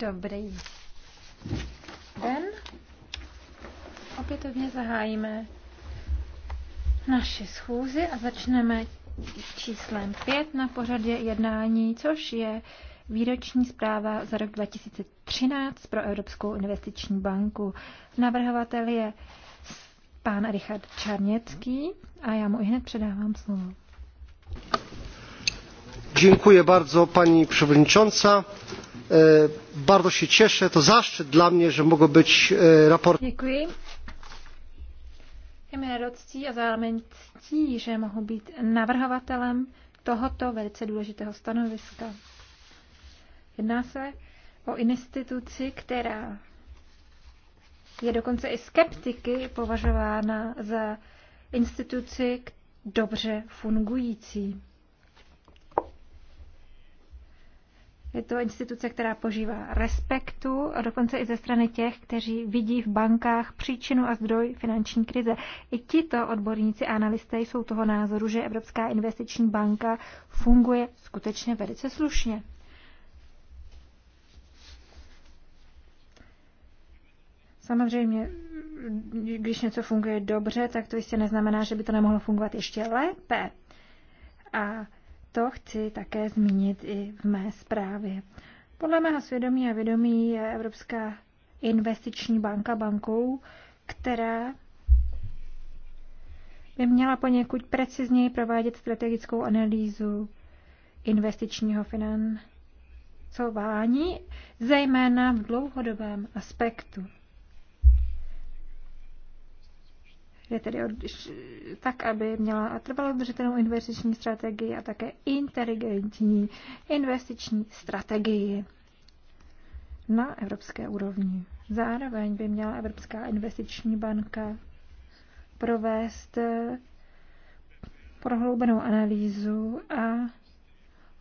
Dobrý den. Opětovně zahájíme naši schůzi a začneme číslem 5 na pořadě jednání, což je výroční zpráva za rok 2013 pro Evropskou investiční banku. Navrhovatel je pán Richard Čarněcký a já mu i hned předávám slovo pani przewodnicząca. E, bardzo się cieszę. To zaszczyt dla mnie, że mogę być sprawozdawcą e, Děkuji. Je mi radostí být navrhovatelem tohoto velice důležitého stanoviska. Jedná se o instituci, která je dokonce i skeptiky považována za instituci dobře fungující. Je to instituce, která požívá respektu, a dokonce i ze strany těch, kteří vidí v bankách příčinu a zdroj finanční krize. I tito odborníci a analysté jsou toho názoru, že Evropská investiční banka funguje skutečně velice slušně. Samozřejmě, když něco funguje dobře, tak to jistě neznamená, že by to nemohlo fungovat ještě lépe. A to chci také zmínit i v mé zprávě. Podle mého svědomí a vědomí je Evropská investiční banka bankou, která by měla poněkud precizněji provádět strategickou analýzu investičního financování, zejména v dlouhodobém aspektu. je tedy od, tak, aby měla trvalou udržitelnou investiční strategii a také inteligentní investiční strategii na evropské úrovni. Zároveň by měla Evropská investiční banka provést eh, prohloubenou analýzu a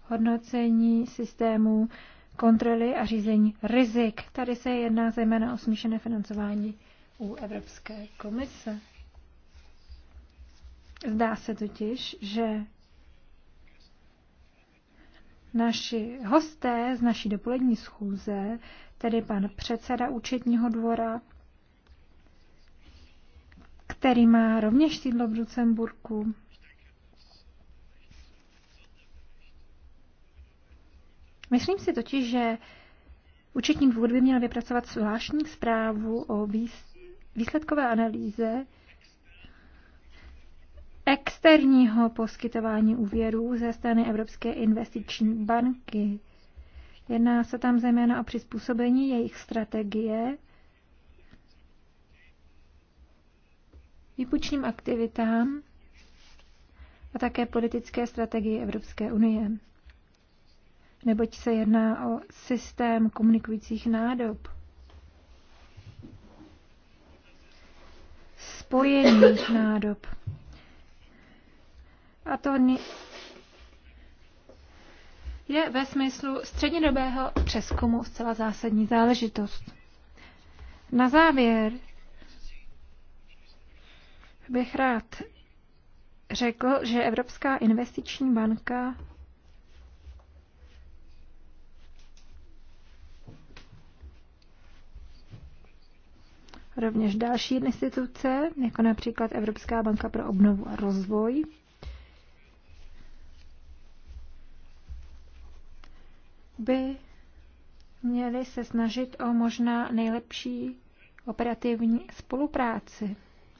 hodnocení systému kontroly a řízení rizik. Tady se jedná zejména o smíšené financování u Evropské komise. Zdá se totiž, že naši hosté z naší dopolední schůze, tedy pan předseda účetního dvora, který má rovněž sídlo v Lucemburku, Myslím si totiž, že účetní dvůr by měl vypracovat zvláštní zprávu o výsledkové analýze externího poskytování úvěrů ze strany Evropské investiční banky. Jedná se tam zejména o přizpůsobení jejich strategie výpučním aktivitám a také politické strategii Evropské unie, neboť se jedná o systém komunikujících nádob. Spojených nádob. A to je ve smyslu střednědobého přeskumu zcela zásadní záležitost. Na závěr bych rád řekl, že Evropská investiční banka rovněž další instituce, jako například Evropská banka pro obnovu a rozvoj, by měli se snažit o možná nejlepší operativní spolupráci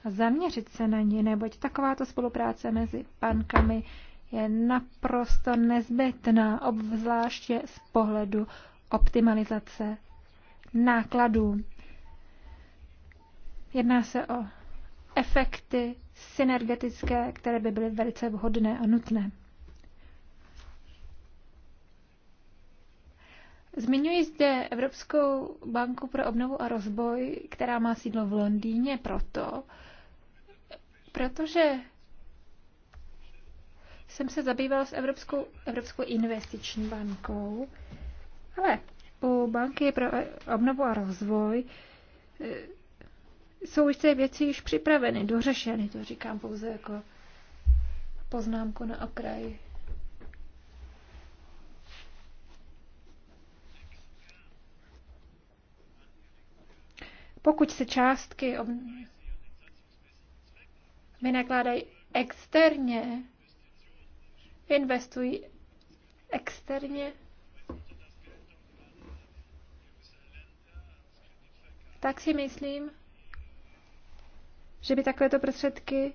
a zaměřit se na ní, neboť takováto spolupráce mezi pankami je naprosto nezbytná, obzvláště z pohledu optimalizace nákladů. Jedná se o efekty synergetické, které by byly velice vhodné a nutné. Zmiňuji zde Evropskou banku pro obnovu a rozvoj, která má sídlo v Londýně proto, protože jsem se zabývala s Evropskou, Evropskou investiční bankou, ale u banky pro obnovu a rozvoj eh, jsou ty věci již připraveny, dořešeny, to říkám pouze jako poznámku na okraji. Pokud se částky ob... vynakládají externě, investují externě, tak si myslím, že by takovéto prostředky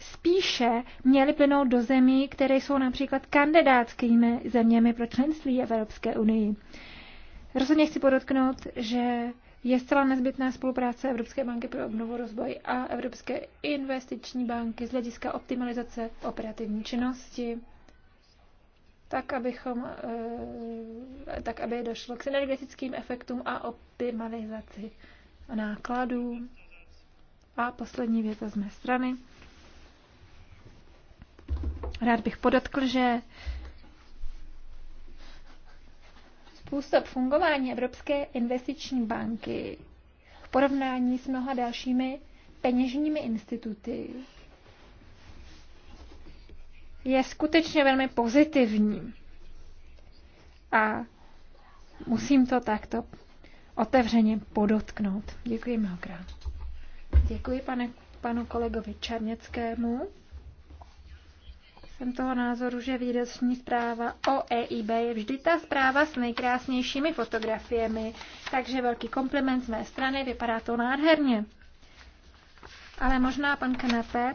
spíše měly plynout do zemí, které jsou například kandidátskými zeměmi pro členství Evropské unii. Rozhodně chci podotknout, že je zcela nezbytná spolupráce Evropské banky pro obnovu rozvoj a Evropské investiční banky z hlediska optimalizace operativní činnosti, tak, abychom, eh, tak aby došlo k synergetickým efektům a optimalizaci nákladů. A poslední věta z mé strany. Rád bych podotkl, že Způsob fungování Evropské investiční banky v porovnání s mnoha dalšími peněžními instituty je skutečně velmi pozitivní. A musím to takto otevřeně podotknout. Děkuji mnohokrát. Děkuji pane, panu kolegovi Černěckému. Jsem toho názoru, že výroční zpráva o EIB je vždy ta zpráva s nejkrásnějšími fotografiemi, takže velký kompliment z mé strany, vypadá to nádherně. Ale možná pan Kanape,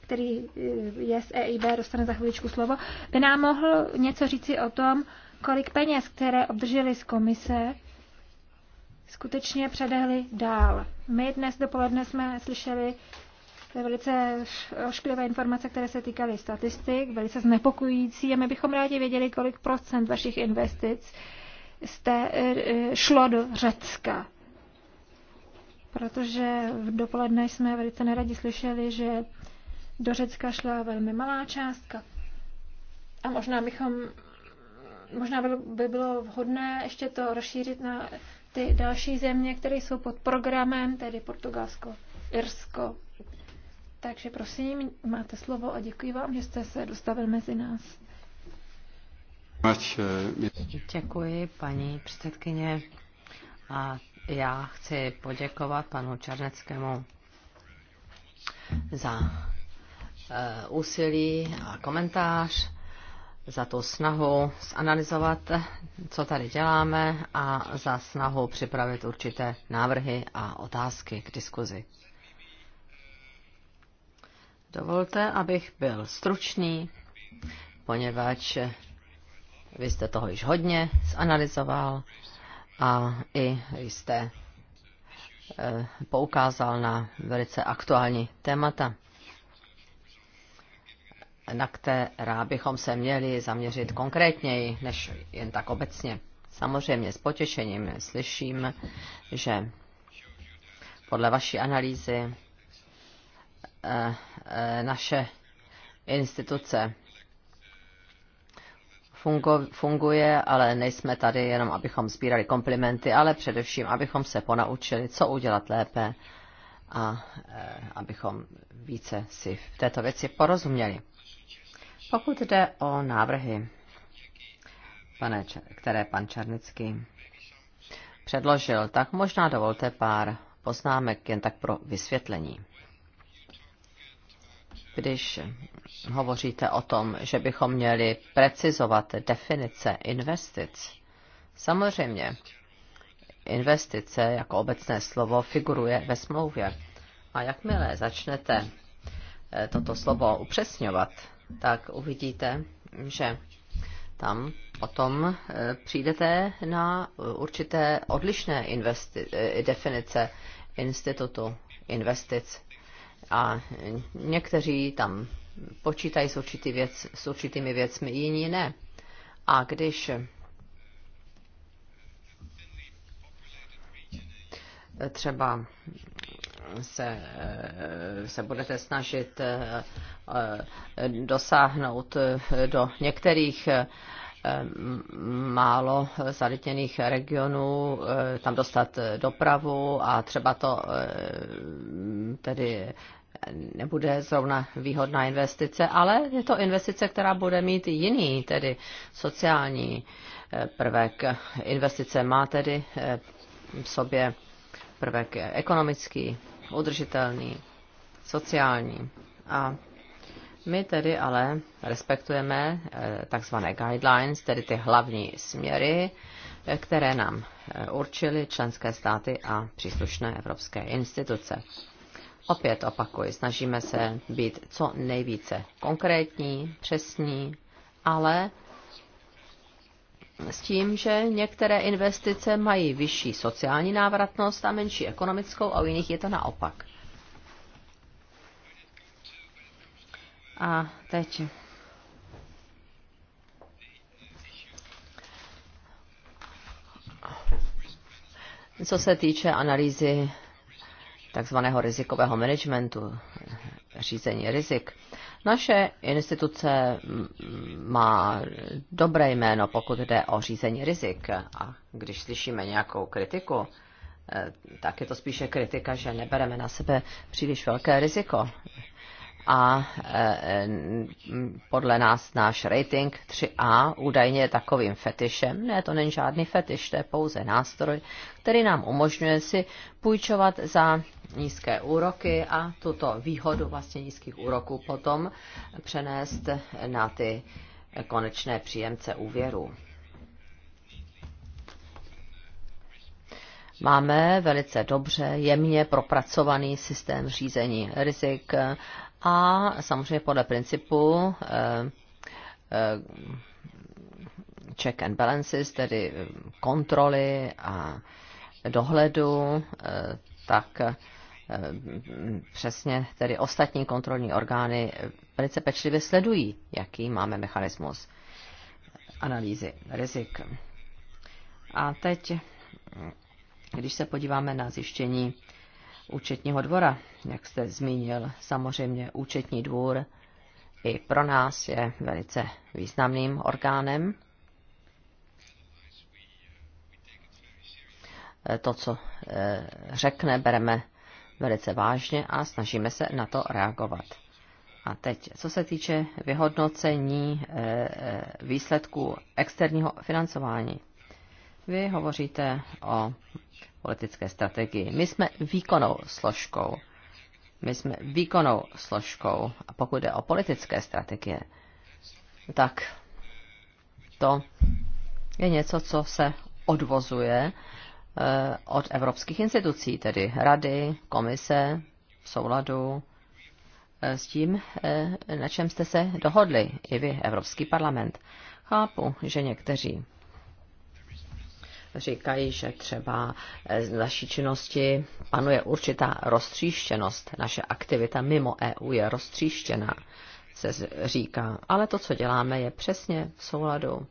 který eh, je z EIB, dostane za chviličku slovo, by nám mohl něco říci o tom, kolik peněz, které obdrželi z komise, skutečně předehli dál. My dnes dopoledne jsme slyšeli je velice ošklivé informace, které se týkaly statistik, velice znepokojící a my bychom rádi věděli, kolik procent vašich investic jste, eh, eh, šlo do Řecka. Protože v dopoledne jsme velice neradi slyšeli, že do Řecka šla velmi malá částka. A možná bychom, možná by bylo vhodné ještě to rozšířit na ty další země, které jsou pod programem, tedy Portugalsko, Irsko, takže prosím, máte slovo a děkuji vám, že jste se dostavil mezi nás. Děkuji, paní předsedkyně. A já chci poděkovat panu Černeckému za eh, úsilí a komentář, za tu snahu zanalizovat, co tady děláme a za snahu připravit určité návrhy a otázky k diskuzi. Dovolte, abych byl stručný, poněvadž vy jste toho již hodně zanalizoval a i jste eh, poukázal na velice aktuální témata, na která bychom se měli zaměřit konkrétněji než jen tak obecně. Samozřejmě s potěšením slyším, že podle vaší analýzy eh, Eh, naše instituce funguje, ale nejsme tady jenom, abychom sbírali komplimenty, ale především, abychom se ponaučili, co udělat lépe a eh, abychom více si v této věci porozuměli. Pokud jde o návrhy, pane, které pan Černický předložil, tak možná dovolte pár poznámek jen tak pro vysvětlení když hovoříte o tom, že bychom měli precizovat definice investic. Samozřejmě, investice jako obecné slovo figuruje ve smlouvě. A jakmile začnete eh, toto slovo upřesňovat, tak uvidíte, že tam o tom eh, přijdete na určité odlišné investi- eh, definice institutu investic a někteří tam počítají s, určitý věc, s určitými věcmi, jiní ne. A když eh, třeba se, eh, se budete snažit eh, dosáhnout do některých málo zalitněných regionů, tam dostat dopravu a třeba to tedy nebude zrovna výhodná investice, ale je to investice, která bude mít jiný, tedy sociální eh, prvek. Investice má tedy eh, v sobě prvek ekonomický, udržitelný, sociální. A my tedy ale respektujeme eh, takzvané guidelines, tedy ty hlavní směry, které nám určily členské státy a příslušné evropské instituce. Opět opakuji, snažíme se být co nejvíce konkrétní, přesní, ale s tím, že některé investice mají vyšší sociální návratnost a menší ekonomickou a u jiných je to naopak. A teď. Co se týče analýzy takzvaného rizikového managementu, řízení rizik. Naše instituce má dobré jméno, pokud jde o řízení rizik. A když slyšíme nějakou kritiku, eh, tak je to spíše kritika, že nebereme na sebe příliš velké riziko a eh, podle nás náš rating 3A údajně je takovým fetišem. Ne, to není žádný fetiš, to je pouze nástroj, který nám umožňuje si půjčovat za nízké úroky a tuto výhodu vlastně nízkých úroků potom přenést na ty konečné příjemce úvěru. Máme velice dobře, jemně propracovaný systém řízení rizik a samozřejmě podle principu eh, eh, check and balances, tedy eh, kontroly a dohledu, tak přesně tedy ostatní kontrolní orgány velice pečlivě sledují, jaký máme mechanismus analýzy rizik. A teď, když se podíváme na zjištění účetního dvora, jak jste zmínil. Samozřejmě účetní dvůr i pro nás je velice významným orgánem. Eh, to, co eh, řekne, bereme velice vážně a snažíme se na to reagovat. A teď, co se týče vyhodnocení eh, výsledků externího financování. Vy hovoříte o politické strategii. My jsme výkonnou složkou. My jsme výkonnou složkou. A pokud jde o politické strategie, tak to je něco, co se odvozuje eh, od evropských institucí, tedy rady, komise, souladu eh, s tím, eh, na čem jste se dohodli i vy, Evropský parlament. Chápu, že někteří říkají, že třeba eh, z naší činnosti panuje určitá roztříštěnost. Naše aktivita mimo EU je roztříštěná, se říká. Ale to, co děláme, je přesně v souladu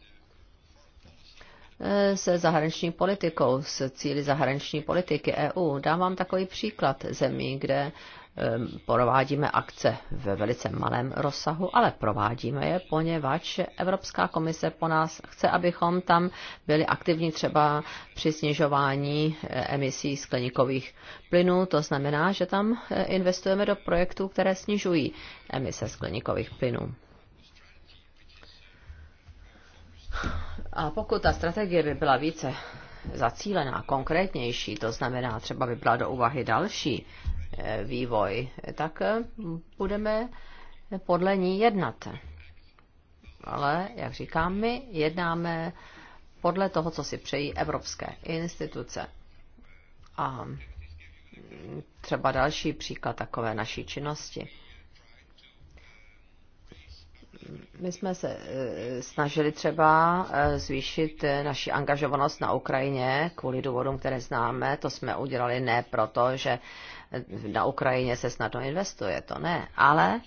eh, se zahraniční politikou, s cíly zahraniční politiky EU. Dám vám takový příklad zemí, kde Ehm, provádíme akce ve velice malém rozsahu, ale provádíme je, poněvadž Evropská komise po nás chce, abychom tam byli aktivní třeba při snižování eh, emisí skleníkových plynů. To znamená, že tam eh, investujeme do projektů, které snižují emise skleníkových plynů. A pokud ta strategie by byla více zacílená, konkrétnější, to znamená třeba by byla do úvahy další vývoj, tak budeme podle ní jednat. Ale, jak říkám, my jednáme podle toho, co si přejí evropské instituce. A třeba další příklad takové naší činnosti my jsme se eh, snažili třeba eh, zvýšit eh, naši angažovanost na Ukrajině kvůli důvodům, které známe. To jsme udělali ne proto, že na Ukrajině se snadno investuje, to ne, ale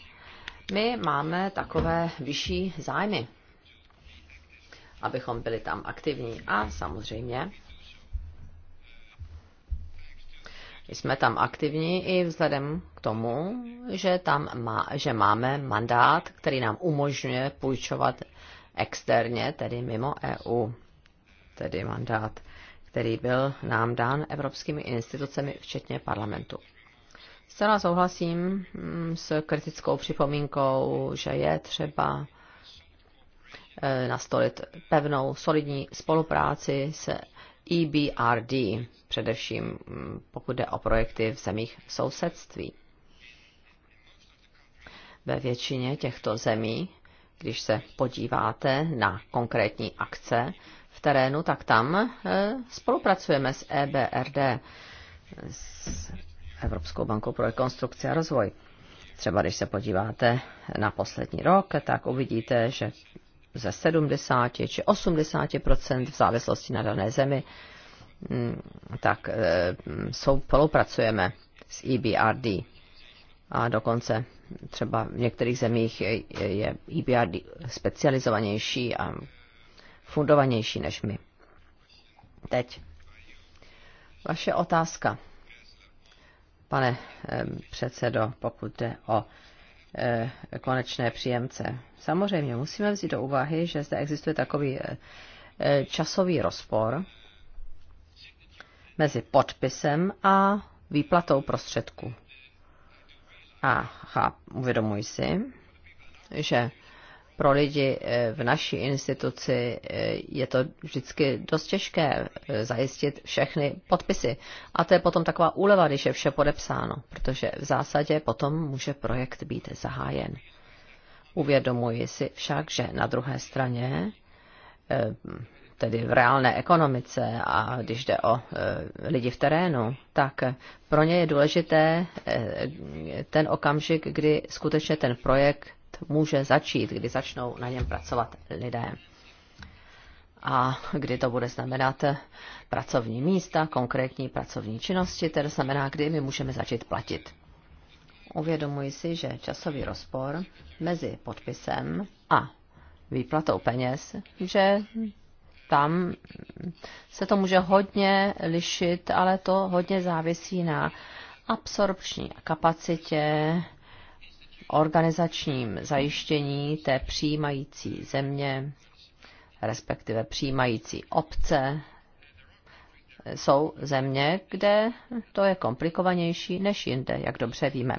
my máme takové vyšší zájmy, abychom byli tam aktivní. A samozřejmě jsme tam aktivní i vzhledem k tomu, že, tam má, že máme mandát, který nám umožňuje půjčovat externě, tedy mimo EU. Tedy mandát, který byl nám dán evropskými institucemi, včetně parlamentu. Zcela souhlasím mm, s kritickou připomínkou, že je třeba e, nastolit pevnou, solidní spolupráci se. EBRD, především mm, pokud jde o projekty v zemích sousedství. Ve většině těchto zemí, když se podíváte na konkrétní akce v terénu, tak tam e, spolupracujeme s EBRD, s Evropskou bankou pro rekonstrukci a rozvoj. Třeba když se podíváte na poslední rok, tak uvidíte, že ze 70 či 80 v závislosti na dané zemi, mm, tak e, mm, spolupracujeme s EBRD. A dokonce třeba v některých zemích je EBRD e specializovanější a fundovanější než my. Teď. Vaše otázka, pane předsedo, pokud jde o Eh, konečné příjemce. Samozřejmě musíme vzít do úvahy, že zde existuje takový eh, eh, časový rozpor mezi podpisem a výplatou prostředků. A cháp, uvědomuji si, že pro lidi eh, v naší instituci eh, je to vždycky dost těžké eh, zajistit všechny podpisy. A to je potom taková úleva, když je vše podepsáno, protože v zásadě potom může projekt být zahájen. Uvědomuji si však, že na druhé straně, tedy v reálné ekonomice a když jde o lidi v terénu, tak pro ně je důležité ten okamžik, kdy skutečně ten projekt může začít, kdy začnou na něm pracovat lidé a kdy to bude znamenat pracovní místa, konkrétní pracovní činnosti, tedy znamená, kdy my můžeme začít platit. Uvědomuji si, že časový rozpor mezi podpisem a výplatou peněz, že tam se to může hodně lišit, ale to hodně závisí na absorpční kapacitě organizačním zajištění té přijímající země, respektive přijímající obce, jsou země, kde to je komplikovanější než jinde, jak dobře víme.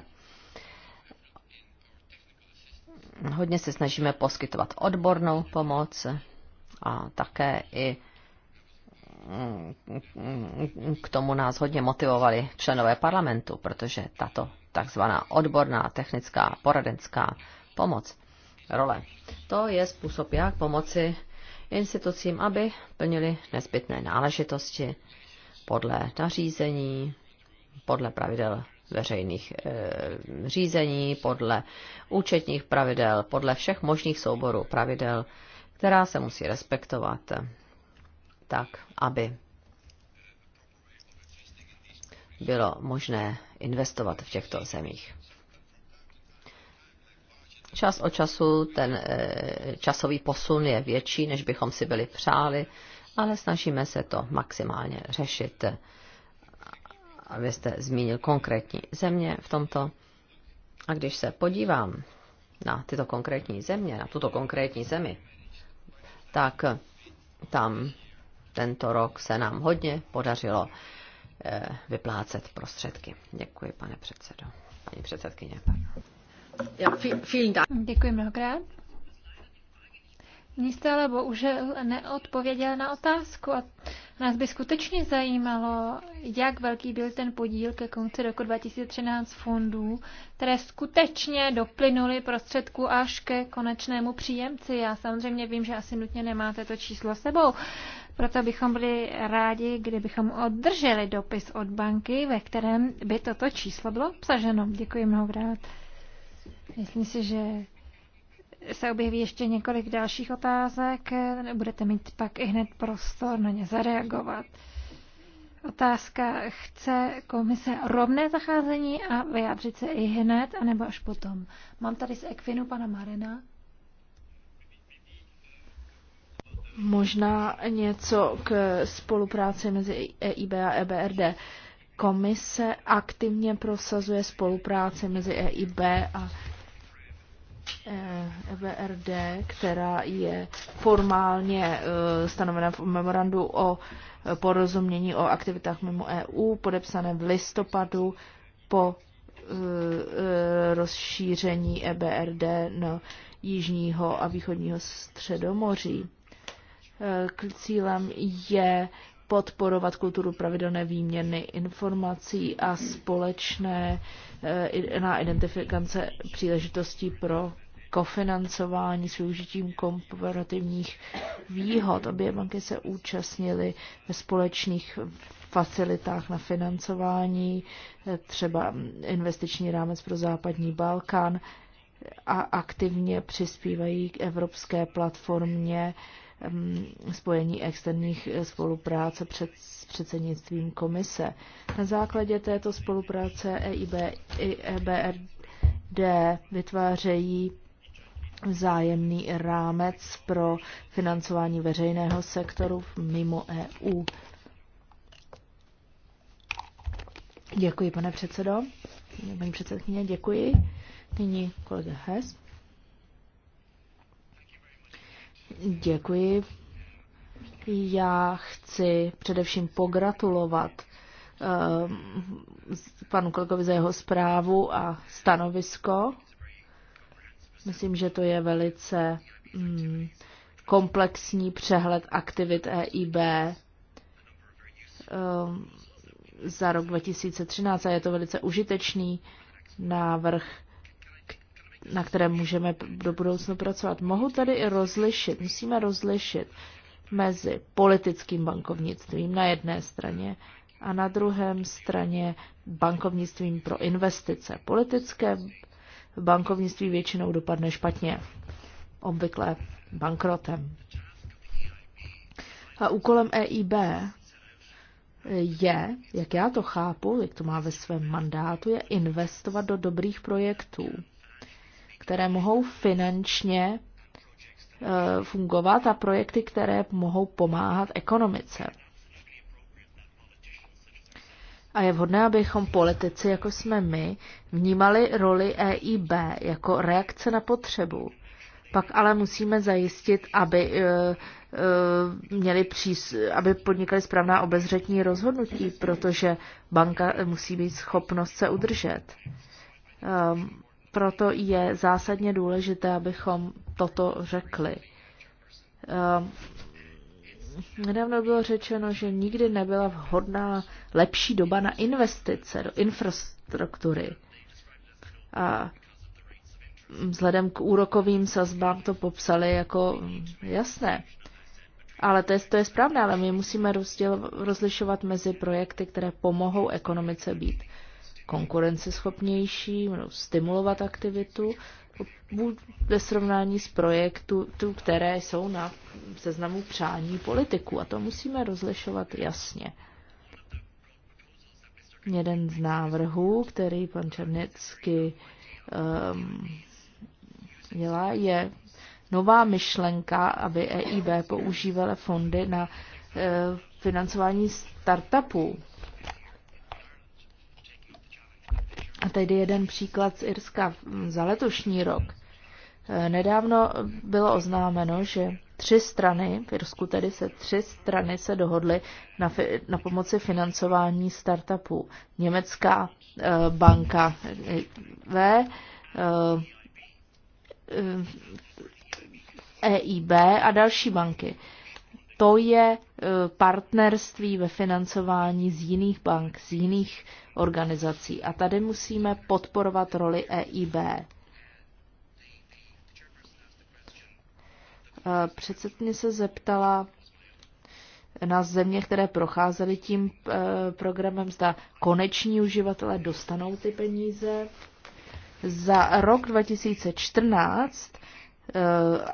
Hodně se snažíme poskytovat odbornou pomoc a také i mm, mm, k tomu nás hodně motivovali členové parlamentu, protože tato takzvaná odborná technická poradenská pomoc. Role. To je způsob, jak pomoci institucím, aby plnili nezbytné náležitosti podle nařízení, podle pravidel veřejných e, řízení, podle účetních pravidel, podle všech možných souborů pravidel, která se musí respektovat tak, aby bylo možné investovat v těchto zemích. Čas od času ten eh, časový posun je větší, než bychom si byli přáli, ale snažíme se to maximálně řešit. A vy jste zmínil konkrétní země v tomto. A když se podívám na tyto konkrétní země, na tuto konkrétní zemi, tak tam tento rok se nám hodně podařilo Eh, vyplácet prostředky. Děkuji, pane předsedo. Paní předsedkyně, pardon. Děkuji mnohokrát. Mně jste ale bohužel neodpověděl na otázku a nás by skutečně zajímalo, jak velký byl ten podíl ke konci roku 2013 fondů, které skutečně doplynuly prostředku až ke konečnému příjemci. Já samozřejmě vím, že asi nutně nemáte to číslo sebou, proto bychom byli rádi, kdybychom oddrželi dopis od banky, ve kterém by toto číslo bylo obsaženo. Děkuji mnohokrát. Myslím si, že se objeví ještě několik dalších otázek. Budete mít pak i hned prostor na ně zareagovat. Otázka, chce komise rovné zacházení a vyjádřit se i hned, anebo až potom. Mám tady z Equinu pana Marena. Možná něco k spolupráci mezi EIB a EBRD. Komise aktivně prosazuje spolupráci mezi EIB a EBRD, eh, e která je formálně eh, stanovena v memorandu o eh, porozumění o aktivitách mimo EU, podepsané v listopadu po rozšíření EBRD na jižního a východního středomoří. Eh, cílem je podporovat kulturu pravidelné výměny informací a společné eh, na identifikace příležitostí pro kofinancování s využitím komparativních výhod. Obě banky se účastnily ve společných facilitách na financování, eh, třeba investiční rámec pro západní Balkán a aktivně přispívají k evropské platformě spojení externích spolupráce před, s předsednictvím komise. Na základě této spolupráce EIB i EBRD vytvářejí vzájemný rámec pro financování veřejného sektoru mimo EU. Děkuji, pane předsedo. Paní předsedkyně, děkuji. Nyní kolega Hess. Děkuji. Já chci především pogratulovat ehm, panu kolegovi za jeho zprávu a stanovisko. Myslím, že to je velice mm, komplexní přehled aktivit EIB ehm, za rok 2013 a je to velice užitečný návrh na kterém můžeme do budoucna pracovat. Mohu tady i rozlišit, musíme rozlišit mezi politickým bankovnictvím na jedné straně a na druhém straně bankovnictvím pro investice. Politické bankovnictví většinou dopadne špatně, obvykle bankrotem. A úkolem EIB je, jak já to chápu, jak to má ve svém mandátu, je investovat do dobrých projektů které mohou finančně eh, fungovat a projekty, které mohou pomáhat ekonomice. A je vhodné, abychom politici, jako jsme my, vnímali roli EIB jako reakce na potřebu. Pak ale musíme zajistit, aby, eh, eh, měli přís, aby podnikali správná obezřetní rozhodnutí, protože banka musí být schopnost se udržet. Um, proto je zásadně důležité, abychom toto řekli. Eh, nedávno bylo řečeno, že nikdy nebyla vhodná lepší doba na investice do infrastruktury. A vzhledem k úrokovým sazbám to popsali jako jasné. Ale to je, to je správné, ale my musíme rozděl, rozlišovat mezi projekty, které pomohou ekonomice být konkurenceschopnější, budou stimulovat aktivitu ve srovnání s projektů, které jsou na seznamu přání politiků. A to musíme rozlišovat jasně. Jeden z návrhů, který pan Černicky um, ehm, dělá, je nová myšlenka, aby EIB používala fondy na uh, financování startupů. A tady jeden příklad z Irska za letošní rok. Nedávno bylo oznámeno, že tři strany, v Irsku tedy se tři strany se dohodly na, fi, na pomoci financování startupů. Německá eh, banka V, eh, EIB eh, e a další banky. Eh, to je e, partnerství ve financování z jiných bank, z jiných organizací. A tady musíme podporovat roli EIB. E, Předsedně se zeptala na země, které procházely tím e, programem, zda koneční uživatelé dostanou ty peníze. Za rok 2014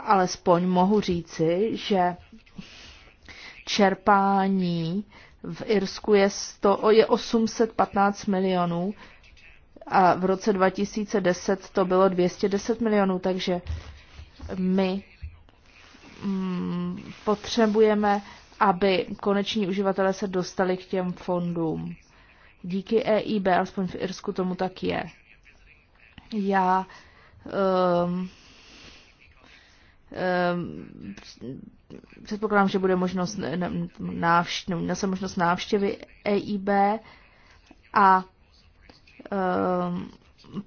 alespoň mohu říci, že čerpání v Irsku je, 100, je 815 milionů a v roce 2010 to bylo 210 milionů, takže my mm, potřebujeme, aby koneční uživatelé se dostali k těm fondům. Díky EIB, alespoň v Irsku tomu tak je. Já um, um, předpokládám, že bude možnost návštěvy, na jsem možnost návštěvy EIB a ehm,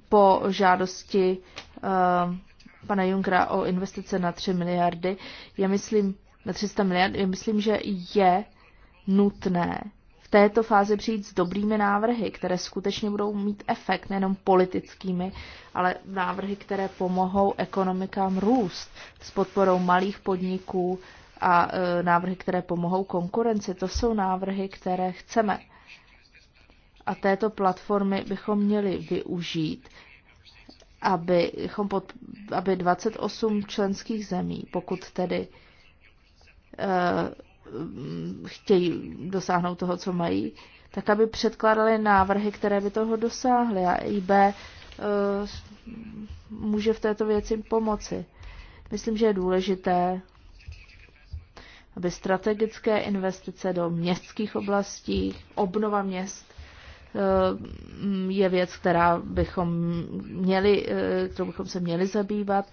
po žádosti ehm, pana Junkra o investice na 3 miliardy, já myslím, na 300 miliard, já myslím, že je nutné této fázi přijít s dobrými návrhy, které skutečně budou mít efekt, nejenom politickými, ale návrhy, které pomohou ekonomikám růst s podporou malých podniků a e, návrhy, které pomohou konkurenci. To jsou návrhy, které chceme. A této platformy bychom měli využít, abychom pod, aby 28 členských zemí, pokud tedy e, Eh, chtějí dosáhnout toho, co mají, tak aby předkládali návrhy, které by toho dosáhly a IB eh, může v této věci pomoci. Myslím, že je důležité, aby strategické investice do městských oblastí, obnova měst, eh, je věc, která bychom měli, kterou bychom se měli zabývat.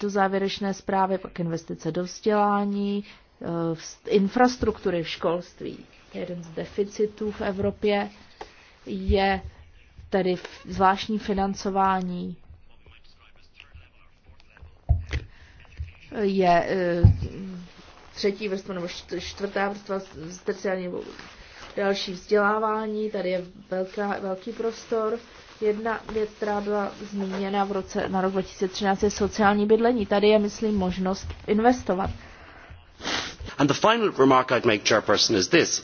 Do závěrečné zprávy pak investice do vzdělání, Eh, infrastruktury v školství. Jeden z deficitů v Evropě je tedy zvláštní financování je eh, třetí vrstva nebo čtvrtá vrstva speciální další vzdělávání. Tady je velká, velký prostor. Jedna věc, která byla zmíněna v roce, na rok 2013, je sociální bydlení. Tady je, myslím, možnost investovat the final remark would make, Chairperson, is this.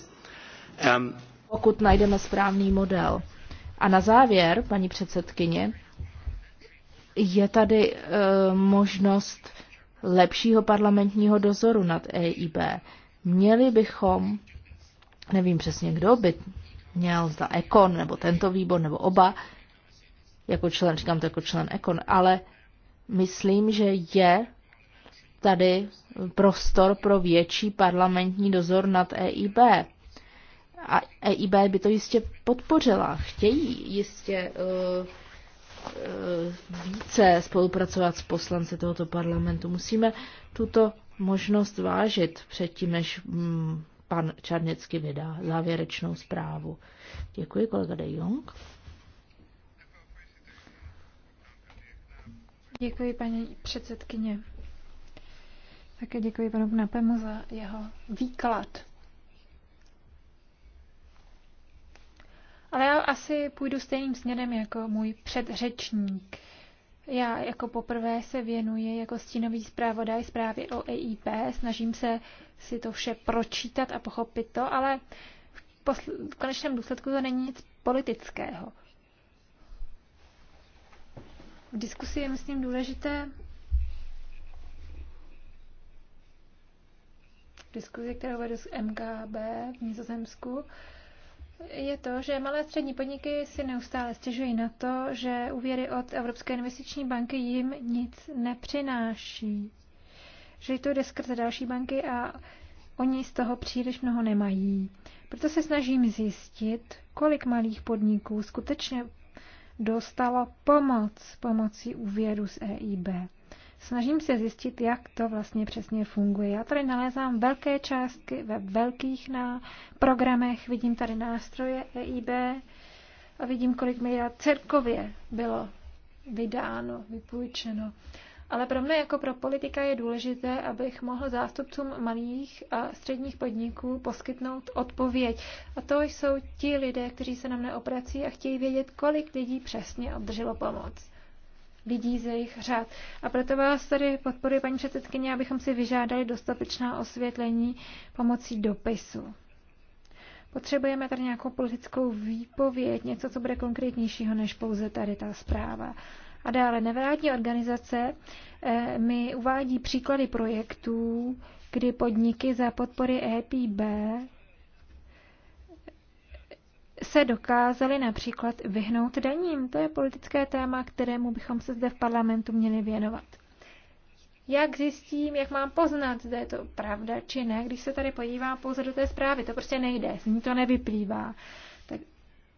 Um, pokud najdeme správný model. A na závěr, paní předsedkyně, je tady e, možnost lepšího parlamentního dozoru nad EIB. Měli bychom, nevím přesně kdo by měl, zda Ekon, nebo tento výbor, nebo oba, jako člen, říkám to jako člen Ekon, ale myslím, že je tady prostor pro větší parlamentní dozor nad EIB. A EIB by to jistě podpořila. Chtějí jistě uh, uh, více spolupracovat s poslanci tohoto parlamentu. Musíme tuto možnost vážit předtím, než um, pan Čarněcky vydá závěrečnou zprávu. Děkuji, kolega De Jong. Děkuji, paní předsedkyně. Také děkuji panu Napemu za jeho výklad. Ale já asi půjdu stejným směrem jako můj předřečník. Já jako poprvé se věnuji jako stínový zpravodaj zprávy o EIP, snažím se si to vše pročítat a pochopit to, ale v, v konečném důsledku to není nic politického. V diskusi je, myslím, důležité diskuzi, kterou vedu s MKB v Nizozemsku, je to, že malé střední podniky si neustále stěžují na to, že úvěry od Evropské investiční banky jim nic nepřináší. Že to jde skrze další banky a oni z toho příliš mnoho nemají. Proto se snažím zjistit, kolik malých podniků skutečně dostalo pomoc pomocí úvěru z EIB. Snažím se zjistit, jak to vlastně přesně funguje. Já tady nalézám velké částky ve velkých na programech, vidím tady nástroje EIB a vidím, kolik mi cerkově bylo vydáno, vypůjčeno. Ale pro mě jako pro politika je důležité, abych mohl zástupcům malých a středních podniků poskytnout odpověď. A to jsou ti lidé, kteří se na mne oprací a chtějí vědět, kolik lidí přesně obdrželo pomoc lidí z jejich řad. A proto vás tady podporuji, paní předsedkyně, abychom si vyžádali dostatečná osvětlení pomocí dopisu. Potřebujeme tady nějakou politickou výpověď, něco, co bude konkrétnějšího než pouze tady ta zpráva. A dále nevládní organizace eh, mi uvádí příklady projektů, kdy podniky za podpory EPB se dokázali například vyhnout daním. To je politické téma, kterému bychom se zde v parlamentu měli věnovat. Jak zjistím, jak mám poznat, zda je to pravda či ne, když se tady podívám pouze do té zprávy. To prostě nejde, z ní to nevyplývá. Tak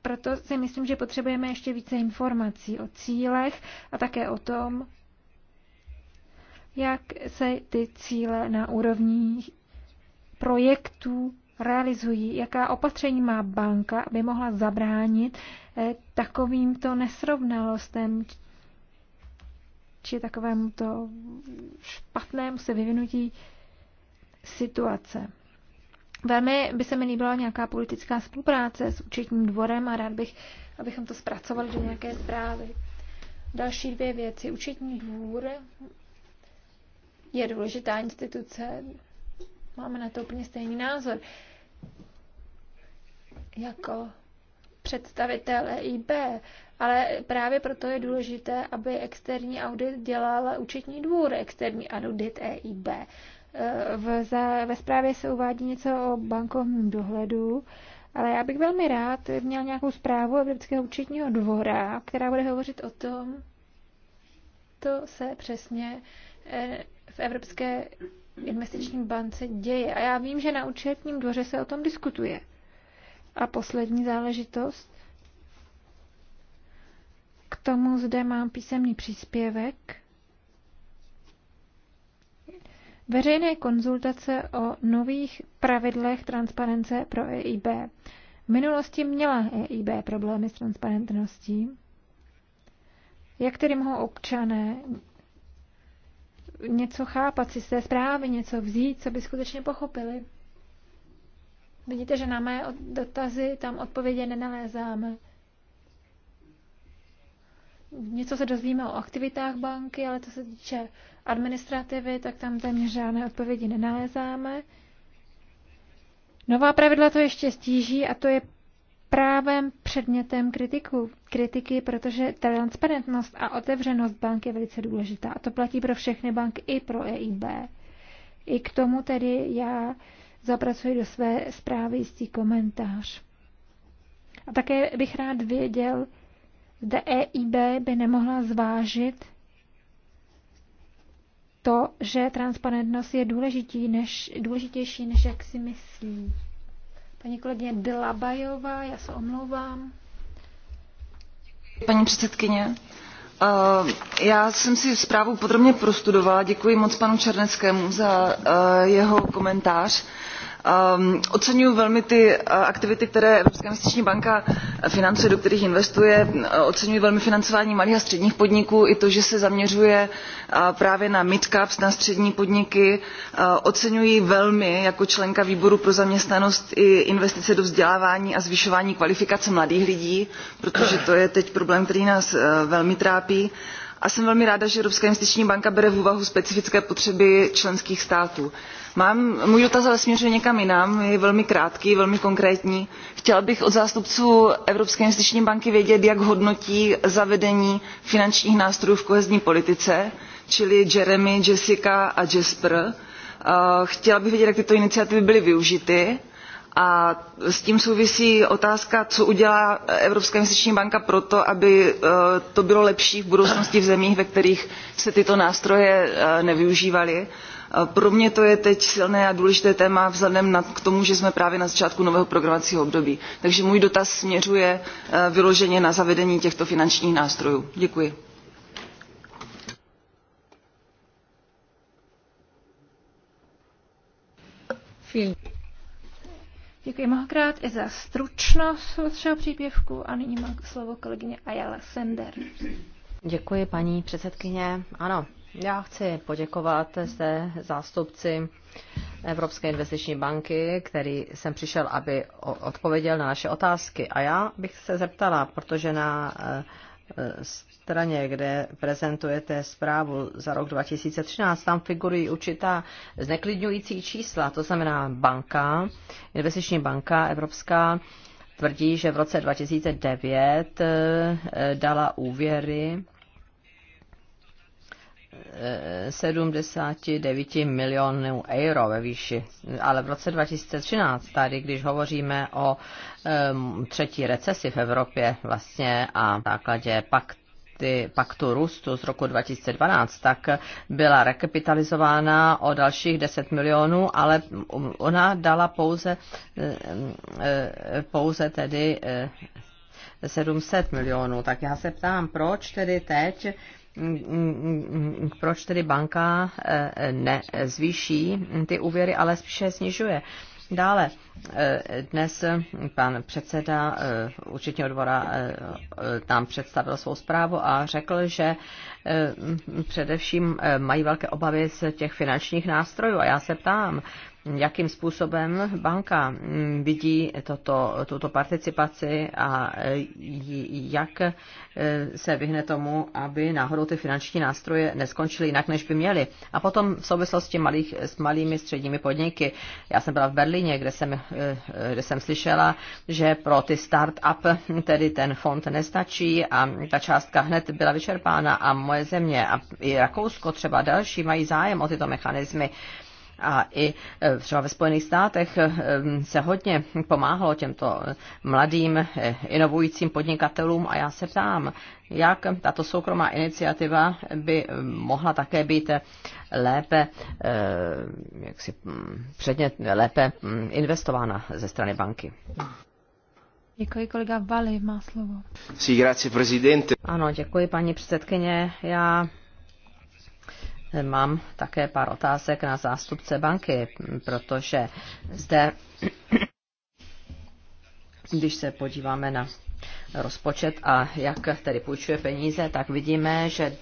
proto si myslím, že potřebujeme ještě více informací o cílech a také o tom, jak se ty cíle na úrovni projektů realizují, jaká opatření má banka, aby mohla zabránit eh, takovýmto nesrovnalostem či takovémuto špatnému se vyvinutí situace. Velmi by se mi líbila nějaká politická spolupráce s účetním dvorem a rád bych, abychom to zpracovali do nějaké zprávy. Další dvě věci. Účetní dvůr je důležitá instituce, máme na to úplně stejný názor jako představitel EIB, ale právě proto je důležité, aby externí audit dělal účetní dvůr, externí audit EIB. E, v, za, ve zprávě se uvádí něco o bankovním dohledu, ale já bych velmi rád měl nějakou zprávu Evropského účetního dvora, která bude hovořit o tom, to se přesně e, v Evropské investiční bance děje. A já vím, že na účetním dvoře se o tom diskutuje. A poslední záležitost. K tomu zde mám písemný příspěvek. Veřejné konzultace o nových pravidlech transparence pro EIB. V minulosti měla EIB problémy s transparentností. Jak tedy mohou občané něco chápat, si z té zprávy něco vzít, co by skutečně pochopili? Vidíte, že na mé dotazy tam odpovědi nenalézáme. Něco se dozvíme o aktivitách banky, ale co se týče administrativy, tak tam téměř žádné odpovědi nenalézáme. Nová pravidla to ještě stíží a to je právem předmětem kritiku, kritiky, protože transparentnost a otevřenost banky je velice důležitá. A to platí pro všechny banky i pro EIB. I k tomu tedy já zapracuji do své zprávy jistý komentář. A také bych rád věděl, zda EIB by nemohla zvážit to, že transparentnost je důležitý než, důležitější, než jak si myslí. Paní kolegyně Dlabajová, já se omlouvám. Paní předsedkyně, Eh, já jsem si zprávu podrobně prostudovala děkuji moc panu czarneckému za eh, jeho komentář Um, oceňuji velmi ty uh, aktivity které evropská investiční banka financuje do kterých investuje eh, oceňuji velmi financování malých a středních podniků i to že se zaměřuje uh, právě na mid caps na střední podniky uh, oceňuji velmi jako členka výboru pro zaměstnanost i investice do vzdělávání a zvyšování kvalifikace mladých lidí protože to je teď problém který nás velmi trápí a jsem velmi ráda že evropská investiční banka bere v úvahu specifické potřeby členských států. Mám, můj dotaz ale směřuje někam jinam, je velmi krátký, velmi konkrétní. Chtěla bych od zástupců Evropské investiční banky vědět, jak hodnotí zavedení finančních nástrojů v kohezní politice, čili Jeremy, Jessica a Jasper. Eh, chtěla bych vědět, jak tyto iniciativy byly využity a s tím souvisí otázka, co udělá Evropská investiční banka pro to, aby eh, to bylo lepší v budoucnosti v zemích, ve kterých se tyto nástroje eh, nevyužívaly pro mě to je teď silné a důležité téma vzhledem na, k tomu, že jsme právě na začátku nového programovacího období. Takže můj dotaz směřuje e, vyloženě na zavedení těchto finančních nástrojů. Děkuji. Děkuji mnohokrát i za stručnost vašeho příběvku a nyní má slovo kolegyně Ayala Sender. Děkuji, paní předsedkyně. Ano, já chci poděkovat zde zástupci Evropské investiční banky, který jsem přišel, aby odpověděl na naše otázky. A já bych se zeptala, protože na eh, straně, kde prezentujete zprávu za rok 2013, tam figurují určitá zneklidňující čísla. To znamená banka, investiční banka evropská, tvrdí, že v roce 2009 eh, dala úvěry 79 milionů euro ve výši. Ale v roce 2013, tady když hovoříme o třetí recesi v Evropě vlastně a v základě pakt paktu růstu z roku 2012, tak byla rekapitalizována o dalších 10 milionů, ale ona dala pouze, pouze tedy 700 milionů. Tak já se ptám, proč tedy teď proč tedy banka eh, nezvýší ty úvěry, ale spíše snižuje. Dále eh, dnes pan předseda určitě eh, dvora tam představil svou zprávu a řekl, že především mají velké obavy z těch finančních nástrojů. A já se ptám, jakým způsobem banka mm, vidí toto, tuto participaci a e, jak e, se vyhne tomu, aby náhodou ty finanční nástroje neskončily jinak, než by měly. A potom v souvislosti malých, s malými středními podniky. Já jsem byla v Berlíně, kde jsem, e, kde jsem slyšela, že pro ty start-up tedy ten fond nestačí a ta částka hned byla vyčerpána a moje země a i Rakousko třeba další mají zájem o tyto mechanizmy. A i e, třeba ve Spojených státech e, se hodně pomáhalo těmto mladým e, inovujícím podnikatelům a já se ptám, jak tato soukromá iniciativa by mohla také být lépe, jak si předně, lépe investována ze strany banky. Děkuji, kolega Vali má slovo. Ano, děkuji, paní předsedkyně. Já mám také pár otázek na zástupce banky, protože zde, když se podíváme na rozpočet a jak tedy půjčuje peníze, tak vidíme, že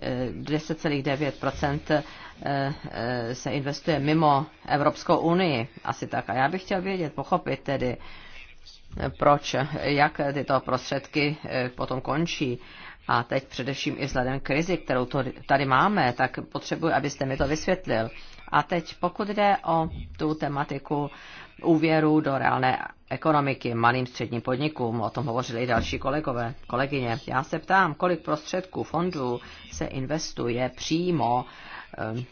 10,9 eh, eh, eh, se investuje mimo Evropskou unii. Asi tak. A já bych chtěl vědět, pochopit tedy, proč, jak tyto prostředky potom končí a teď především i vzhledem krizi, kterou to tady máme, tak potřebuji, abyste mi to vysvětlil. A teď pokud jde o tu tematiku úvěru do reálné ekonomiky malým středním podnikům, o tom hovořili i další kolegové, kolegyně. Já se ptám, kolik prostředků fondů se investuje přímo eh,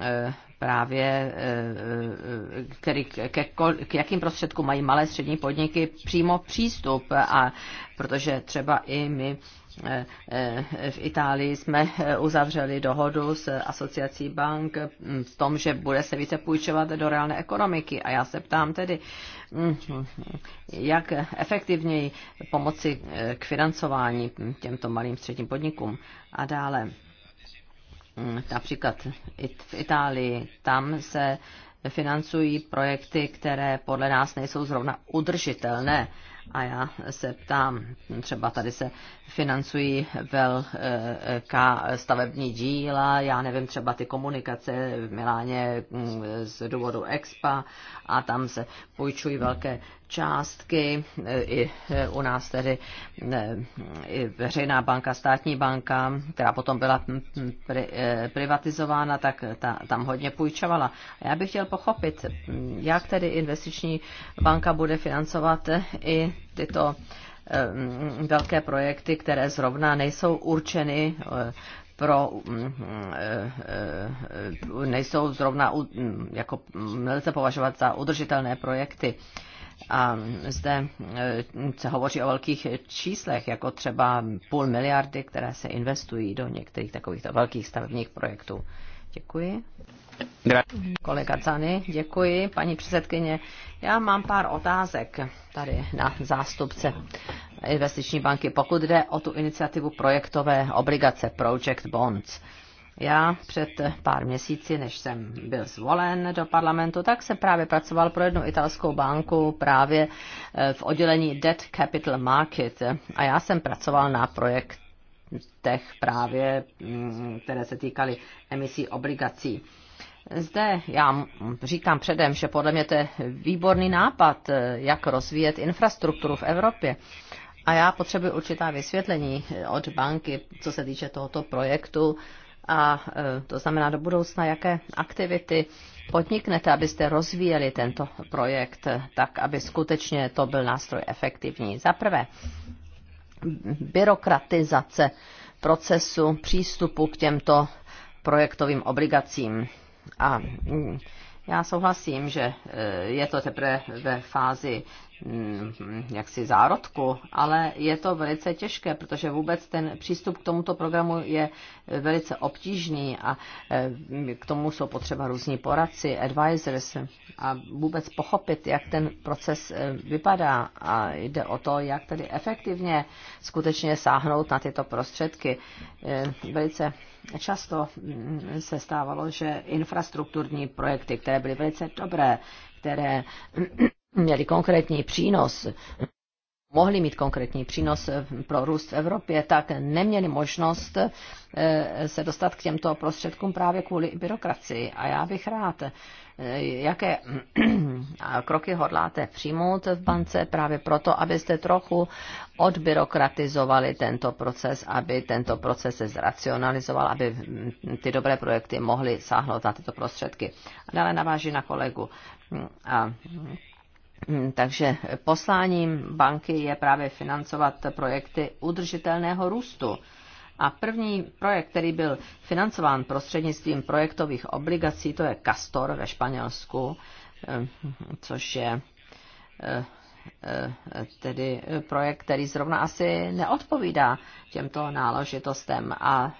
eh, právě eh, který, ke, k jakým prostředkům mají malé střední podniky přímo přístup a protože třeba i my Eh, eh, v Itálii jsme eh, uzavřeli dohodu s asociací bank hm, v tom, že bude se více půjčovat do reálné ekonomiky. A já se ptám tedy, hm, jak efektivněji pomoci k financování hm, těmto malým středním podnikům. A dále, například v Itálii, tam se financují projekty, které podle nás nejsou zrovna udržitelné a já se ptám, třeba tady se financují velká stavební díla, já nevím, třeba ty komunikace v Miláně mm, z důvodu Expa a tam se půjčují velké částky, eh, i eh, u nás tedy eh, i veřejná banka, státní banka, která potom byla mm, mm, pri, privatizována, tak ta, tam hodně půjčovala. A já bych chtěl pochopit, jak tedy investiční banka bude financovat i tyto eh, velké projekty, které zrovna nejsou určeny eh, pro, mm, eh, nejsou zrovna, mm, jako nelze považovat za udržitelné projekty. A zde se hovoří o velkých číslech, jako třeba půl miliardy, které se investují do některých takovýchto velkých stavebních projektů. Děkuji. Kolega Zany, děkuji. Paní předsedkyně, já mám pár otázek tady na zástupce investiční banky, pokud jde o tu iniciativu projektové obligace Project Bonds. Já před pár měsíci, než jsem byl zvolen do parlamentu, tak jsem právě pracoval pro jednu italskou banku právě eh, v oddělení Debt Capital Market a já jsem pracoval na projektech právě, mm, které se týkaly emisí obligací. Zde já říkám předem, že podle mě to je výborný nápad, eh, jak rozvíjet infrastrukturu v Evropě. A já potřebuji určitá vysvětlení eh, od banky, co se týče tohoto projektu. A eh, to znamená do budoucna, jaké aktivity podniknete, abyste rozvíjeli tento projekt tak, aby skutečně to byl nástroj efektivní. Za prvé, byrokratizace procesu přístupu k těmto projektovým obligacím. A mm, já souhlasím, že e, je to teprve ve fázi Mm, jaksi zárodku, ale je to velice těžké, protože vůbec ten přístup k tomuto programu je velice obtížný a eh, k tomu jsou potřeba různí poradci, advisors a vůbec pochopit, jak ten proces eh, vypadá a jde o to, jak tedy efektivně skutečně sáhnout na tyto prostředky. Eh, velice často mm, se stávalo, že infrastrukturní projekty, které byly velice dobré, které měli konkrétní přínos, mohli mít konkrétní přínos pro růst v Evropě, tak neměli možnost eh, se dostat k těmto prostředkům právě kvůli byrokracii. A já bych rád, eh, jaké kroky hodláte přijmout v bance právě proto, abyste trochu odbyrokratizovali tento proces, aby tento proces se zracionalizoval, aby ty dobré projekty mohly sáhnout na tyto prostředky. A dále naváží na kolegu. A Mm, takže posláním banky je právě financovat projekty udržitelného růstu. A první projekt, který byl financován prostřednictvím projektových obligací, to je Castor ve Španělsku, eh, což je eh, eh, tedy projekt, který zrovna asi neodpovídá těmto náležitostem. A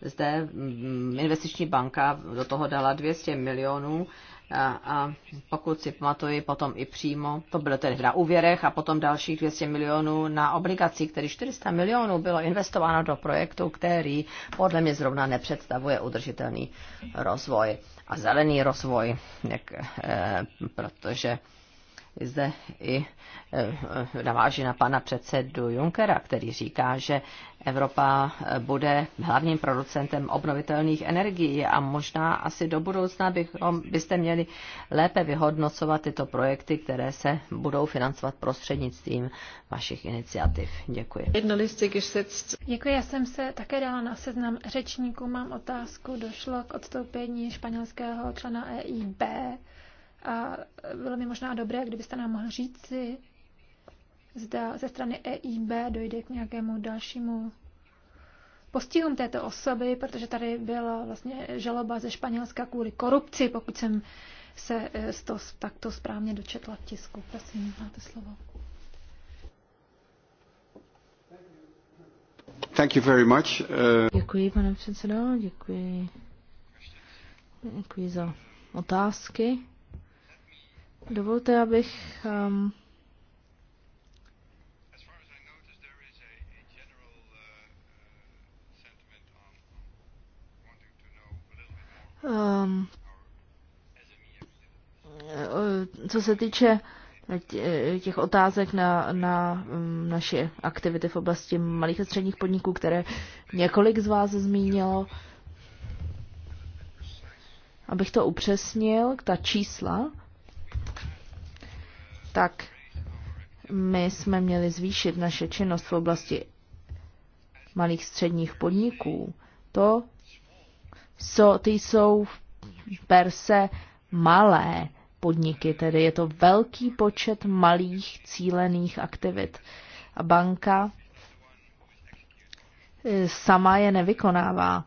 zde mm, investiční banka do toho dala 200 milionů a, a pokud si pamatuju, potom i přímo, to bylo tedy na úvěrech a potom dalších 200 milionů na obligacích, tedy 400 milionů bylo investováno do projektu, který podle mě zrovna nepředstavuje udržitelný rozvoj a zelený rozvoj, jak, eh, protože eh, zde i eh, naváží na pana předsedu Junckera, který říká, že Evropa eh, bude hlavním producentem obnovitelných energií a možná asi do budoucna bychom, byste měli lépe vyhodnocovat tyto projekty, které se budou financovat prostřednictvím vašich iniciativ. Děkuji. Děkuji, já jsem se také dala na seznam řečníků. Mám otázku, došlo k odstoupení španělského člena EIB. A bylo by možná dobré, kdybyste nám mohl říci, zda ze strany EIB dojde k nějakému dalšímu postihům této osoby, protože tady byla vlastně žaloba ze Španělska kvůli korupci, pokud jsem se eh, to takto správně dočetla v tisku. Prosím, máte slovo. Thank you very much. Uh... Děkuji, pane předsedo, děkuji. Děkuji za otázky. Dovolte, abych um, um, co se týče eh, těch otázek na, na mm, naše aktivity v oblasti malých a středních podniků, které několik z vás zmínilo. Abych to upřesnil, ta čísla, tak my jsme měli zvýšit naše činnost v oblasti malých středních podniků. To, co ty jsou v perse malé podniky, tedy je to velký počet malých cílených aktivit. A banka eh, sama je nevykonává.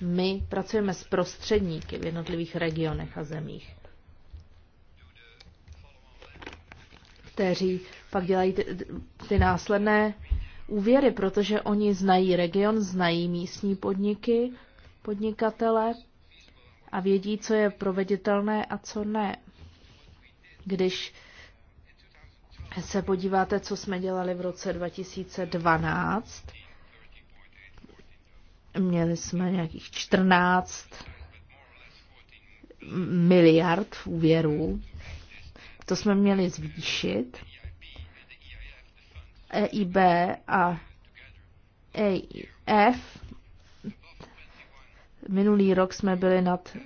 My pracujeme s prostředníky v jednotlivých regionech a zemích. kteří pak dělají ty, ty následné úvěry, protože oni znají region, znají místní podniky, podnikatele a vědí, co je proveditelné a co ne. Když se podíváte, co jsme dělali v roce 2012, měli jsme nějakých 14 miliard úvěrů to jsme měli zvýšit. EIB a EIF. Minulý rok jsme byli nad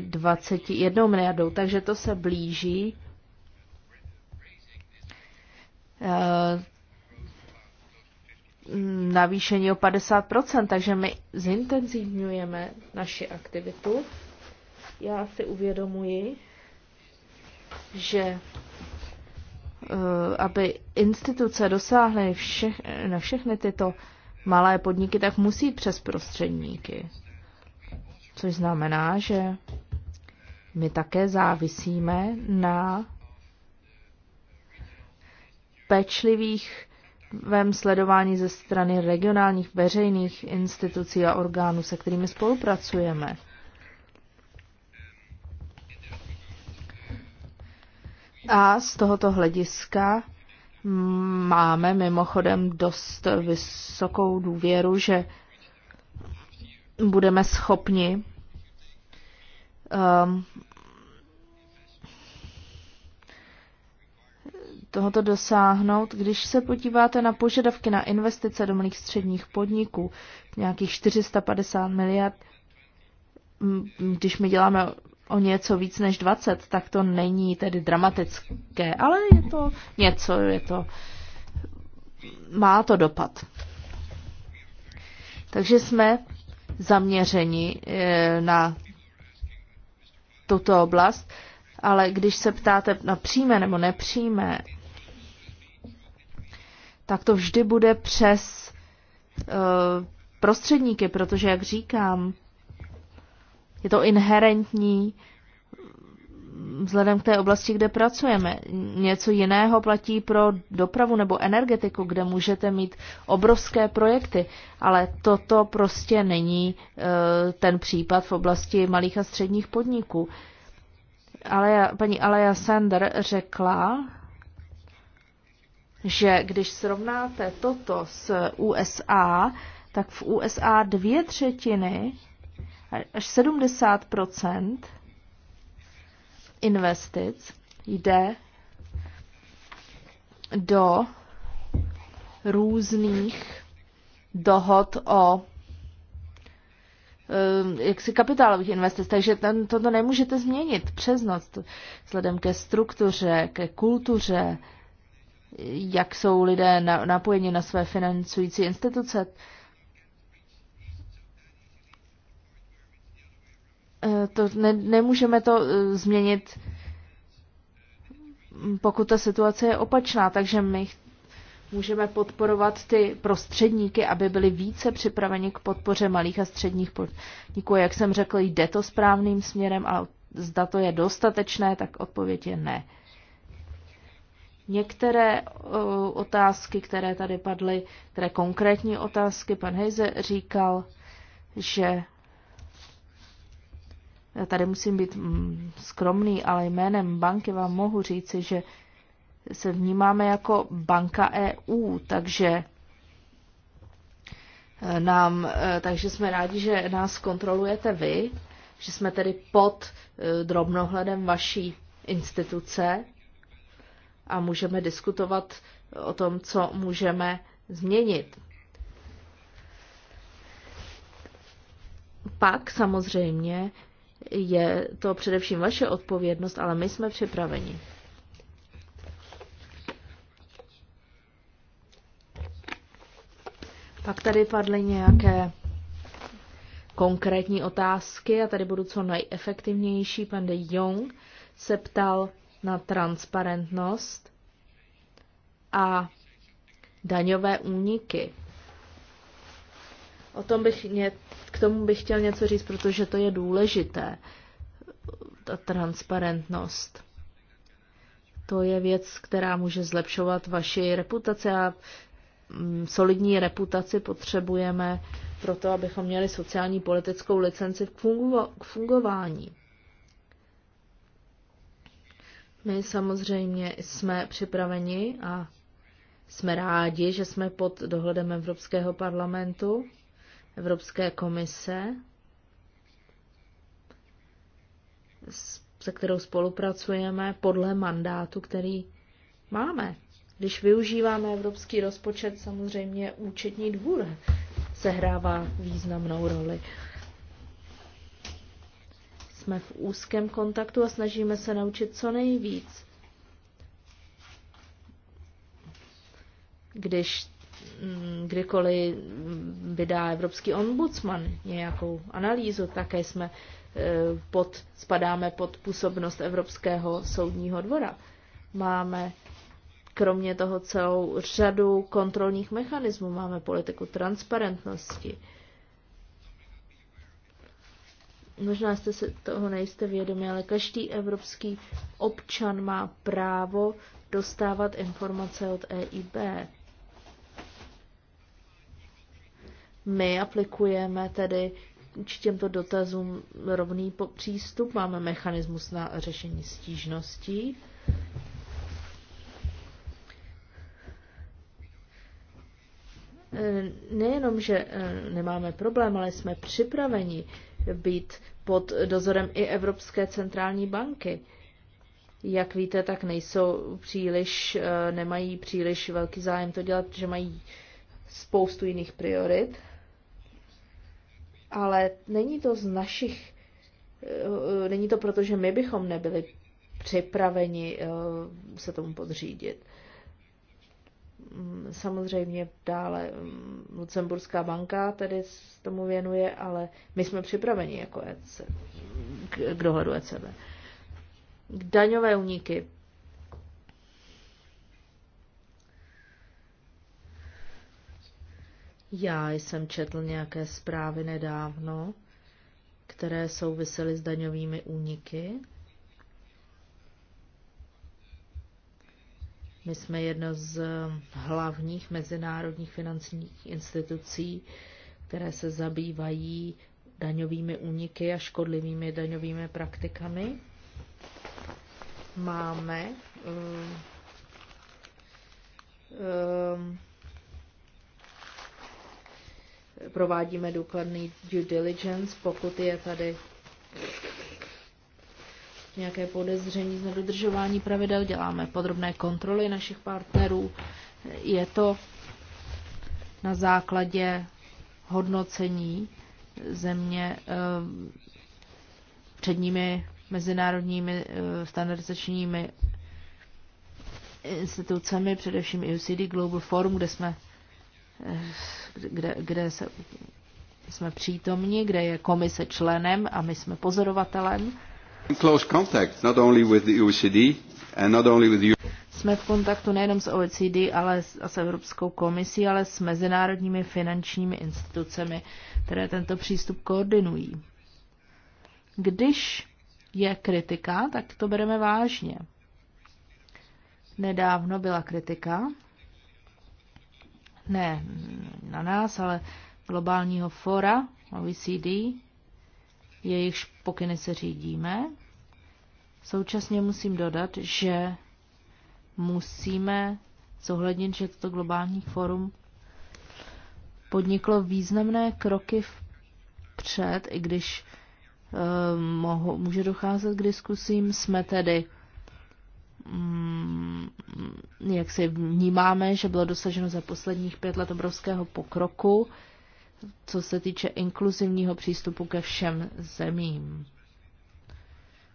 21 miliardou, takže to se blíží e, navýšení o 50%, takže my zintenzivňujeme naši aktivitu. Já si uvědomuji, že eh, aby instituce dosáhly všech, na všechny tyto malé podniky, tak musí přes prostředníky. Což znamená, že my také závisíme na pečlivých vém sledování ze strany regionálních veřejných institucí a orgánů, se kterými spolupracujeme. A z tohoto hlediska máme mimochodem dost vysokou důvěru, že budeme schopni um, tohoto dosáhnout, když se podíváte na požadavky na investice do malých středních podniků, nějakých 450 miliard, když my děláme o něco víc než 20, tak to není tedy dramatické, ale je to něco, je to, má to dopad. Takže jsme zaměřeni e, na tuto oblast, ale když se ptáte na přímé nebo nepřímé, tak to vždy bude přes e, prostředníky, protože, jak říkám, je to inherentní vzhledem k té oblasti, kde pracujeme. Něco jiného platí pro dopravu nebo energetiku, kde můžete mít obrovské projekty, ale toto prostě není e, ten případ v oblasti malých a středních podniků. Ale, paní Aleja Sander řekla, že když srovnáte toto s USA, tak v USA dvě třetiny až 70 investic jde do různých dohod o um, jaksi kapitálových investic, takže ten, toto nemůžete změnit přes noc, vzhledem ke struktuře, ke kultuře, jak jsou lidé napojeni na své financující instituce. Eh, to ne, nemůžeme to eh, změnit, pokud ta situace je opačná, takže my můžeme podporovat ty prostředníky, aby byli více připraveni k podpoře malých a středních podniků. Jak jsem řekl, jde to správným směrem a zda to je dostatečné, tak odpověď je ne. Některé eh, otázky, které tady padly, které konkrétní otázky, pan Heise říkal, že tady musím být mm, skromný, ale jménem banky vám mohu říci, že se vnímáme jako banka EU, takže eh, nám, eh, takže jsme rádi, že nás kontrolujete vy, že jsme tedy pod eh, drobnohledem vaší instituce a můžeme diskutovat o tom, co můžeme změnit. Pak samozřejmě je to především vaše odpovědnost, ale my jsme připraveni. Pak tady padly nějaké konkrétní otázky a tady budu co nejefektivnější. Pan de Jong se ptal na transparentnost a daňové úniky. O tom bych tomu bych chtěl něco říct, protože to je důležité, ta transparentnost. To je věc, která může zlepšovat vaši reputaci a mm, solidní reputaci potřebujeme pro to, abychom měli sociální politickou licenci k fungování. My samozřejmě jsme připraveni a jsme rádi, že jsme pod dohledem Evropského parlamentu Evropské komise, se kterou spolupracujeme podle mandátu, který máme. Když využíváme evropský rozpočet, samozřejmě účetní dvůr sehrává významnou roli. Jsme v úzkém kontaktu a snažíme se naučit co nejvíc. Když Mm, kdykoliv vydá Evropský ombudsman nějakou analýzu, také jsme e, pod, spadáme pod působnost Evropského soudního dvora. Máme kromě toho celou řadu kontrolních mechanismů. Máme politiku transparentnosti. Možná jste se toho nejste vědomi, ale každý evropský občan má právo dostávat informace od EIB. My aplikujeme tedy k těmto dotazům rovný přístup, máme mechanismus na řešení stížností. E, nejenom, že e, nemáme problém, ale jsme připraveni být pod dozorem i Evropské centrální banky. Jak víte, tak nejsou příliš, e, nemají příliš velký zájem to dělat, že mají spoustu jiných priorit ale není to z našich, eh, není to proto, že my bychom nebyli připraveni eh, se tomu podřídit. Mm, samozřejmě dále mm, Lucemburská banka tedy tomu věnuje, ale my jsme připraveni jako EC, k dohledu ECB. Daňové uniky, Já jsem četl nějaké zprávy nedávno, které souvisely s daňovými úniky. My jsme jedna z hlavních mezinárodních finančních institucí, které se zabývají daňovými úniky a škodlivými daňovými praktikami. Máme um, um, provádíme důkladný due diligence, pokud je tady nějaké podezření z nedodržování pravidel, děláme podrobné kontroly našich partnerů. Je to na základě hodnocení země eh, předními mezinárodními eh, standardizačními institucemi, především UCD Global Forum, kde jsme eh, kde, kde se, jsme přítomni, kde je komise členem a my jsme pozorovatelem. E jsme v kontaktu nejenom s OECD ale a s Evropskou komisí, ale s mezinárodními finančními institucemi, které tento přístup koordinují. Když je kritika, tak to bereme vážně. Nedávno byla kritika ne na nás, ale globálního fora OECD, jejichž pokyny se řídíme. Současně musím dodat, že musíme zohlednit, že toto globální forum podniklo významné kroky vpřed, i když uh, mohu, může docházet k diskusím, jsme tedy Mm, jak si vnímáme, že bylo dosaženo za posledních pět let obrovského pokroku, co se týče inkluzivního přístupu ke všem zemím.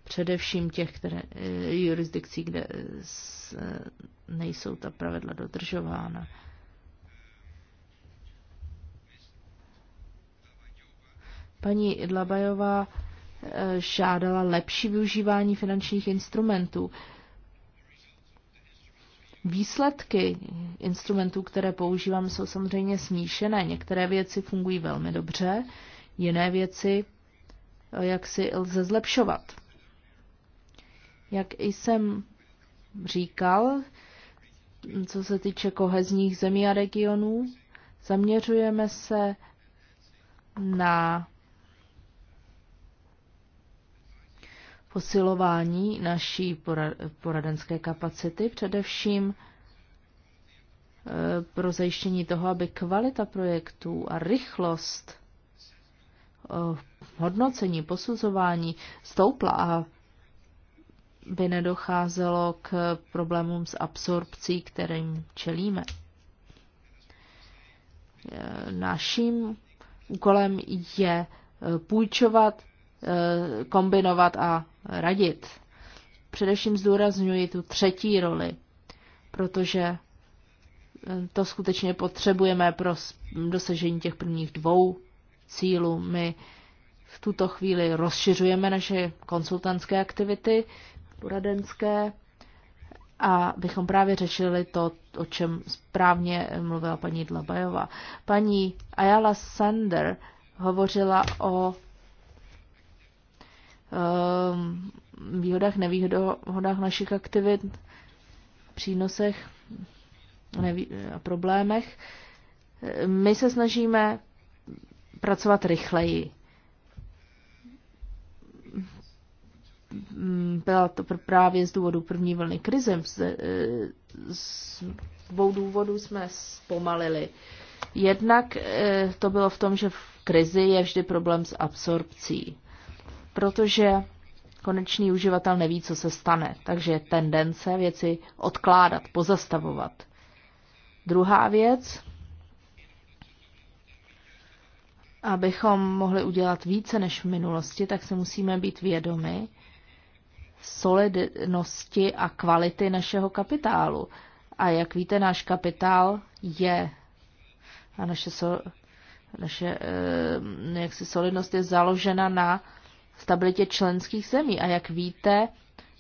Především těch které, eh, jurisdikcí, kde eh, eh, nejsou ta pravidla dodržována. Paní Idlabajová žádala lepší využívání finančních instrumentů. Výsledky instrumentů, které používám, jsou samozřejmě smíšené. Některé věci fungují velmi dobře, jiné věci, eh, jak si lze zlepšovat. Jak jsem říkal, co se týče kohezních zemí a regionů, zaměřujeme se na posilování naší poradenské kapacity, především e, pro zajištění toho, aby kvalita projektů a rychlost e, hodnocení, posuzování stoupla a by nedocházelo k problémům s absorpcí, kterým čelíme. E, naším úkolem je půjčovat, kombinovat a radit. Především zdůrazňuji tu třetí roli, protože eh, to skutečně potřebujeme pro dosažení těch prvních dvou cílů. My v tuto chvíli rozšiřujeme naše konsultantské aktivity, poradenské, a bychom právě řešili to, o čem správně mluvila paní Dlabajová. Paní Ayala Sander hovořila o Um, výhodách, nevýhodách našich aktivit, přínosech a problémech. My se snažíme pracovat rychleji. Byla to právě z důvodu první vlny krize. Z eh, dvou důvodů jsme zpomalili. Jednak eh, to bylo v tom, že v krizi je vždy problém s absorpcí protože konečný uživatel neví, co se stane, takže je tendence věci odkládat, pozastavovat. Druhá věc, abychom mohli udělat více než v minulosti, tak se musíme být vědomi solidnosti a kvality našeho kapitálu. A jak víte, náš kapitál je a naše, naše eh, jaksi solidnost je založena na stabilitě členských zemí. A jak víte,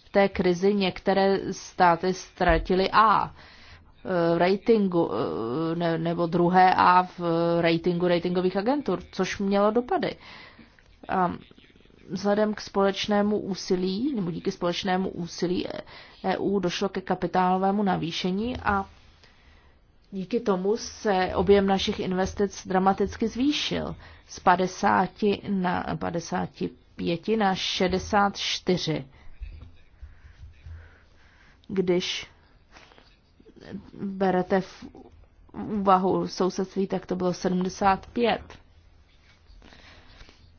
v té krizi některé státy ztratily A e, v ratingu, e, ne, nebo druhé A v ratingu ratingových agentur, což mělo dopady. A vzhledem k společnému úsilí, nebo díky společnému úsilí EU došlo ke kapitálovému navýšení a díky tomu se objem našich investic dramaticky zvýšil z 50 na 55 65 na 64. Když berete v úvahu sousedství, tak to bylo 75.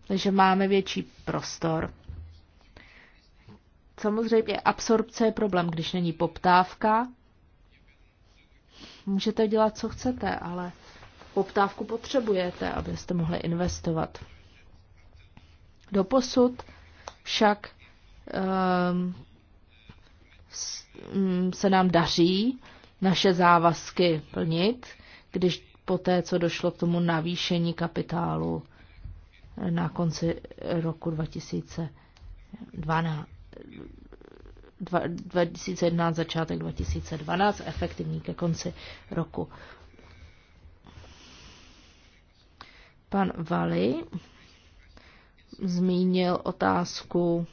Takže máme větší prostor. Samozřejmě absorpce je problém, když není poptávka. Můžete dělat, co chcete, ale poptávku potřebujete, abyste mohli investovat. Doposud však ehm, mm, se nám daří naše závazky plnit, když po té, co došlo k tomu navýšení kapitálu na konci roku 2012, 2011, začátek 2012, efektivní ke konci roku. Pan Vali zmínil otázku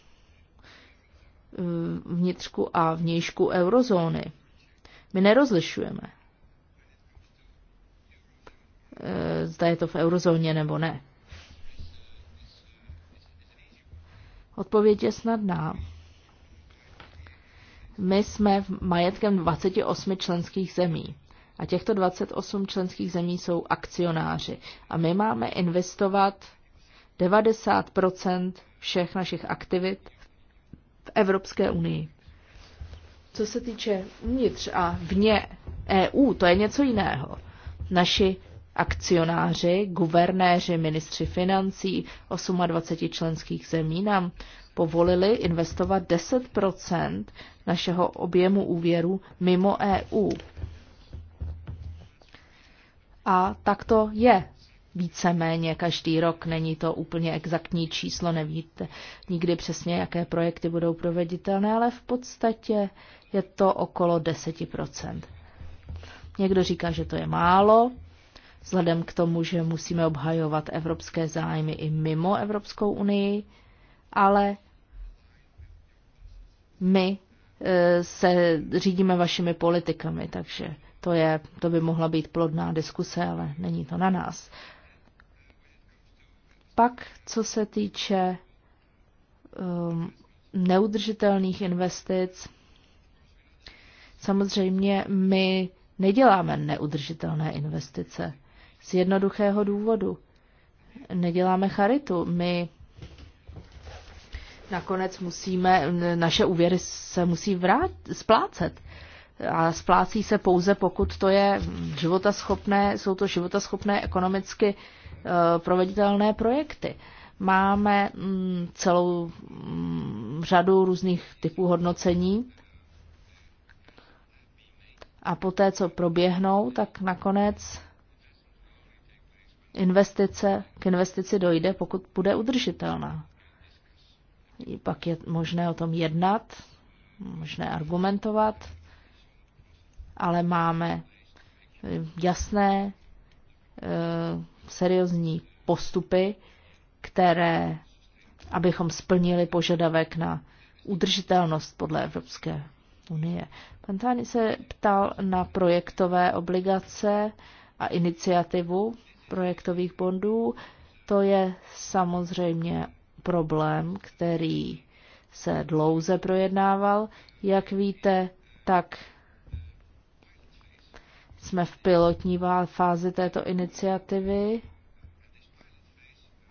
eh, vnitřku a vnějšku eurozóny. My nerozlišujeme, eh, zda je to v eurozóně nebo ne. Odpověď je snadná. My jsme majetkem 28 členských zemí. A těchto 28 členských zemí jsou akcionáři. A my máme investovat 90 všech našich aktivit v Evropské unii. Co se týče vnitř a vně EU, to je něco jiného. Naši akcionáři, guvernéři, ministři financí 28 členských zemí nám povolili investovat 10 našeho objemu úvěru mimo EU. A tak to je víceméně každý rok. Není to úplně exaktní číslo, nevíte nikdy přesně, jaké projekty budou proveditelné, ale v podstatě je to okolo 10%. Někdo říká, že to je málo, vzhledem k tomu, že musíme obhajovat evropské zájmy i mimo Evropskou unii, ale my e, se řídíme vašimi politikami, takže to, je, to by mohla být plodná diskuse, ale není to na nás. Pak, co se týče um, neudržitelných investic, samozřejmě my neděláme neudržitelné investice. Z jednoduchého důvodu. Neděláme charitu. My nakonec musíme, naše úvěry se musí vrát, splácet. A splácí se pouze, pokud to je životaschopné, jsou to životaschopné ekonomicky uh, Eh, proveditelné projekty. Máme mm, celou mm, řadu různých typů hodnocení a poté, co proběhnou, tak nakonec investice, k investici dojde, pokud bude udržitelná. I pak je možné o tom jednat, možné argumentovat, ale máme jasné eh, seriózní postupy, které, abychom splnili požadavek na udržitelnost podle Evropské unie. Pan Tani se ptal na projektové obligace a iniciativu projektových bondů. To je samozřejmě problém, který se dlouze projednával. Jak víte, tak jsme v pilotní fázi této iniciativy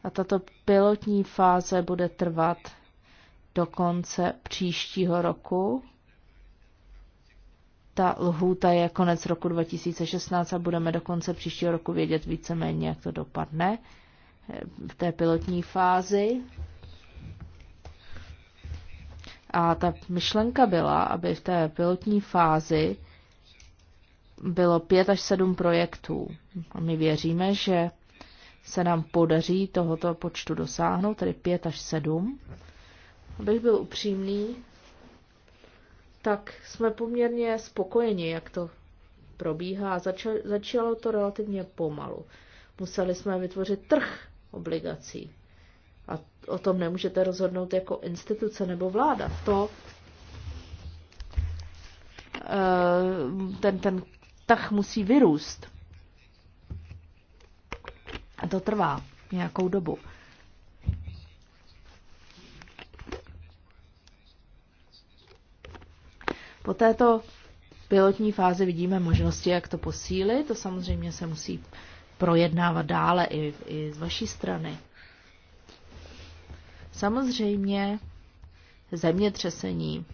a tato pilotní fáze bude trvat do konce příštího roku. Ta lhůta je konec roku 2016 a budeme do konce příštího roku vědět víceméně, jak to dopadne v té pilotní fázi. A ta myšlenka byla, aby v té pilotní fázi bylo pět až sedm projektů. A my věříme, že se nám podaří tohoto počtu dosáhnout, tedy pět až sedm. Abych byl upřímný, tak jsme poměrně spokojeni, jak to probíhá. Začalo, začalo to relativně pomalu. Museli jsme vytvořit trh obligací. A o tom nemůžete rozhodnout jako instituce nebo vláda. To eh, ten, ten tak musí vyrůst. A to trvá nějakou dobu. Po této pilotní fázi vidíme možnosti, jak to posílit. To samozřejmě se musí projednávat dále i, i z vaší strany. Samozřejmě zemětřesení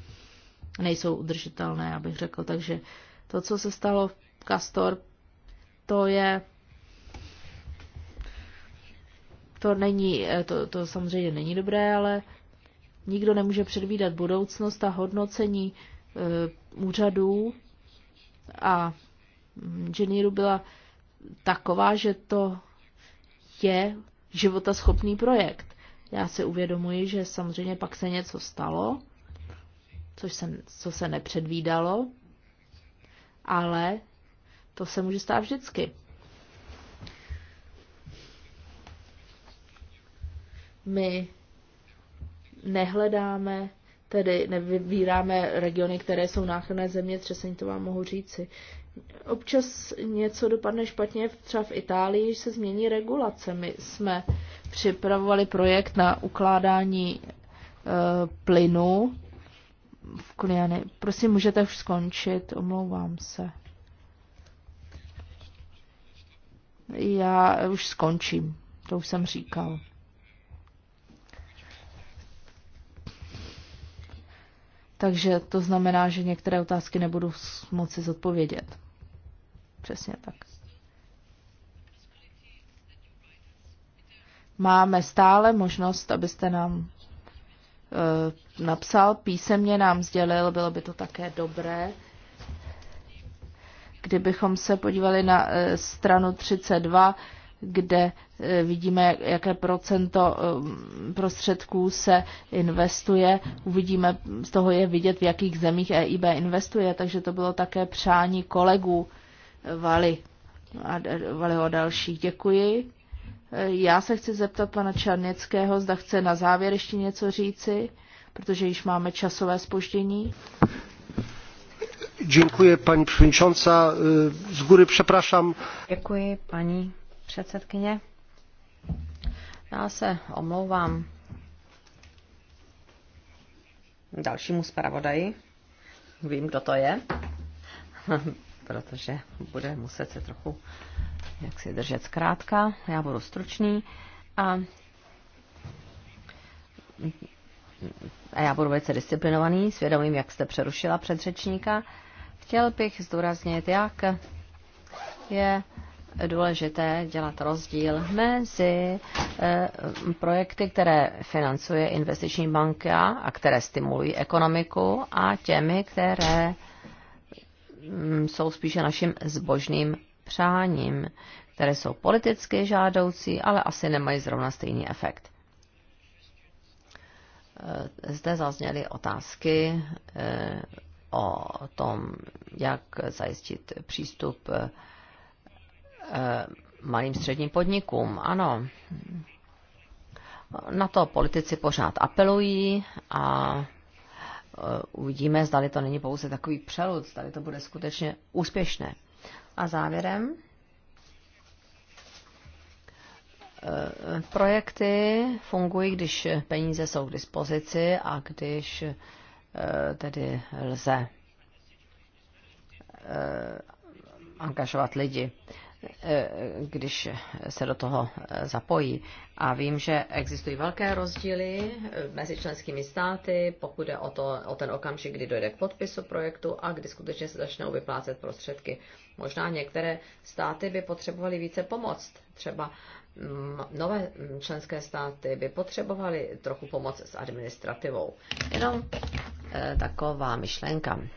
nejsou udržitelné, abych řekl, takže to, co se stalo v Castor, to je to není, eh, to, to samozřejmě není dobré, ale nikdo nemůže předvídat budoucnost a hodnocení e, úřadů a inženýru byla taková, že to je životaschopný projekt. Já si uvědomuji, že samozřejmě pak se něco stalo, což se, co se nepředvídalo, ale to se může stát vždycky. My nehledáme, tedy nevybíráme regiony, které jsou náchylné země, třesení to vám mohu říci. Občas něco dopadne špatně, třeba v Itálii se změní regulace. My jsme připravovali projekt na ukládání e, plynu v Kuliany. Prosím, můžete už skončit, omlouvám se. Já už skončím, to už jsem říkal. Takže to znamená, že některé otázky nebudu moci zodpovědět. Přesně tak. Máme stále možnost, abyste nám Eh, napsal, písemně nám sdělil, bylo by to také dobré. Kdybychom se podívali na eh, stranu 32, kde eh, vidíme, jaké procento prostředků se investuje. Uvidíme, z toho je vidět, v jakých zemích EIB investuje, takže to bylo také přání kolegů Vali a Valiho dalších. Děkuji. Já se chci zeptat pana Černického, zda chce na závěr ještě něco říci, protože již máme časové spoždění. Děkuji, paní předsedkyně. Z góry přeprašám. Děkuji, paní předsedkyně. Já se omlouvám dalšímu zpravodaji. Vím, kdo to je, protože bude muset se trochu jak si držet zkrátka, já budu stručný a, a já budu velice disciplinovaný, svědomím, jak jste přerušila předřečníka. Chtěl bych zdůraznit, jak je důležité dělat rozdíl mezi eh, projekty, které financuje investiční banka a které stimulují ekonomiku a těmi, které mm, jsou spíše naším zbožným přáním, které jsou politicky žádoucí, ale asi nemají zrovna stejný efekt. Eh, zde zazněly otázky eh, o tom, jak zajistit přístup eh, malým středním podnikům. Ano, na to politici pořád apelují a uvidíme, zdali to není pouze takový přelud, zdali to bude skutečně úspěšné. A závěrem. Projekty fungují, když peníze jsou k dispozici a když eh, tedy lze eh, angažovat lidi, eh, když se do toho zapojí. A vím, že existují velké rozdíly mezi členskými státy, pokud je o, to, o ten okamžik, kdy dojde k podpisu projektu a kdy skutečně se začnou vyplácet prostředky. Možná některé státy by potřebovaly více pomoc. Třeba mm, nové mm, členské státy by potřebovaly trochu pomoc s administrativou. Jenom eh, taková myšlenka, mm,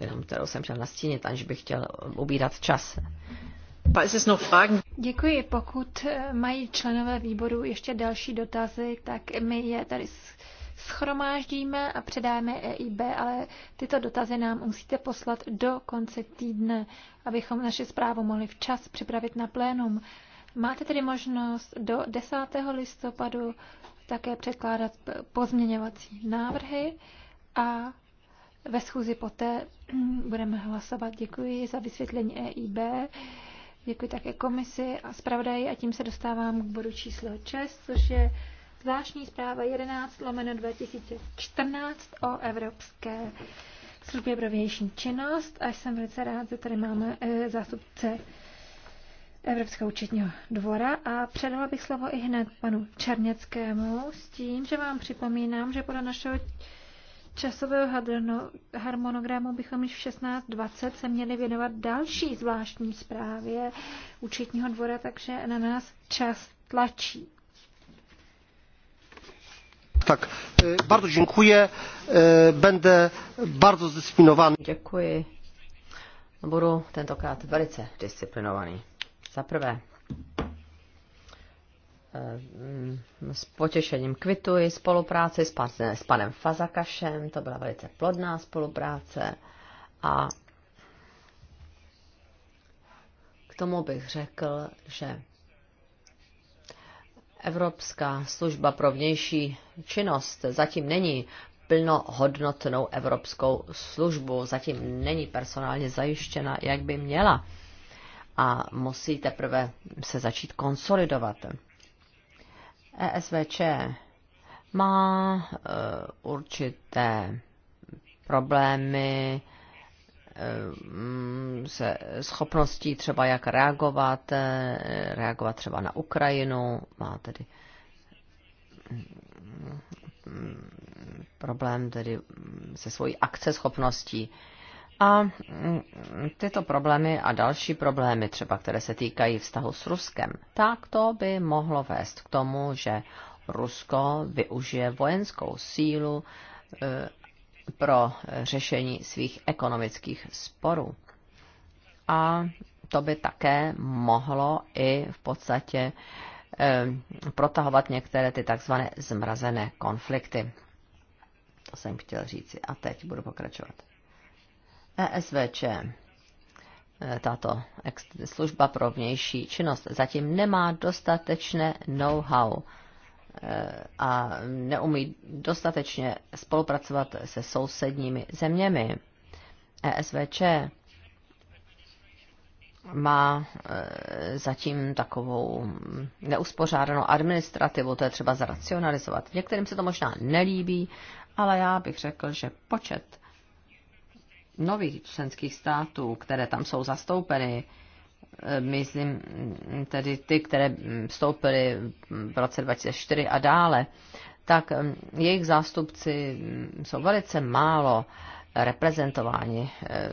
jenom kterou jsem chtěl nastínit, aniž bych chtěl ubírat čas. Děkuji. Pokud eh, mají členové výboru ještě další dotazy, tak my je tady schromáždíme a předáme EIB, ale tyto dotazy nám musíte poslat do konce týdne, abychom naši zprávu mohli včas připravit na plénum. Máte tedy možnost do 10. listopadu také předkládat pozměňovací návrhy a ve schůzi poté budeme hlasovat. Děkuji za vysvětlení EIB, děkuji také komisi a zpravodaji a tím se dostávám k bodu číslo 6, což je zvláštní zpráva 11 lomeno 2014 o Evropské službě pro vnější činnost a jsem velice rád, že tady máme e, zástupce Evropského účetního dvora a předala bych slovo i hned panu Černěckému s tím, že vám připomínám, že podle našeho časového harmonogramu bychom již v 16.20 se měli věnovat další zvláštní zprávě účetního dvora, takže na nás čas tlačí. Tak, e, bardzo dziękuję. E, będę bardzo zdyscyplinowany. Děkuji. Budu tentokrát velice disciplinovaný. Za prvé, e, mm, s potěšením kvituji spolupráci s, s panem Fazakašem, to byla velice plodná spolupráce a k tomu bych řekl, že Evropská služba pro vnější činnost zatím není plnohodnotnou evropskou službu, zatím není personálně zajištěna, jak by měla a musí teprve se začít konsolidovat. ESVČ má e, určité problémy Eh, se schopností třeba jak reagovat, eh, reagovat třeba na Ukrajinu, má tedy mm, problém tedy se svojí akceschopností. A mm, tyto problémy a další problémy, třeba které se týkají vztahu s Ruskem, tak to by mohlo vést k tomu, že Rusko využije vojenskou sílu eh, pro eh, řešení svých ekonomických sporů. A to by také mohlo i v podstatě eh, protahovat některé ty takzvané zmrazené konflikty. To jsem chtěl říci. A teď budu pokračovat. ESVČ, eh, tato služba pro vnější činnost, zatím nemá dostatečné know-how a neumí dostatečně spolupracovat se sousedními zeměmi. ESVČ má e, zatím takovou neuspořádanou administrativu, to je třeba zracionalizovat. Některým se to možná nelíbí, ale já bych řekl, že počet nových členských států, které tam jsou zastoupeny, myslím tedy ty, které vstoupily v roce 2004 a dále, tak jejich zástupci jsou velice málo reprezentováni eh,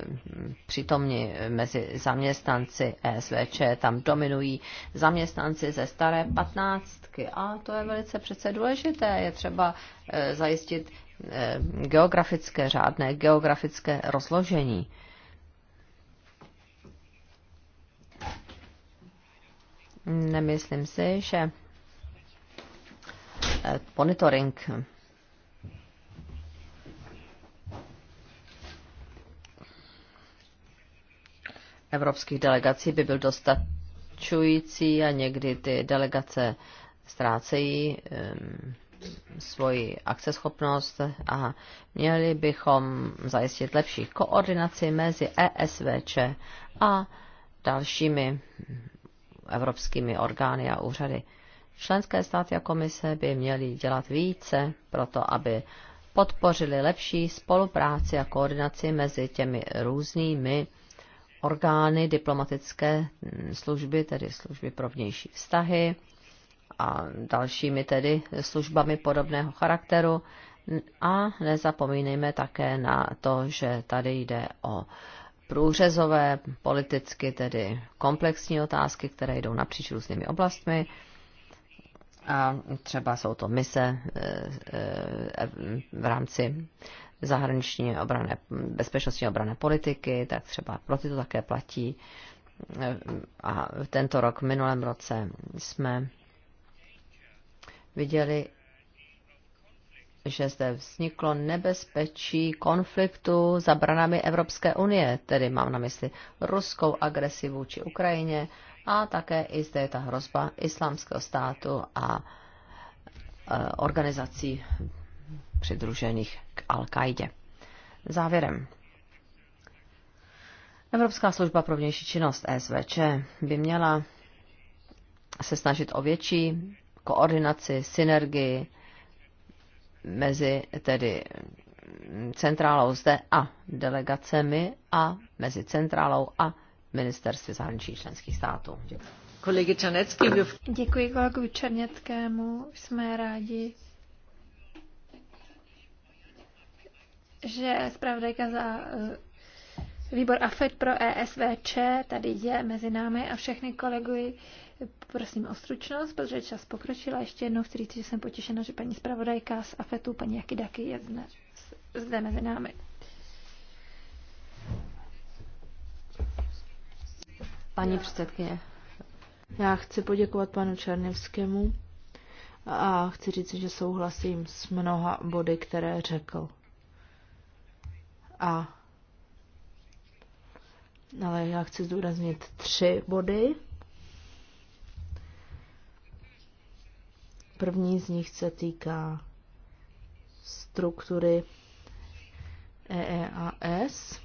přítomní mezi zaměstnanci ESVČ. Tam dominují zaměstnanci ze staré patnáctky a to je velice přece důležité. Je třeba eh, zajistit eh, geografické, řádné geografické rozložení Nemyslím si, že eh, monitoring evropských delegací by byl dostačující a někdy ty delegace ztrácejí um, svoji akceschopnost a měli bychom zajistit lepší koordinaci mezi ESVČ a dalšími evropskými orgány a úřady. Členské státy a komise by měly dělat více pro to, aby podpořili lepší spolupráci a koordinaci mezi těmi různými orgány diplomatické služby, tedy služby pro vnější vztahy a dalšími tedy službami podobného charakteru. A nezapomínejme také na to, že tady jde o průřezové, politicky tedy komplexní otázky, které jdou napříč různými oblastmi. A třeba jsou to mise eh, eh, v rámci zahraniční obrané, bezpečnostní obrané politiky, tak třeba pro ty to také platí. Eh, a tento rok, v minulém roce jsme viděli, že zde vzniklo nebezpečí konfliktu za branami Evropské unie, tedy mám na mysli ruskou agresi vůči Ukrajině a také i zde je ta hrozba islámského státu a e, organizací přidružených k Al-Kaidě. Závěrem. Evropská služba pro vnější činnost SVČ by měla se snažit o větší koordinaci, synergii mezi tedy centrálou zde a delegacemi a mezi centrálou a ministerství zahraničí členských států. Kolegy Čanecký. Děkuji kolegu Černětkému. Jsme rádi, že zpravodajka za eh, výbor AFED pro ESVČ tady je mezi námi a všechny kolegy Prosím o stručnost, protože čas pokročila. Ještě jednou chci říct, že jsem potěšena, že paní zpravodajka z AFETu, paní Jakidaky, je zde, zde mezi námi. Paní předsedkyně, já chci poděkovat panu Černivskému a chci říct, že souhlasím s mnoha body, které řekl. A ale já chci zdůraznit tři body. První z nich se týká struktury EEAS.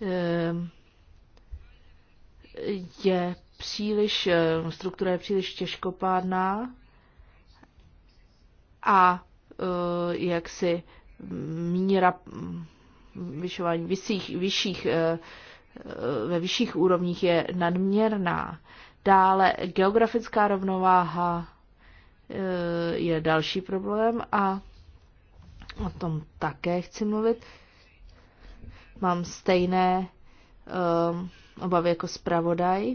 Ehm, je příliš, ehm, struktura je příliš těžkopádná a eh, jak si míra mm, vyšování vyšších, vyšších, eh, eh, ve vyšších úrovních je nadměrná. Dále geografická rovnováha e, je další problém a o tom také chci mluvit. Mám stejné e, obavy jako zpravodaj.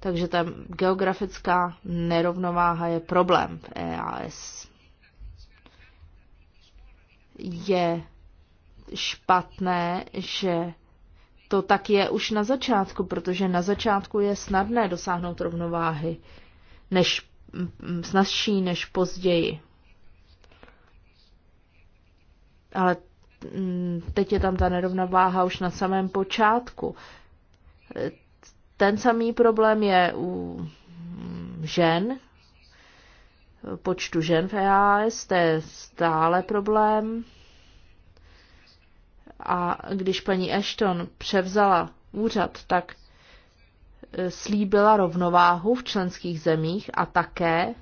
Takže ta geografická nerovnováha je problém v EAS. Je špatné, že to tak je už na začátku, protože na začátku je snadné dosáhnout rovnováhy, než mm, snazší než později. Ale mm, teď je tam ta nerovnováha už na samém počátku. Ten samý problém je u mm, žen, počtu žen v EAS, to je stále problém. A když paní Ashton převzala úřad, tak e, slíbila rovnováhu v členských zemích a také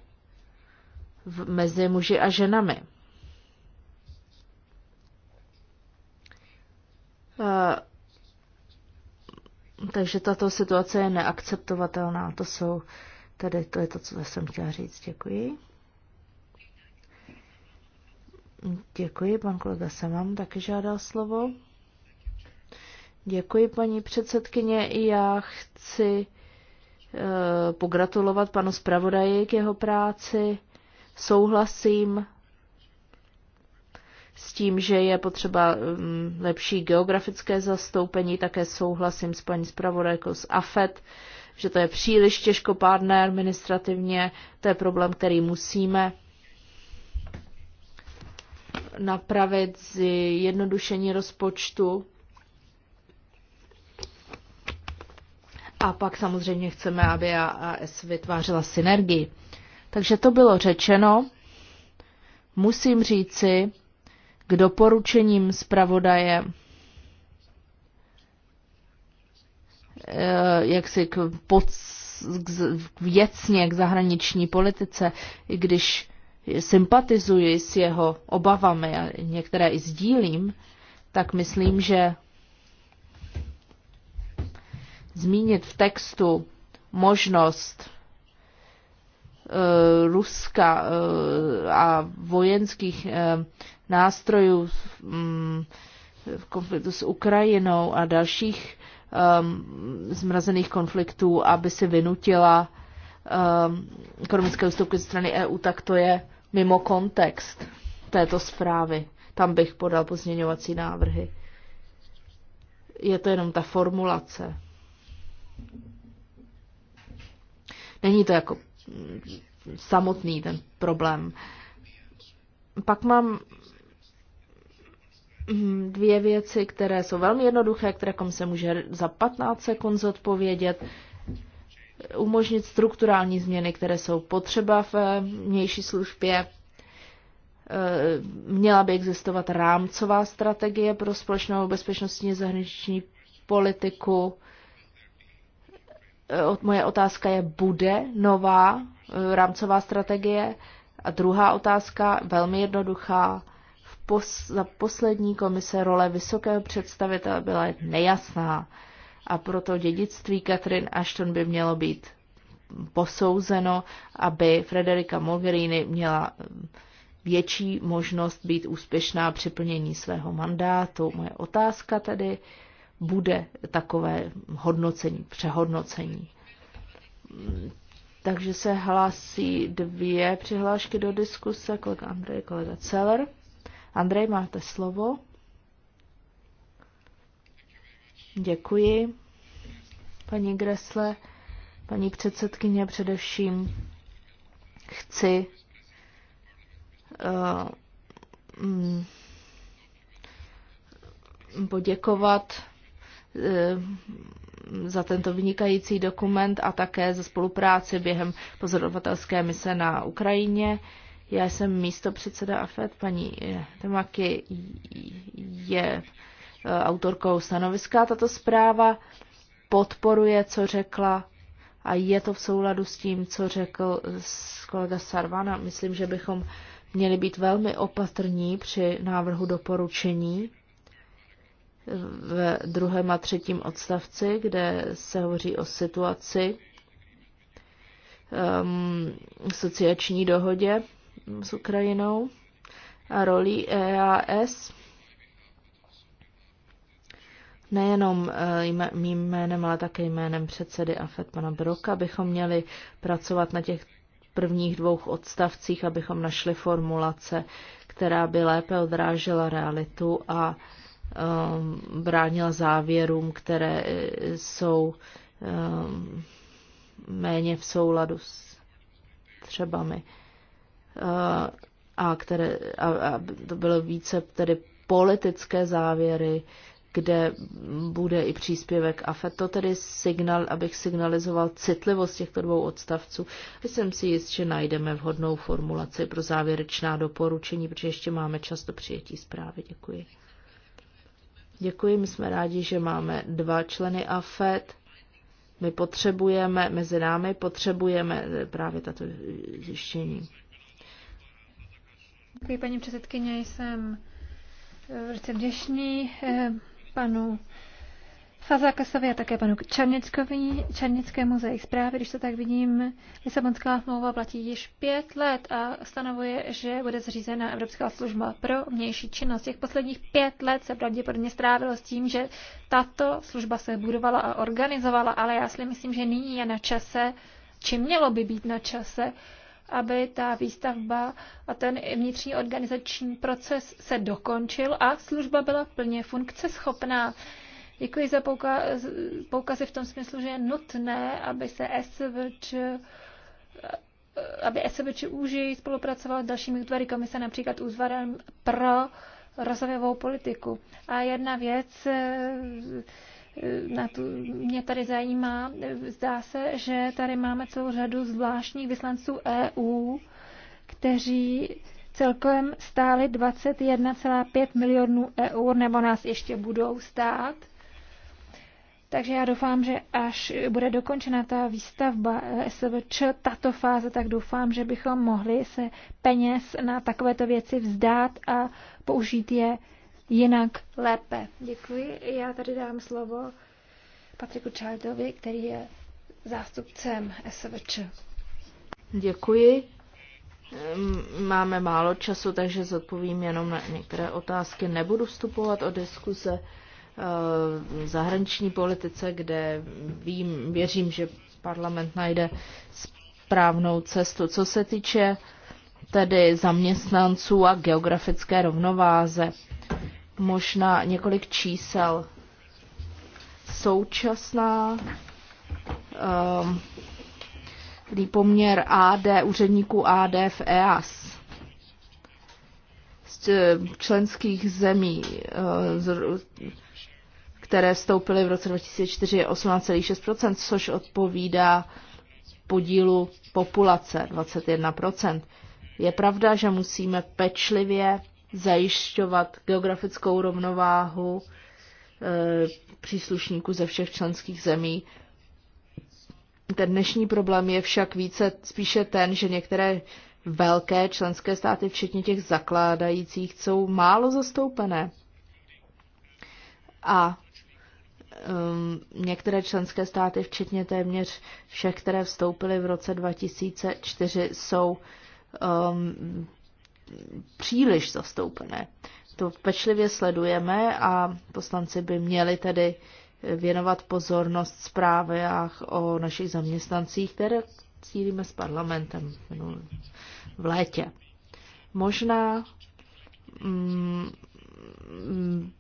v, mezi muži a ženami. E, takže tato situace je neakceptovatelná. To jsou tedy to je to, co jsem chtěla říct. Děkuji. Děkuji, pan kolega vám taky žádá slovo. Děkuji, paní předsedkyně. Já chci e, pogratulovat panu zpravodaji k jeho práci. Souhlasím s tím, že je potřeba mm, lepší geografické zastoupení. Také souhlasím s paní zpravodajkou z AFET, že to je příliš těžkopádné administrativně. To je problém, který musíme napravit jednodušení rozpočtu. A pak samozřejmě chceme, aby AAS vytvářela synergii. Takže to bylo řečeno. Musím říci k doporučením zpravodaje, eh, jak si k, pod, k věcně k zahraniční politice, i když sympatizuji s jeho obavami a některé i sdílím, tak myslím, že zmínit v textu možnost eh, Ruska eh, a vojenských eh, nástrojů mm, v konfliktu s Ukrajinou a dalších ehm, zmrazených konfliktů, aby si vynutila ehm, ekonomické ústupky ze strany EU, tak to je mimo kontext této zprávy. Tam bych podal pozměňovací návrhy. Je to jenom ta formulace. Není to jako mm, samotný ten problém. Pak mám mm, dvě věci, které jsou velmi jednoduché, které komise může za 15 sekund zodpovědět umožnit strukturální změny, které jsou potřeba v vnější službě. E, měla by existovat rámcová strategie pro společnou bezpečnostní zahraniční politiku. E, moje otázka je, bude nová e, rámcová strategie? A druhá otázka, velmi jednoduchá. V pos- za poslední komise role vysokého představitele byla nejasná a proto dědictví Katrin Ashton by mělo být posouzeno, aby Frederika Mogherini měla větší možnost být úspěšná při plnění svého mandátu. Moje otázka tedy bude takové hodnocení, přehodnocení. Takže se hlásí dvě přihlášky do diskuse, kolega Andrej, kolega Celer. Andrej, máte slovo. Děkuji, paní Gresle, paní předsedkyně, především chci uh, poděkovat eh, za tento vynikající dokument a také za spolupráci během pozorovatelské mise na Ukrajině. Já jsem místo předseda AFED, paní eh, Temaky je Eh, autorkou stanoviska. Tato zpráva podporuje, co řekla a je to v souladu s tím, co řekl kolega Sarvana. Myslím, že bychom měli být velmi opatrní při návrhu doporučení v druhém a třetím odstavci, kde se hovoří o situaci um, asociační dohodě s Ukrajinou a roli EAS nejenom eh, mým jménem, ale také jménem předsedy AFED pana Broka, abychom měli pracovat na těch prvních dvou odstavcích, abychom našli formulace, která by lépe odrážela realitu a um, bránila závěrům, které eh, jsou um, méně v souladu s třebami. Uh, a, které, a, a to bylo více tedy politické závěry, kde bude i příspěvek AFET. To tedy signal, abych signalizoval citlivost těchto dvou odstavců. Jsem si jist, že najdeme vhodnou formulaci pro závěrečná doporučení, protože ještě máme čas do přijetí zprávy. Děkuji. Děkuji, my jsme rádi, že máme dva členy AFET. My potřebujeme, mezi námi potřebujeme právě tato zjištění. Děkuji, paní předsedkyně, jsem velice vděčný eh, panu Fazakasovi a také panu Černickému za jejich zprávy. Když to tak vidím, Lisabonská smlouva platí již pět let a stanovuje, že bude zřízena Evropská služba pro vnější činnost. Těch posledních pět let se pravděpodobně strávilo s tím, že tato služba se budovala a organizovala, ale já si myslím, že nyní je na čase, či mělo by být na čase, aby ta výstavba a ten vnitřní organizační proces se dokončil a služba byla plně funkceschopná. Děkuji za poukazy v tom smyslu, že je nutné, aby se SVČ aby SVČ úži spolupracoval s dalšími útvary komise, například úzvarem pro rozvojovou politiku. A jedna věc, na tu, mě tady zajímá, zdá se, že tady máme celou řadu zvláštních vyslanců EU, kteří celkem stáli 21,5 milionů eur, nebo nás ještě budou stát. Takže já doufám, že až bude dokončena ta výstavba SVČ, tato fáze, tak doufám, že bychom mohli se peněz na takovéto věci vzdát a použít je jinak lépe. Děkuji. Já tady dám slovo Patriku Čajdovi, který je zástupcem SVČ. Děkuji. Mm, máme málo času, takže zodpovím jenom na některé otázky. Nebudu vstupovat o diskuse eh, v zahraniční politice, kde vím, věřím, že parlament najde správnou cestu. Co se týče tedy zaměstnanců a geografické rovnováze, možná několik čísel. Současná um, poměr AD, úředníků AD v EAS z eh, členských zemí, eh, které vstoupily v roce 2004, je 18,6%, což odpovídá podílu populace 21%. Je pravda, že musíme pečlivě zajišťovat geografickou rovnováhu e, příslušníků ze všech členských zemí. Ten dnešní problém je však více spíše ten, že některé velké členské státy, včetně těch zakládajících, jsou málo zastoupené. A um, některé členské státy, včetně téměř všech, které vstoupily v roce 2004, jsou um, příliš zastoupené. To pečlivě sledujeme a poslanci by měli tedy věnovat pozornost zprávách o našich zaměstnancích, které cílíme s parlamentem v létě. Možná mm,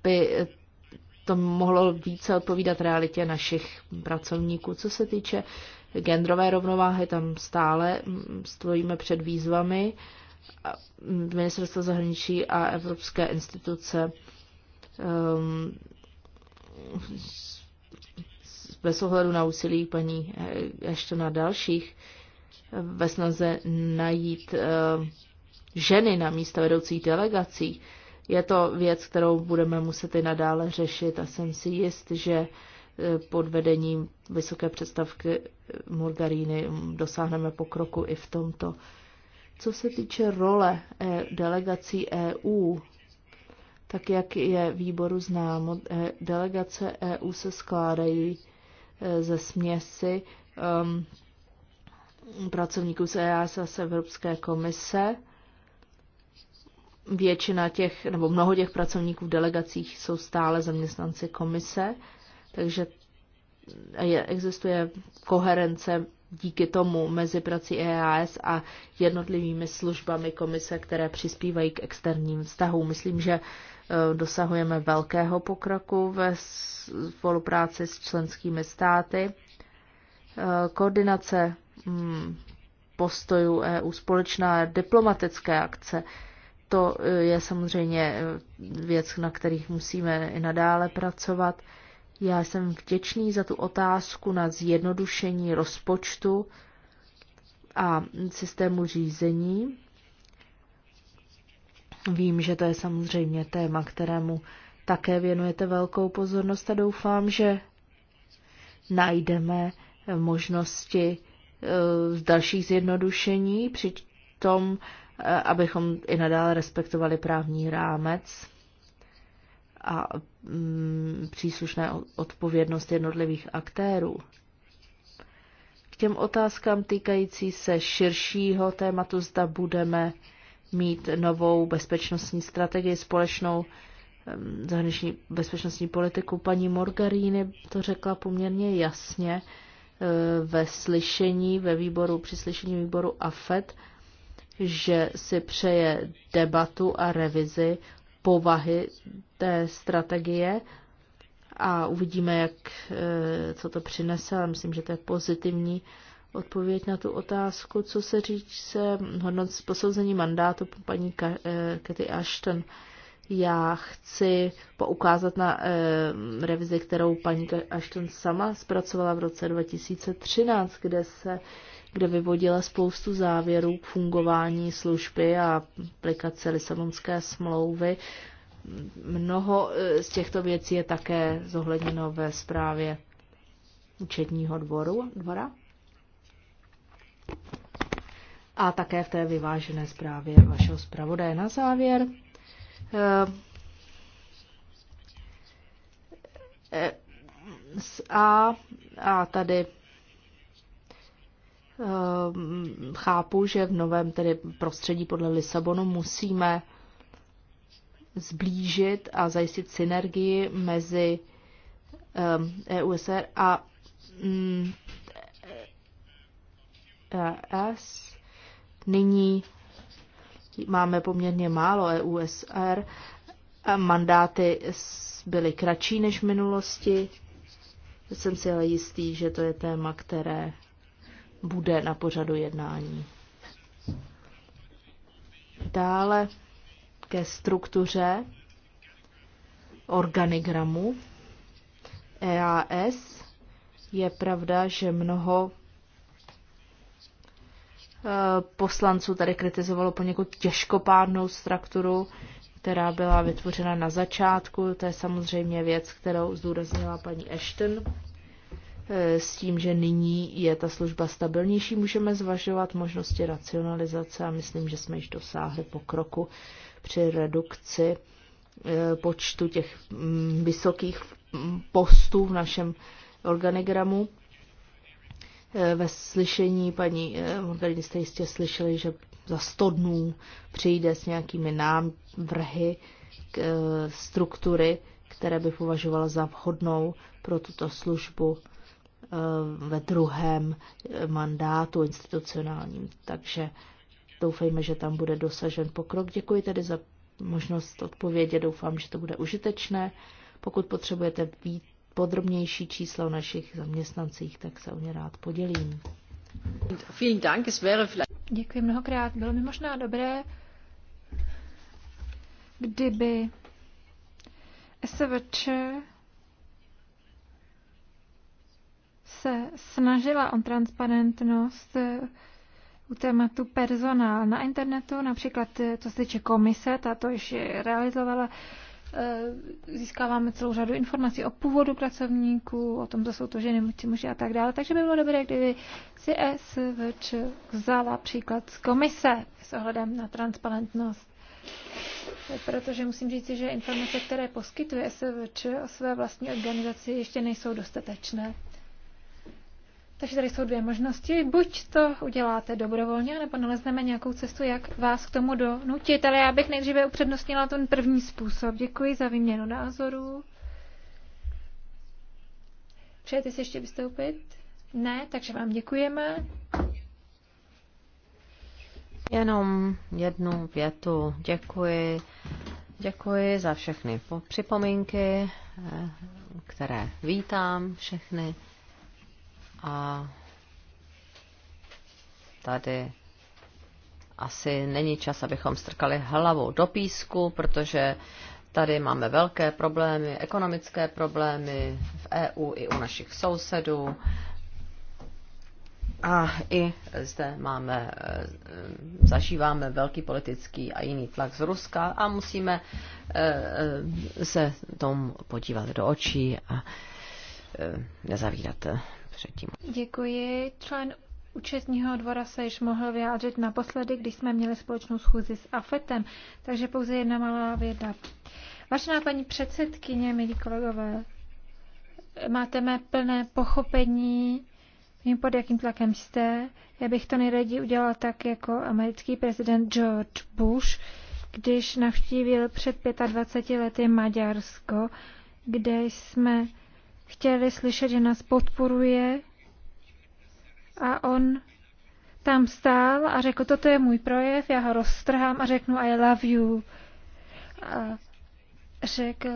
by to mohlo více odpovídat realitě našich pracovníků. Co se týče genderové rovnováhy, tam stále mm, stojíme před výzvami ministerstva zahraničí a evropské instituce um, bez ohledu na úsilí paní ještě na dalších ve snaze najít uh, ženy na místa vedoucích delegací. Je to věc, kterou budeme muset i nadále řešit a jsem si jist, že eh, pod vedením vysoké představky Morgaríny dosáhneme pokroku i v tomto. Co se týče role eh, delegací EU, tak jak je výboru známo, eh, delegace EU se skládají eh, ze směsi um, pracovníků z EASA z Evropské komise. Většina těch, nebo mnoho těch pracovníků v delegacích jsou stále zaměstnanci komise, takže je, existuje koherence díky tomu mezi prací EAS a jednotlivými službami komise, které přispívají k externím vztahům. Myslím, že eh, dosahujeme velkého pokroku ve spolupráci s členskými státy. Eh, koordinace mm, postojů EU, společná diplomatické akce, to eh, je samozřejmě věc, na kterých musíme i nadále pracovat. Já jsem vděčný za tu otázku na zjednodušení rozpočtu a systému řízení. Vím, že to je samozřejmě téma, kterému také věnujete velkou pozornost a doufám, že najdeme možnosti eh, z dalších zjednodušení, přitom, eh, abychom i nadále respektovali právní rámec a Mm, příslušné odpovědnost jednotlivých aktérů. K těm otázkám týkající se širšího tématu, zda budeme mít novou bezpečnostní strategii, společnou mm, zahraniční bezpečnostní politiku. Paní Morgaríny to řekla poměrně jasně e, ve slyšení, ve výboru, při slyšení výboru AFED, že si přeje debatu a revizi povahy té strategie a uvidíme, jak, e, co to přinese, A myslím, že to je pozitivní odpověď na tu otázku, co se se hodnot z posouzení mandátu paní Katy e, Ashton. Já chci poukázat na e, revizi, kterou paní Ashton sama zpracovala v roce 2013, kde se kde vyvodila spoustu závěrů k fungování služby a aplikace Lisabonské smlouvy. Mnoho e, z těchto věcí je také zohledněno ve zprávě účetního dvoru, dvora a také v té vyvážené zprávě vašeho zpravodaje. Na závěr e, e, a, a tady Ehm, chápu, že v novém tedy prostředí podle Lisabonu musíme zblížit a zajistit synergii mezi EUSR ehm, e a mm, ES. E Nyní máme poměrně málo EUSR. Mandáty byly kratší než v minulosti. Jsem si ale jistý, že to je téma, které bude na pořadu jednání. Dále ke struktuře organigramu EAS je pravda, že mnoho e, poslanců tady kritizovalo poněkud těžkopádnou strukturu, která byla vytvořena na začátku. To je samozřejmě věc, kterou zdůraznila paní Ashton. E, s tím, že nyní je ta služba stabilnější, můžeme zvažovat možnosti racionalizace a myslím, že jsme již dosáhli pokroku při redukci e, počtu těch mm, vysokých mm, postů v našem organigramu. E, ve slyšení paní Morgany jste jistě slyšeli, že za 100 dnů přijde s nějakými návrhy struktury, které by považovala za vhodnou pro tuto službu Eh, ve druhém eh, mandátu institucionálním. Takže doufejme, že tam bude dosažen pokrok. Děkuji tedy za možnost odpovědět. Doufám, že to bude užitečné. Pokud potřebujete být podrobnější čísla o našich zaměstnancích, tak se o ně rád podělím. Děkuji mnohokrát. Bylo mi možná dobré, kdyby SVČ se snažila o transparentnost eh, u tématu personál na internetu, například eh, co se týče komise, ta to již realizovala, eh, získáváme celou řadu informací o původu pracovníků, o tom, co jsou to ženy, muži, muži a tak dále. Takže by bylo dobré, kdyby si SVČ vzala příklad z komise s ohledem na transparentnost. Protože musím říct, že informace, které poskytuje SVČ o své vlastní organizaci, ještě nejsou dostatečné. Takže tady jsou dvě možnosti. Buď to uděláte dobrovolně, nebo nalezneme nějakou cestu, jak vás k tomu donutit. Ale já bych nejdříve upřednostnila ten první způsob. Děkuji za výměnu názorů. Přejete si ještě vystoupit? Ne, takže vám děkujeme. Jenom jednu větu. Děkuji. Děkuji za všechny připomínky, eh, které vítám všechny. A tady asi není čas, abychom strkali hlavou do písku, protože tady máme velké problémy, ekonomické problémy v EU i u našich sousedů. A i zde máme, eh, zažíváme velký politický a jiný tlak z Ruska a musíme eh, se tomu podívat do očí a eh, nezavírat třetím. Děkuji. Člen účetního dvora se již mohl vyjádřit naposledy, když jsme měli společnou schůzi s AFETem, takže pouze jedna malá věda. Vážená paní předsedkyně, milí kolegové, máte mé plné pochopení, vím, pod jakým tlakem jste. Já bych to nejraději udělala tak, jako americký prezident George Bush, když navštívil před 25 lety Maďarsko, kde jsme chtěli slyšet, že nás podporuje a on tam stál a řekl, toto je můj projev, já ho roztrhám a řeknu I love you. A řekl,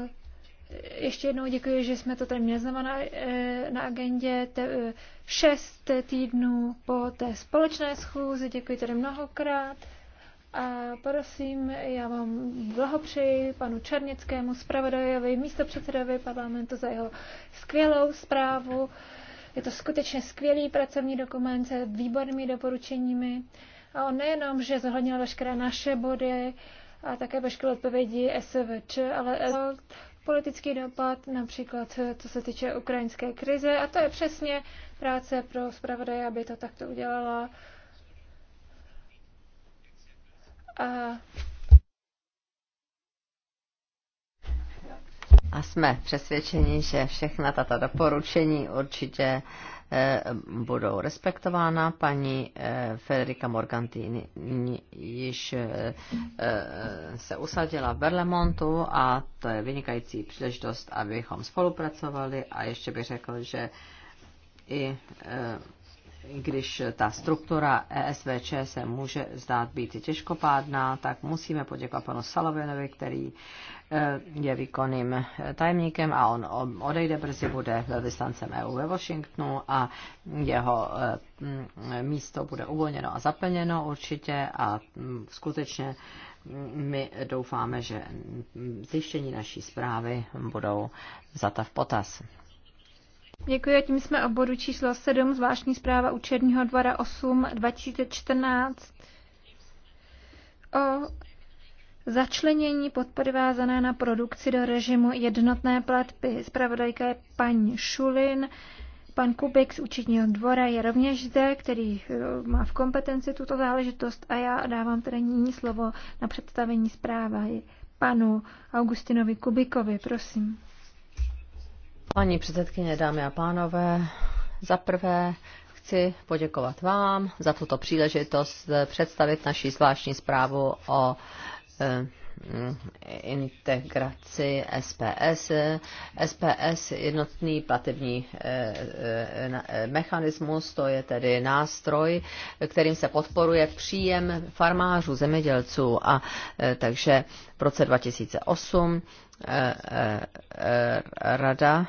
ještě jednou děkuji, že jsme to tady měli znamená na, eh, na agendě te, eh, šest týdnů po té společné schůzi. Děkuji tady mnohokrát. A prosím, já vám blahopřeji panu Černickému, zpravodajovi, místopředsedovi parlamentu za jeho skvělou zprávu. Je to skutečně skvělý pracovní dokument se výbornými doporučeními. A on nejenom, že zohlednil veškeré naše body a také veškeré odpovědi SVČ, ale politický dopad, například co se týče ukrajinské krize. A to je přesně práce pro zpravodaje, aby to takto udělala a a jsme přesvědčeni, že všechna tato doporučení určitě eh, budou respektována. Paní eh, Federica Morgantini již eh, se usadila v Berlemontu a to je vynikající příležitost, abychom spolupracovali a ještě bych řekl, že i když ta struktura ESVČ se může zdát být těžkopádná, tak musíme poděkovat panu Salovinovi, který eh, je výkonným eh, tajemníkem a on odejde brzy, bude velvyslancem EU ve Washingtonu a jeho eh, místo bude uvolněno a zaplněno určitě a skutečně my doufáme, že zjištění naší zprávy budou zata v potaz. Děkuji, a tím jsme o bodu číslo 7, zvláštní zpráva Černího dvora 8 2014 o začlenění podpory vázané na produkci do režimu jednotné platby. Zpravodajka je paní Šulin. Pan Kubik z účetního dvora je rovněž zde, který eh, má v kompetenci tuto záležitost a já dávám tedy nyní slovo na představení zprávy panu Augustinovi Kubikovi. Prosím. Paní předsedkyně, dámy a pánové, za prvé chci poděkovat vám za tuto příležitost představit naši zvláštní zprávu o eh, integraci SPS. SPS, jednotný platební eh, eh, mechanismus, to je tedy nástroj, kterým se podporuje příjem farmářů, zemědělců a takže v roce 2008 eh, eh, eh, Rada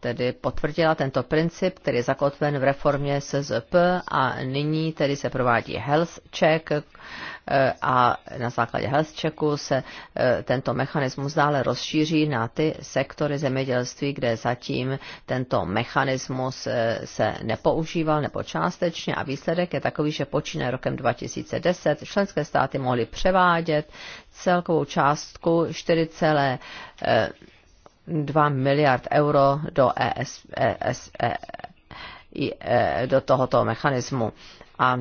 tedy potvrdila tento princip, který je zakotven v reformě SZP a nyní tedy se provádí health check a na základě health checku se tento mechanismus dále rozšíří na ty sektory zemědělství, kde zatím tento mechanismus se nepoužíval nebo částečně a výsledek je takový, že počínaje rokem 2010 členské státy mohly převádět celkovou částku 4,2 eh, miliard euro do, ES, ES, e, eh, do tohoto mechanismu. A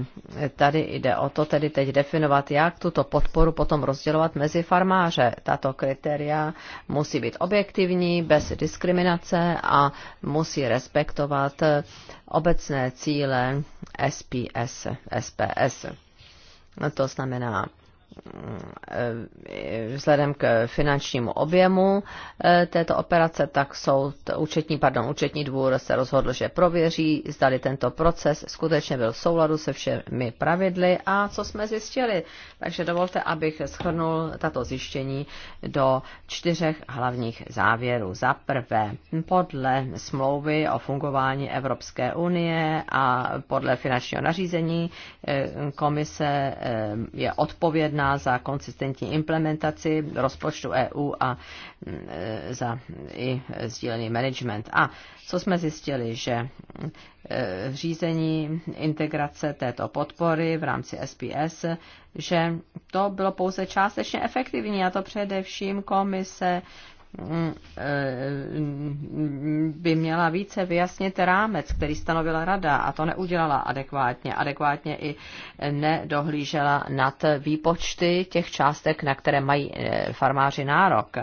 tady jde o to tedy teď definovat, jak tuto podporu potom rozdělovat mezi farmáře. Tato kritéria musí být objektivní, bez diskriminace a musí respektovat eh, obecné cíle SPS. SPS. To znamená Eh, vzhledem k finančnímu objemu eh, této operace, tak soud, účetní, pardon, účetní dvůr se rozhodl, že prověří, zdali tento proces skutečně byl v souladu se všemi pravidly a co jsme zjistili. Takže dovolte, abych schrnul tato zjištění do čtyřech hlavních závěrů. Za prvé, podle smlouvy o fungování Evropské unie a podle finančního nařízení eh, komise je odpovědná zodpovědná za konsistentní implementaci rozpočtu EU a mm, e, za i sdílený management. A co jsme zjistili, že e, řízení integrace této podpory v rámci SPS, že to bylo pouze částečně efektivní, a to především komise by měla více vyjasnit rámec, který stanovila rada a to neudělala adekvátně. Adekvátně i nedohlížela nad výpočty těch částek, na které mají eh, farmáři nárok.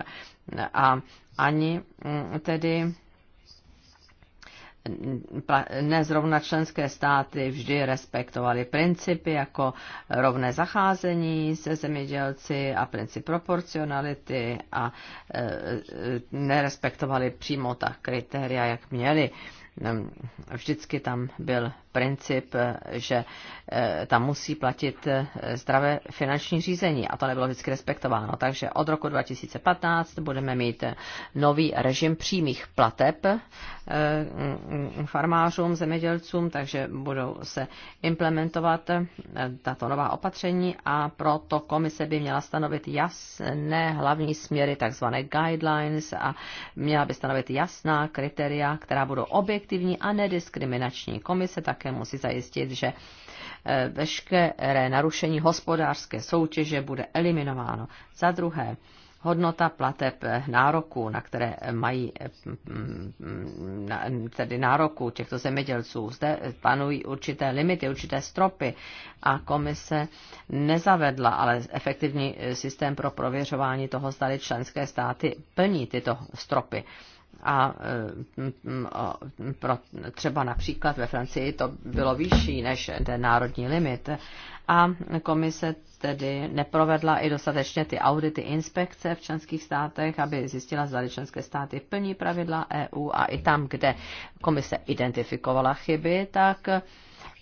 A ani mm, tedy nezrovna členské státy vždy respektovaly principy jako rovné zacházení se zemědělci a princip proporcionality a e, nerespektovali přímo ta kritéria, jak měli. Vždycky tam byl princip, že eh, tam musí platit eh, zdravé finanční řízení a to nebylo vždycky respektováno. Takže od roku 2015 budeme mít eh, nový režim přímých plateb mm, mm, farmářům, zemědělcům, takže budou se implementovat tato nová opatření a proto komise by měla stanovit jasné hlavní směry, takzvané guidelines a měla by stanovit jasná kritéria, která budou objektivní a nediskriminační. Komise tak také musí zajistit, že eh, veškeré narušení hospodářské soutěže bude eliminováno. Za druhé, hodnota plateb eh, nároků, na které eh, mají mm, tedy nároků těchto zemědělců. Zde panují určité limity, určité stropy a komise nezavedla ale efektivní systém pro prověřování toho, zda členské státy plní tyto stropy a, a e, pro, třeba například ve Francii to bylo vyšší než ten národní limit. A komise tedy neprovedla i dostatečně ty audity inspekce v členských státech, aby zjistila, zda členské státy plní pravidla EU a i tam, kde komise identifikovala chyby, tak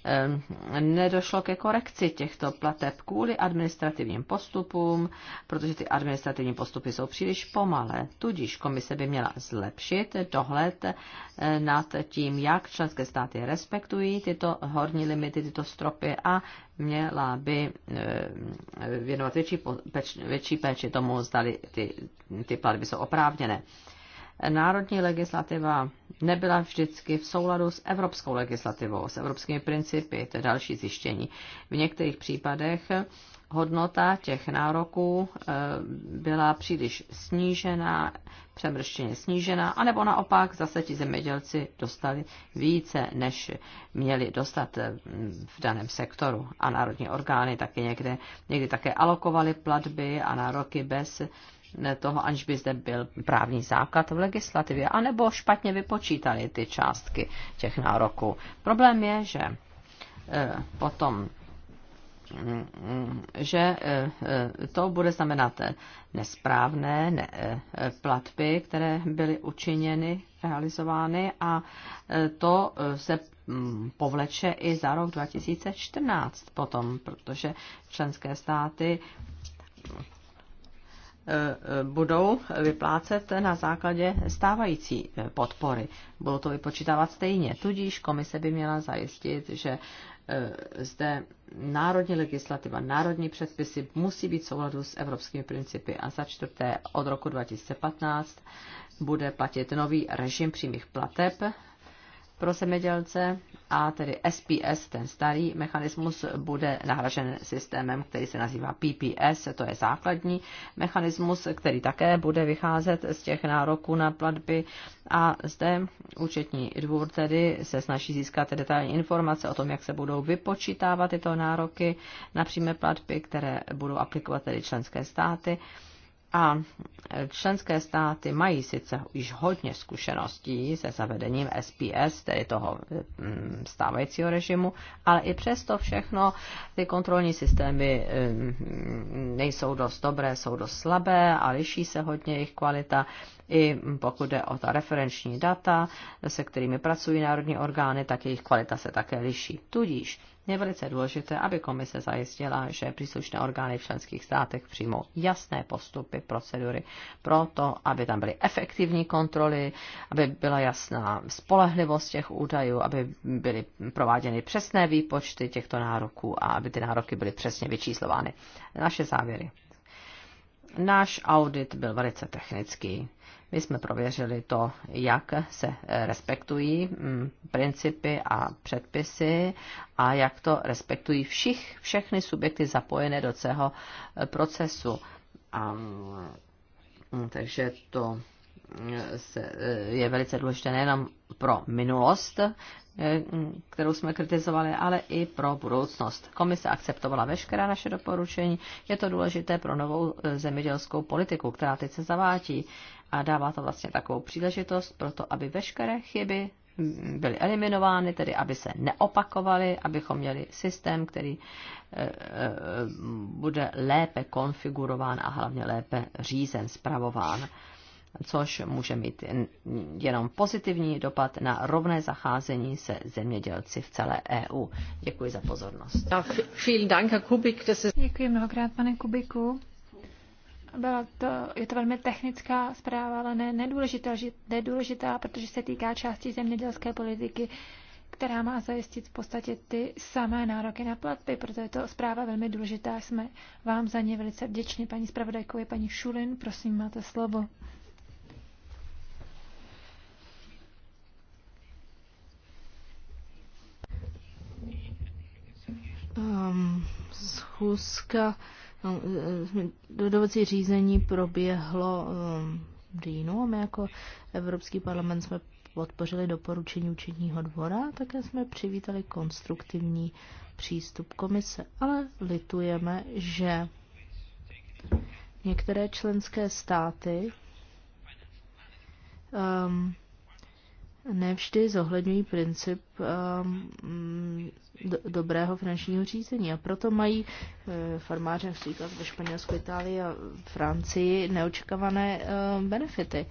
Ehm, nedošlo ke korekci těchto plateb kvůli administrativním postupům, protože ty administrativní postupy jsou příliš pomalé. Tudíž komise by měla zlepšit dohled eh, nad tím, jak členské státy respektují tyto horní limity, tyto stropy a měla by eh, věnovat větší, větší péči tomu, zdali ty, ty platby jsou oprávněné národní legislativa nebyla vždycky v souladu s evropskou legislativou, s evropskými principy, to je další zjištění. V některých případech hodnota těch nároků eh, byla příliš snížena, přemrštěně snížena, anebo naopak zase ti zemědělci dostali více, než měli dostat eh, v daném sektoru. A národní orgány taky někde, někdy také alokovaly platby a nároky bez toho, aniž by zde byl právní základ v legislativě, anebo špatně vypočítali ty částky těch nároků. Problém je, že eh, potom mm, že eh, to bude znamenat nesprávné ne, eh, platby, které byly učiněny, realizovány a to se mm, povleče i za rok 2014 potom, protože členské státy budou vyplácet na základě stávající podpory. Budou to vypočítávat stejně. Tudíž komise by měla zajistit, že eh, zde národní legislativa, národní předpisy musí být v souladu s evropskými principy. A za čtvrté, od roku 2015 bude platit nový režim přímých plateb pro zemědělce a tedy SPS, ten starý mechanismus, bude nahražen systémem, který se nazývá PPS, to je základní mechanismus, který také bude vycházet z těch nároků na platby a zde účetní dvůr tedy se snaží získat detailní informace o tom, jak se budou vypočítávat tyto nároky na přímé platby, které budou aplikovat tedy členské státy. A členské státy mají sice již hodně zkušeností se zavedením SPS, tedy toho mm, stávajícího režimu, ale i přesto všechno ty kontrolní systémy mm, nejsou dost dobré, jsou dost slabé a liší se hodně jejich kvalita. I pokud jde o ta referenční data, se kterými pracují národní orgány, tak jejich kvalita se také liší. Tudíž je velice důležité, aby komise zajistila, že příslušné orgány v členských státech přijmou jasné postupy, procedury, proto, aby tam byly efektivní kontroly, aby byla jasná spolehlivost těch údajů, aby byly prováděny přesné výpočty těchto nároků a aby ty nároky byly přesně vyčíslovány. Naše závěry. Náš audit byl velice technický. My jsme prověřili to, jak se eh, respektují mm, principy a předpisy a jak to respektují všich, všechny subjekty zapojené do celého eh, procesu. A, mm, takže to eh, se, je velice důležité nejenom pro minulost, kterou jsme kritizovali, ale i pro budoucnost. Komise akceptovala veškerá naše doporučení. Je to důležité pro novou zemědělskou politiku, která teď se zavátí a dává to vlastně takovou příležitost pro to, aby veškeré chyby byly eliminovány, tedy aby se neopakovaly, abychom měli systém, který eh, eh, bude lépe konfigurován a hlavně lépe řízen, spravován což může mít jenom pozitivní dopad na rovné zacházení se zemědělci v celé EU. Děkuji za pozornost. Děkuji mnohokrát, pane Kubiku. Byla to, je to velmi technická zpráva, ale ne nedůležitá, nedůležitá, protože se týká části zemědělské politiky, která má zajistit v podstatě ty samé nároky na platby. Proto je to zpráva velmi důležitá. Jsme vám za ně velice vděční, paní zpravodajkovi, paní Šulin. Prosím, máte slovo. Um, schůzka Dodací řízení proběhlo um, v říjnu a my jako Evropský parlament jsme podpořili doporučení účetního dvora, také jsme přivítali konstruktivní přístup komise, ale litujeme, že některé členské státy um, nevždy zohledňují princip um, do, dobrého finančního řízení. A proto mají e, farmáři například ve Španělsku, Itálii a Francii neočekávané eh, benefity.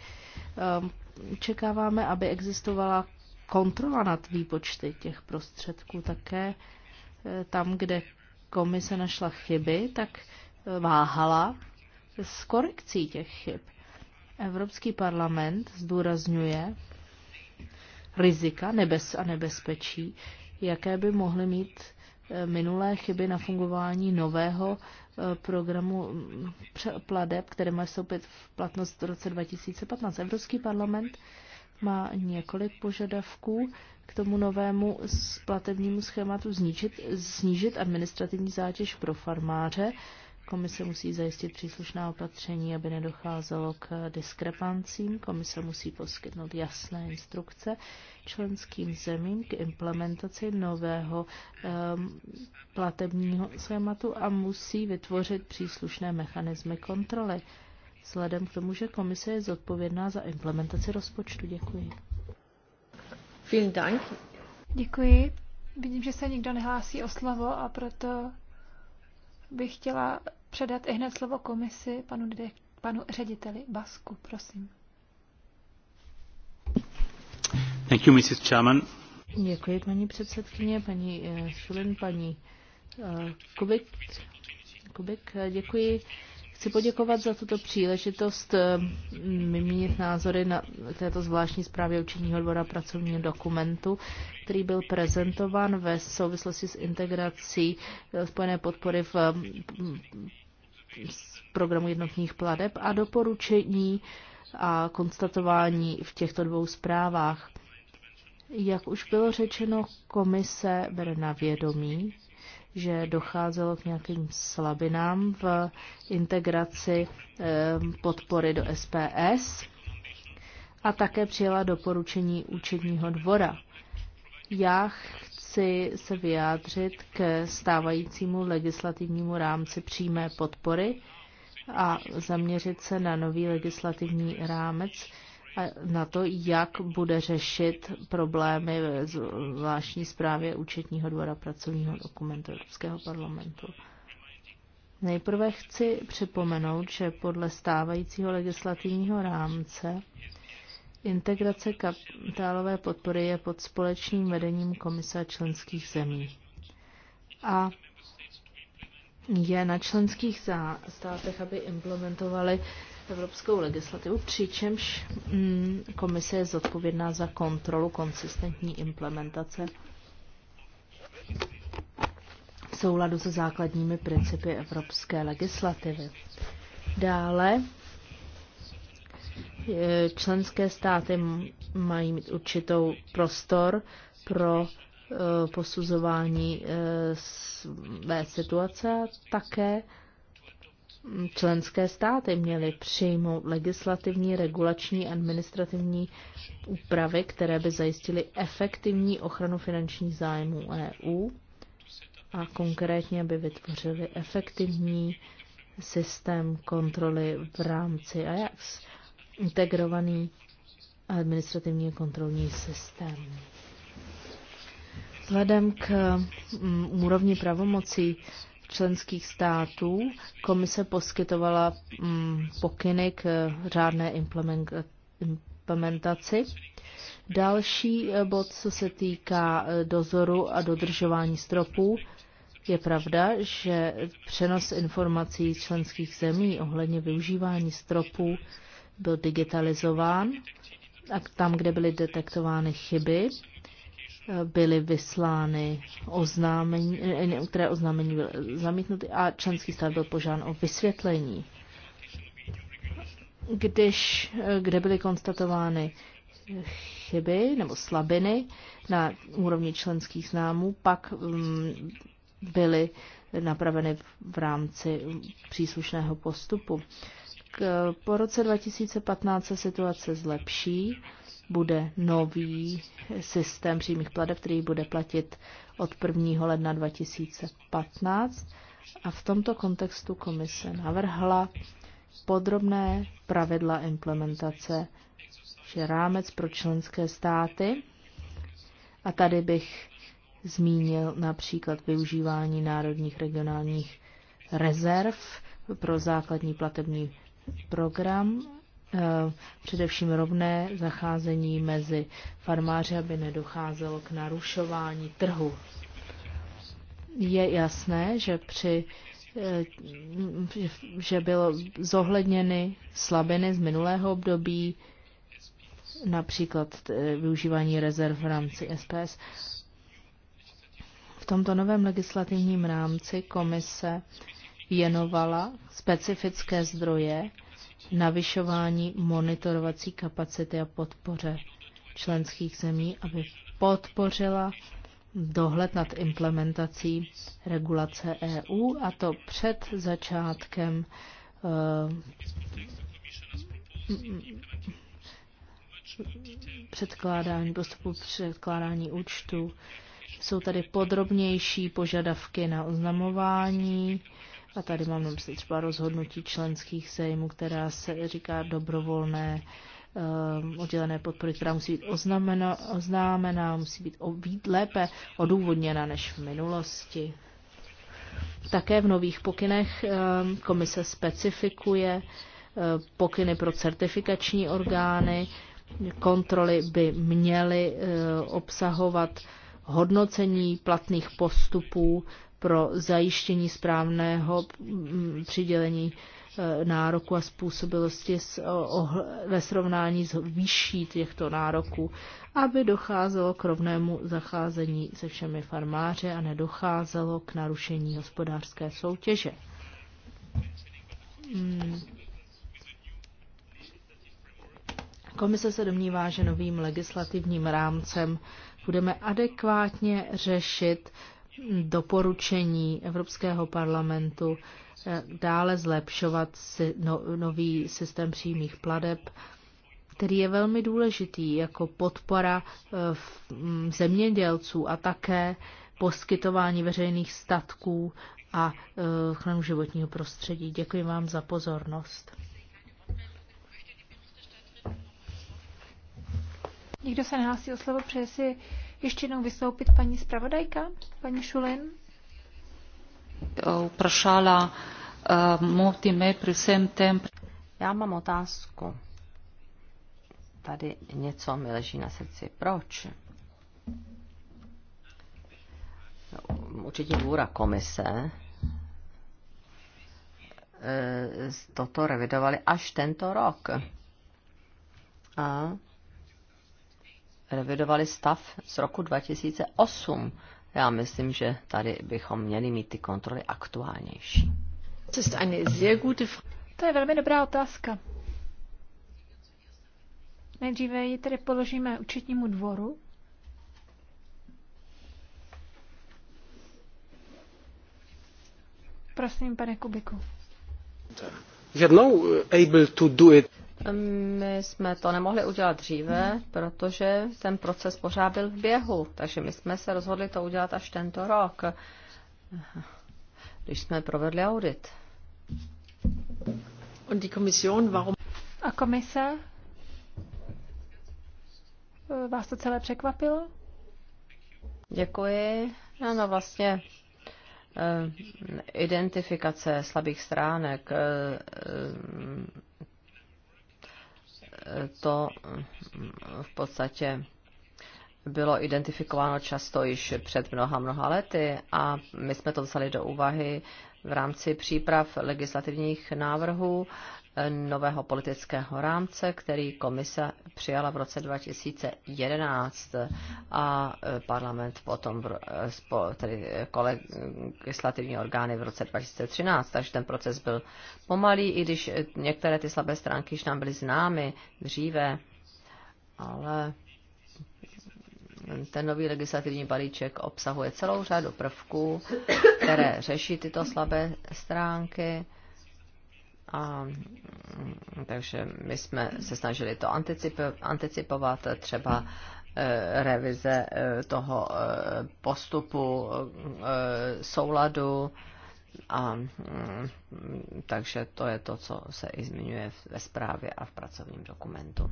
Um, čekáváme, aby existovala kontrola nad výpočty těch prostředků také eh, tam, kde komise našla chyby, tak váhala s korekcí těch chyb. Evropský parlament zdůrazňuje, rizika nebes a nebezpečí, jaké by mohly mít eh, minulé chyby na fungování nového eh, programu mm, pladeb, které má soupět v platnost v roce 2015. Evropský parlament má několik požadavků k tomu novému platebnímu schématu zničit, snížit administrativní zátěž pro farmáře, Komise musí zajistit příslušná opatření, aby nedocházelo k diskrepancím. Komise musí poskytnout jasné instrukce členským zemím k implementaci nového um, platebního schématu a musí vytvořit příslušné mechanismy kontroly. Vzhledem k tomu, že komise je zodpovědná za implementaci rozpočtu. Děkuji. Děkuji. Vidím, že se nikdo nehlásí o slovo a proto bych chtěla předat i hned slovo komisi panu, panu řediteli Basku. Prosím. Thank you, Mrs. Chairman. Děkuji, paní předsedkyně, paní Šulin, eh, paní eh, Kubik. Kubik, eh, děkuji Chci poděkovat za tuto příležitost eh, vyměnit názory na této zvláštní zprávě Učeního dvora pracovního dokumentu, který byl prezentován ve souvislosti s integrací eh, spojené podpory v eh, programu jednotných pladeb a doporučení a konstatování v těchto dvou zprávách. Jak už bylo řečeno, komise bere na vědomí že docházelo k nějakým slabinám v integraci podpory do SPS a také přijela doporučení účetního dvora. Já chci se vyjádřit k stávajícímu legislativnímu rámci přímé podpory a zaměřit se na nový legislativní rámec, na to, jak bude řešit problémy ve zvláštní zprávě účetního dvora pracovního dokumentu Evropského parlamentu. Nejprve chci připomenout, že podle stávajícího legislativního rámce integrace kapitálové podpory je pod společným vedením Komise členských zemí. A je na členských státech, aby implementovali evropskou legislativu, přičemž mm, komise je zodpovědná za kontrolu konsistentní implementace v souladu se základními principy evropské legislativy. Dále členské státy mají mít určitou prostor pro e, posuzování e, své situace a také členské státy měly přijmout legislativní, regulační, administrativní úpravy, které by zajistily efektivní ochranu finančních zájmů EU a konkrétně by vytvořily efektivní systém kontroly v rámci AJAX, integrovaný administrativní kontrolní systém. Vzhledem k mm, úrovni pravomocí členských států komise poskytovala mm, pokyny k řádné implementaci. Další eh, bod, co se týká eh, dozoru a dodržování stropů, je pravda, že přenos informací členských zemí ohledně využívání stropů byl digitalizován a tam, kde byly detektovány chyby, byly vyslány oznámení, eh, které oznámení byly zamítnuty a členský stát byl požádán o vysvětlení. Když, eh, kde byly konstatovány chyby nebo slabiny na úrovni členských známů, pak mm, byly napraveny v rámci příslušného postupu. K, po roce 2015 se situace zlepší bude nový systém přímých plateb, který bude platit od 1. ledna 2015. A v tomto kontextu komise navrhla podrobné pravidla implementace, že rámec pro členské státy. A tady bych zmínil například využívání národních regionálních rezerv pro základní platební program Eh, především rovné zacházení mezi farmáři, aby nedocházelo k narušování trhu. Je jasné, že při eh, že bylo zohledněny slabiny z minulého období, například eh, využívání rezerv v rámci SPS. V tomto novém legislativním rámci komise věnovala specifické zdroje navyšování monitorovací kapacity a podpoře členských zemí, aby podpořila dohled nad implementací regulace EU, a to před začátkem uh, předkládání postupu předkládání účtu. Jsou tady podrobnější požadavky na oznamování, a tady mám na mysli třeba rozhodnutí členských sejmů, která se říká dobrovolné ehm, oddělené podpory, která musí být oznamena, oznámena musí být, být lépe odůvodněna než v minulosti. Také v nových pokynech ehm, komise specifikuje ehm, pokyny pro certifikační orgány. Kontroly by měly obsahovat hodnocení platných postupů pro zajištění správného mm, přidělení e, nároku a způsobilosti ve srovnání s výší těchto nároků, aby docházelo k rovnému zacházení se všemi farmáři a nedocházelo k narušení hospodářské soutěže. Hmm. Komise se domnívá, že novým legislativním rámcem budeme adekvátně řešit doporučení Evropského parlamentu eh, dále zlepšovat si no, nový systém přímých pladeb, který je velmi důležitý jako podpora eh, mm, zemědělců a také poskytování veřejných statků a eh, ochranu životního prostředí. Děkuji vám za pozornost. Nikdo se nehlásí o slovo, přeje si ještě jednou vystoupit paní zpravodajka, paní Šulin? Prošala eh, motime me tem. Já mám otázku. Tady něco mi leží na srdci. Proč? Určitě důra komise eh, toto revidovali až tento rok. A revidovali stav z roku 2008. Já myslím, že tady bychom měli mít ty kontroly aktuálnější. To je velmi dobrá otázka. Nejdříve ji tedy položíme účetnímu dvoru. Prosím, pane Kubiku. Jednou able to do it my jsme to nemohli udělat dříve, protože ten proces pořád byl v běhu, takže my jsme se rozhodli to udělat až tento rok, když jsme provedli audit. Und die Kommission, warum? A komise? Vás to celé překvapilo? Děkuji. Ano, no, vlastně eh, identifikace slabých stránek, eh, to mm, v podstatě bylo identifikováno často již před mnoha, mnoha lety a my jsme to vzali do úvahy v rámci příprav legislativních návrhů nového politického rámce, který komise přijala v roce 2011 a e, parlament potom, e, tedy e, legislativní orgány v roce 2013, takže ten proces byl pomalý, i když některé ty slabé stránky již nám byly známy dříve, ale ten nový legislativní balíček obsahuje celou řadu prvků, které řeší tyto slabé stránky a, mm, takže my jsme se snažili to anticipovat, třeba e, revize e, toho e, postupu souladu. A, mm, takže to je to, co se i zmiňuje ve zprávě a v pracovním dokumentu.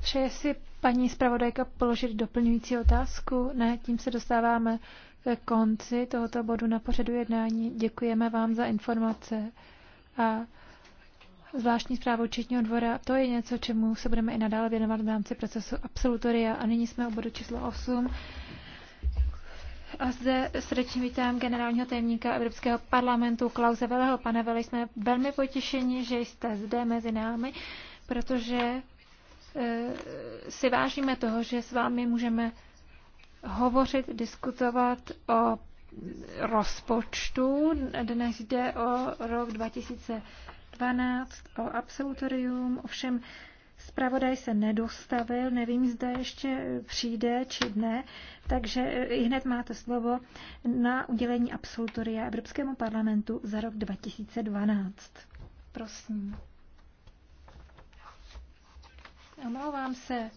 Přeje si paní zpravodajka položit doplňující otázku? Ne, tím se dostáváme ke konci tohoto bodu na pořadu jednání. Děkujeme vám za informace a zvláštní zprávu Četního dvora. To je něco, čemu se budeme i nadále věnovat v rámci procesu absolutoria. A nyní jsme u bodu číslo 8. A zde srdečně vítám generálního tajemníka Evropského parlamentu Klause Velého Pane Vele, jsme velmi potěšeni, že jste zde mezi námi, protože e, si vážíme toho, že s vámi můžeme hovořit, diskutovat o rozpočtu. Dnes jde o rok 2012, o absolutorium, ovšem zpravodaj se nedostavil, nevím, zda ještě přijde či ne, takže eh, i hned máte slovo na udělení absolutoria Evropskému parlamentu za rok 2012. Prosím. Omlouvám se,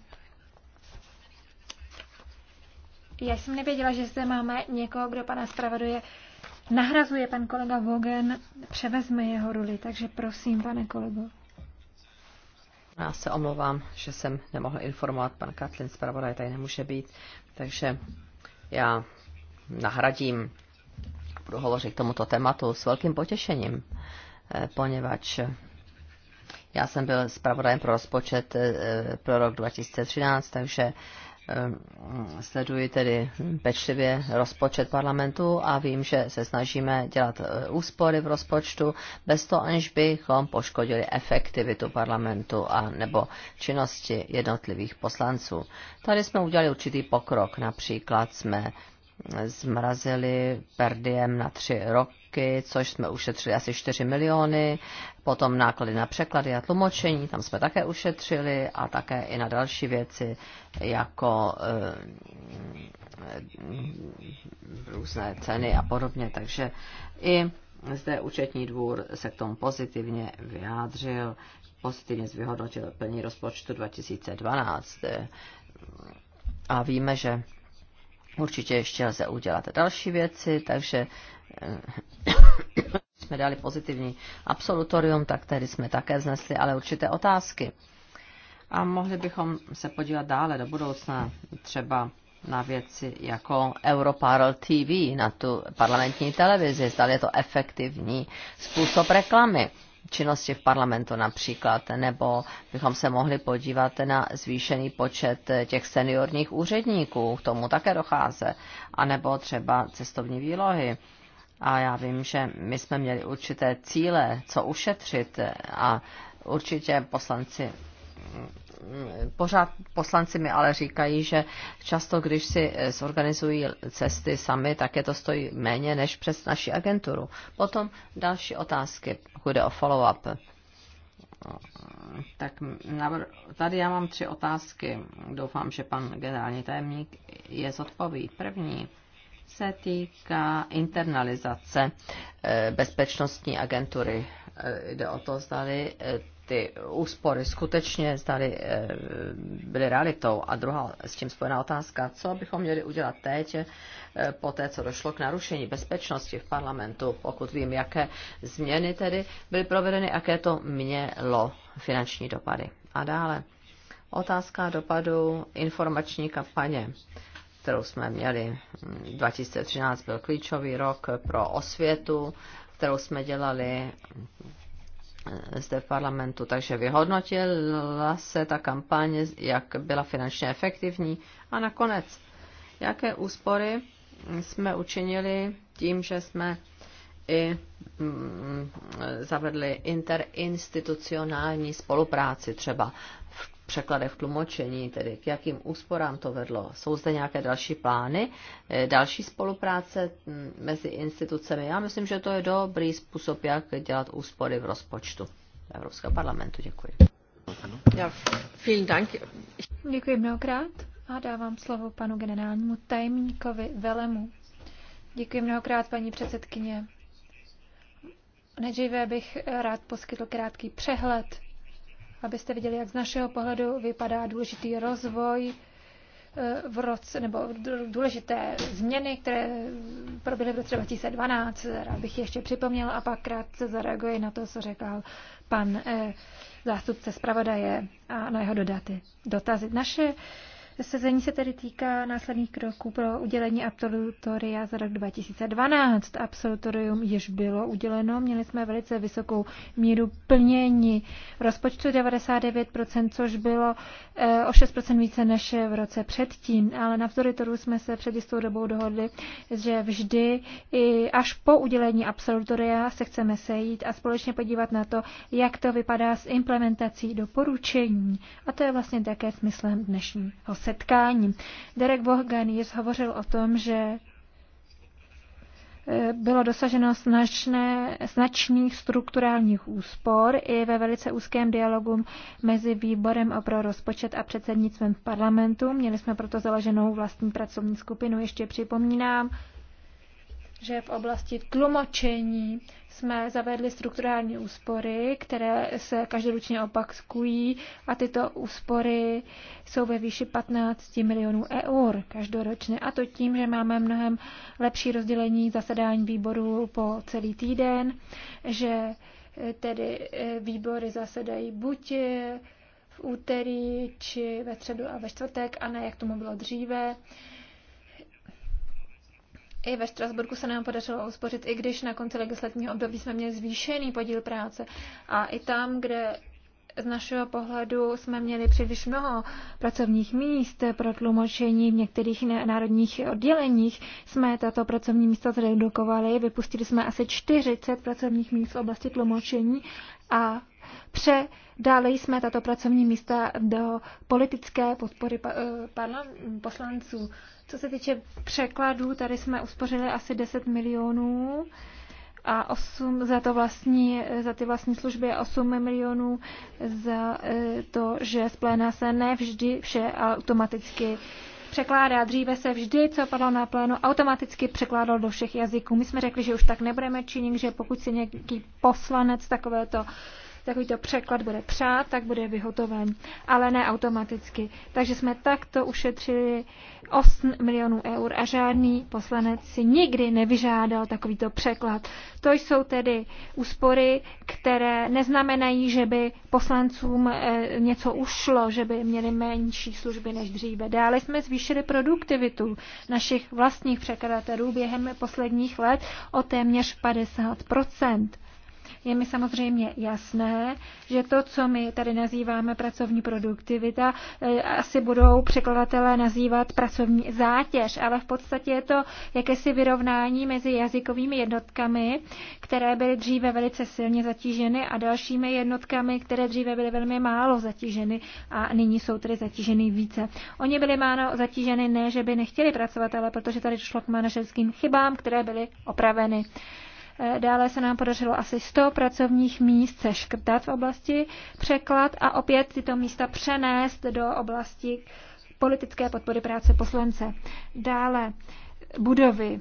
Já jsem nevěděla, že zde máme někoho, kdo pana zpravoduje nahrazuje. Pan kolega Vogen převezme jeho roli, takže prosím, pane kolego. Já se omlouvám, že jsem nemohl informovat, pan Katlin zpravodaj tady nemůže být, takže já nahradím, budu hovořit k tomuto tématu s velkým potěšením, eh, poněvadž já jsem byl zpravodajem pro rozpočet eh, pro rok 2013, takže Ehm, sleduji tedy pečlivě rozpočet parlamentu a vím, že se snažíme dělat e, úspory v rozpočtu bez toho, aniž bychom poškodili efektivitu parlamentu a nebo činnosti jednotlivých poslanců. Tady jsme udělali určitý pokrok, například jsme zmrazili perdiem na tři roky, což jsme ušetřili asi 4 miliony, potom náklady na překlady a tlumočení, tam jsme také ušetřili a také i na další věci, jako e, různé ceny a podobně, takže i zde účetní dvůr se k tomu pozitivně vyjádřil, pozitivně zvyhodnotil plní rozpočtu 2012. A víme, že Určitě ještě lze udělat další věci, takže eh, jsme dali pozitivní absolutorium, tak tedy jsme také znesli ale určité otázky. A mohli bychom se podívat dále do budoucna, třeba na věci jako Europarl TV, na tu parlamentní televizi, zda je to efektivní způsob reklamy činnosti v parlamentu například, nebo bychom se mohli podívat na zvýšený počet těch seniorních úředníků, k tomu také dochází, anebo třeba cestovní výlohy. A já vím, že my jsme měli určité cíle, co ušetřit a určitě poslanci pořád poslanci mi ale říkají, že často, když si zorganizují cesty sami, tak je to stojí méně než přes naši agenturu. Potom další otázky, pokud jde o follow-up. Tak tady já mám tři otázky. Doufám, že pan generální tajemník je zodpoví. První se týká internalizace eh, bezpečnostní agentury. Eh, jde o to, zdali eh, ty úspory skutečně tady eh, byly realitou. A druhá s tím spojená otázka, co bychom měli udělat teď, eh, po té, co došlo k narušení bezpečnosti v parlamentu, pokud vím, jaké změny tedy byly provedeny, jaké to mělo finanční dopady. A dále otázka dopadu informační kampaně kterou jsme měli. 2013 byl klíčový rok pro osvětu, kterou jsme dělali Eh, zde v parlamentu. Takže vyhodnotila se ta kampaň, jak byla finančně efektivní. A nakonec, jaké úspory jsme učinili tím, že jsme i mm, zavedli interinstitucionální spolupráci třeba v překladech tlumočení, tedy k jakým úsporám to vedlo. Jsou zde nějaké další plány, eh, další spolupráce mm, mezi institucemi. Já myslím, že to je dobrý způsob, jak dělat úspory v rozpočtu Evropského parlamentu. Děkuji. Ja, vielen Dank. Děkuji mnohokrát a dávám slovo panu generálnímu tajemníkovi Velemu. Děkuji mnohokrát, paní předsedkyně. Nejdříve bych rád poskytl krátký přehled abyste viděli, jak z našeho pohledu vypadá důležitý rozvoj eh, v roce, nebo důležité změny, které proběhly v roce 2012, Abych ještě připomněl a pak krátce zareaguji na to, co řekl pan eh, zástupce zpravodaje a na jeho dodaty, dotazy. Naše Sezení se tedy týká následných kroků pro udělení absolutoria za rok 2012. Absolutorium již bylo uděleno, měli jsme velice vysokou míru plnění rozpočtu 99%, což bylo eh, o 6% více než v roce předtím, ale navzdory tomu jsme se před jistou dobou dohodli, že vždy i až po udělení absolutoria se chceme sejít a společně podívat na to, jak to vypadá s implementací doporučení. A to je vlastně také smyslem dnešního setkání. Derek Bohganius hovořil o tom, že e, bylo dosaženo značné, značných strukturálních úspor i ve velice úzkém dialogu mezi výborem a pro rozpočet a předsednictvem parlamentu. Měli jsme proto založenou vlastní pracovní skupinu. Ještě připomínám, že v oblasti tlumočení jsme zavedli strukturální úspory, které se každoročně opakují a tyto úspory jsou ve výši 15 milionů eur každoročně. A to tím, že máme mnohem lepší rozdělení zasedání výborů po celý týden, že eh, tedy eh, výbory zasedají buď eh, v úterý či ve středu a ve čtvrtek, a ne jak tomu bylo dříve i ve Strasburku se nám podařilo uspořit, i když na konci legislativního období jsme měli zvýšený podíl práce. A i tam, kde z našeho pohledu jsme měli příliš mnoho pracovních míst pro tlumočení v některých národních odděleních. Jsme tato pracovní místa zredukovali, vypustili jsme asi 40 pracovních míst v oblasti tlumočení a Předali jsme tato pracovní místa do politické podpory eh, poslanců. Co se týče překladů, tady jsme uspořili asi 10 milionů a 8 za, to vlastní, za ty vlastní služby a 8 milionů za eh, to, že z pléna se nevždy vše automaticky překládá. Dříve se vždy, co padlo na plénu, automaticky překládalo do všech jazyků. My jsme řekli, že už tak nebudeme činit, že pokud si nějaký poslanec takovéto takovýto překlad bude přát, tak bude vyhotoven, ale ne automaticky. Takže jsme takto ušetřili 8 milionů eur a žádný poslanec si nikdy nevyžádal takovýto překlad. To jsou tedy úspory, které neznamenají, že by poslancům eh, něco ušlo, že by měli menší služby než dříve. Dále jsme zvýšili produktivitu našich vlastních překladatelů během posledních let o téměř 50 je mi samozřejmě jasné, že to, co my tady nazýváme pracovní produktivita, eh, asi budou překladatelé nazývat pracovní zátěž, ale v podstatě je to jakési vyrovnání mezi jazykovými jednotkami, které byly dříve velice silně zatíženy a dalšími jednotkami, které dříve byly velmi málo zatíženy a nyní jsou tedy zatíženy více. Oni byli málo zatíženy ne, že by nechtěli pracovat, ale protože tady došlo k manažerským chybám, které byly opraveny. Eh, dále se nám podařilo asi 100 pracovních míst seškrtat v oblasti překlad a opět tyto místa přenést do oblasti politické podpory práce poslance. Dále budovy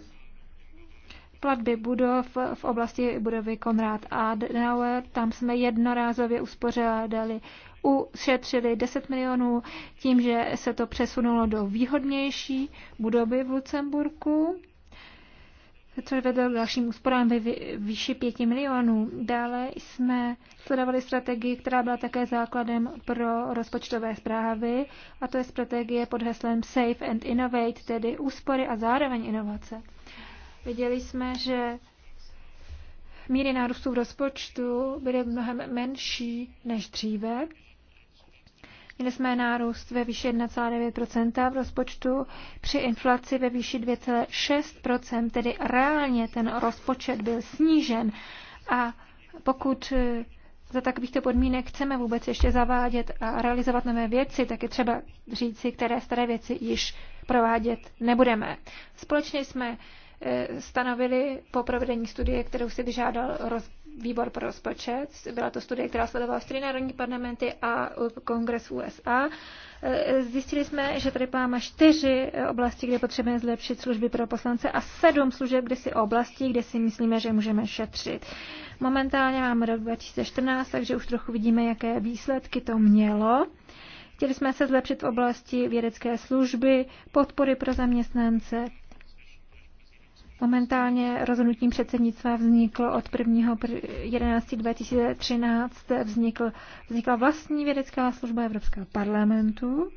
platby budov v oblasti budovy Konrad Adenauer. Tam jsme jednorázově uspořádali, ušetřili 10 milionů tím, že se to přesunulo do výhodnější budovy v Lucemburku což vedlo k dalším úsporám ve výši 5 milionů. Dále jsme sledovali strategii, která byla také základem pro rozpočtové zprávy, a to je strategie pod heslem "Save and Innovate, tedy úspory a zároveň inovace. Viděli jsme, že míry nárůstu v rozpočtu byly mnohem menší než dříve Měli jsme nárůst ve výši 1,9 v rozpočtu při inflaci ve výši 2,6 tedy reálně ten rozpočet byl snížen. A pokud eh, za takovýchto podmínek chceme vůbec ještě zavádět a realizovat nové věci, tak je třeba říci, které staré věci již provádět nebudeme. Společně jsme eh, stanovili po provedení studie, kterou si vyžádal rozpočet, výbor pro rozpočet. Byla to studie, která sledovala čtyři národní parlamenty a kongres USA. Zjistili jsme, že tady máme čtyři oblasti, kde potřebujeme zlepšit služby pro poslance a sedm služeb, kde si oblasti, kde si myslíme, že můžeme šetřit. Momentálně máme rok 2014, takže už trochu vidíme, jaké výsledky to mělo. Chtěli jsme se zlepšit v oblasti vědecké služby, podpory pro zaměstnance, Momentálně rozhodnutím předsednictva vzniklo od 1.11.2013 vznikl, vznikla vlastní vědecká služba Evropského parlamentu.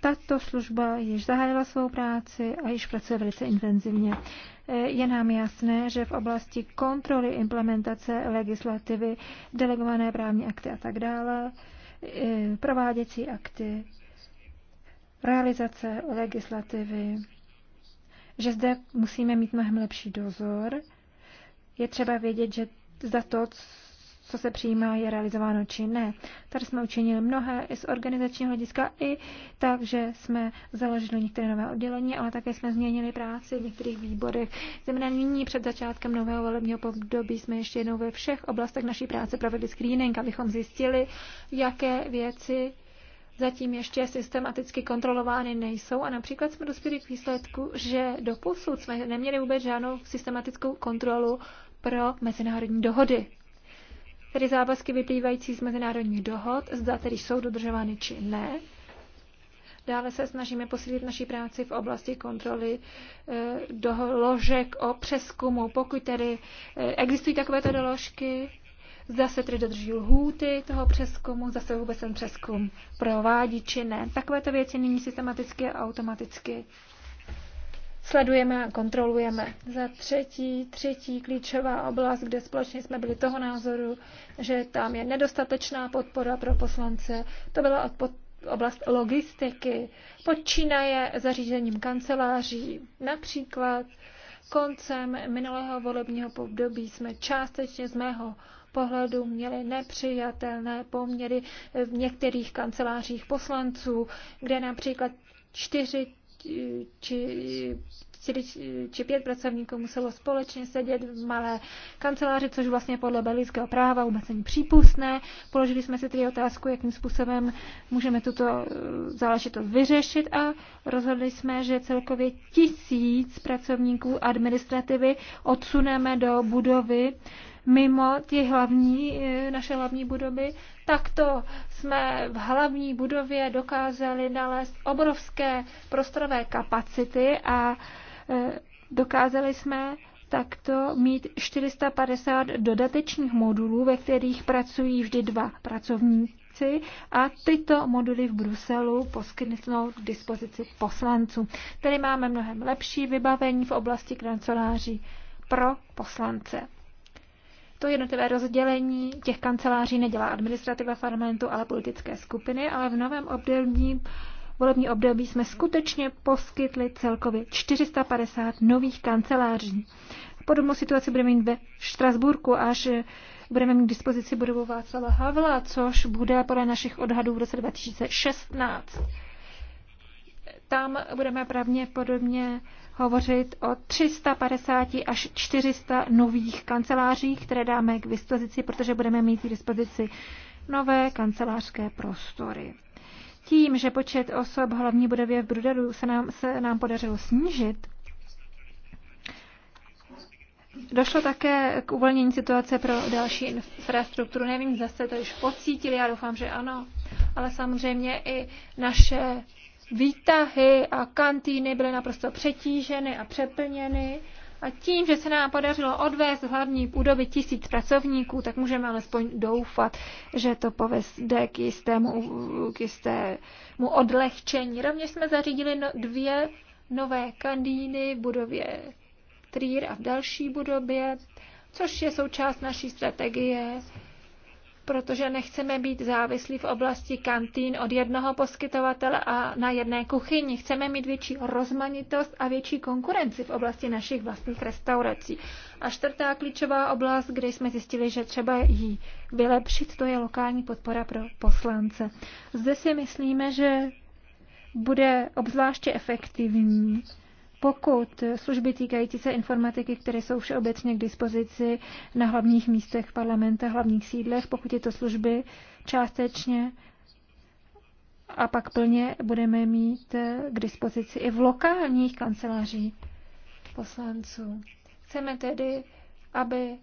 Tato služba již zahájila svou práci a již pracuje velice intenzivně. Je nám jasné, že v oblasti kontroly implementace legislativy, delegované právní akty a tak dále, eh, prováděcí akty, realizace legislativy, že zde musíme mít mnohem lepší dozor. Je třeba vědět, že za to, co se přijímá, je realizováno či ne. Tady jsme učinili mnohé i z organizačního hlediska, i tak, že jsme založili některé nové oddělení, ale také jsme změnili práci v některých výborech. Zeměna nyní před začátkem nového volebního období jsme ještě jednou ve všech oblastech naší práce provedli screening, abychom zjistili, jaké věci zatím ještě systematicky kontrolovány nejsou a například jsme dospěli k výsledku, že do posud jsme neměli vůbec žádnou systematickou kontrolu pro mezinárodní dohody. Tedy závazky vyplývající z mezinárodních dohod, zda tedy jsou dodržovány či ne. Dále se snažíme posílit naší práci v oblasti kontroly eh, doložek o přeskumu. Pokud tedy eh, existují takovéto doložky, Zda se tedy dodrží lhůty toho přeskumu, zda se vůbec ten přeskum provádí či ne. Takovéto věci nyní systematicky a automaticky sledujeme a kontrolujeme. Za třetí, třetí klíčová oblast, kde společně jsme byli toho názoru, že tam je nedostatečná podpora pro poslance, to byla od oblast logistiky. Počínaje zařízením kanceláří. Například koncem minulého volebního období jsme částečně z mého pohledu měli nepřijatelné poměry v některých kancelářích poslanců, kde například čtyři či, čtyři či pět pracovníků muselo společně sedět v malé kanceláři, což vlastně podle belgického práva vůbec není přípustné. Položili jsme si tedy otázku, jakým způsobem můžeme tuto eh, záležitost vyřešit a rozhodli jsme, že celkově tisíc pracovníků administrativy odsuneme do budovy mimo ty hlavní, eh, naše hlavní budovy, takto jsme v hlavní budově dokázali nalézt obrovské prostorové kapacity a eh, dokázali jsme takto mít 450 dodatečných modulů, ve kterých pracují vždy dva pracovníci a tyto moduly v Bruselu poskytnou k dispozici poslanců. Tedy máme mnohem lepší vybavení v oblasti kanceláří pro poslance to jednotlivé rozdělení těch kanceláří nedělá administrativa parlamentu, ale politické skupiny, ale v novém období volební období jsme skutečně poskytli celkově 450 nových kanceláří. Podobnou situaci budeme mít ve Štrasburku, až budeme mít k dispozici budovu Václava Havla, což bude podle našich odhadů v roce 2016. Tam budeme pravděpodobně hovořit o 350 až 400 nových kancelářích, které dáme k dispozici, protože budeme mít k dispozici nové kancelářské prostory. Tím, že počet osob hlavní budově v Brudelu se nám, se nám podařilo snížit, Došlo také k uvolnění situace pro další infrastrukturu. Nevím, zase to už pocítili, já doufám, že ano. Ale samozřejmě i naše výtahy a kantýny byly naprosto přetíženy a přeplněny. A tím, že se nám podařilo odvést hlavní budovy tisíc pracovníků, tak můžeme alespoň doufat, že to povede k jistému, k jistému odlehčení. Rovněž jsme zařídili no, dvě nové kantýny, v budově Trier a v další budově, což je součást naší strategie protože nechceme být závislí v oblasti kantýn od jednoho poskytovatele a na jedné kuchyni. Chceme mít větší rozmanitost a větší konkurenci v oblasti našich vlastních restaurací. A čtvrtá klíčová oblast, kde jsme zjistili, že třeba jí vylepšit, to je lokální podpora pro poslance. Zde si myslíme, že bude obzvláště efektivní, pokud služby týkající se informatiky, které jsou všeobecně k dispozici na hlavních místech parlamenta, hlavních sídlech, pokud tyto služby částečně a pak plně budeme mít k dispozici i v lokálních kancelářích poslanců. Chceme tedy, aby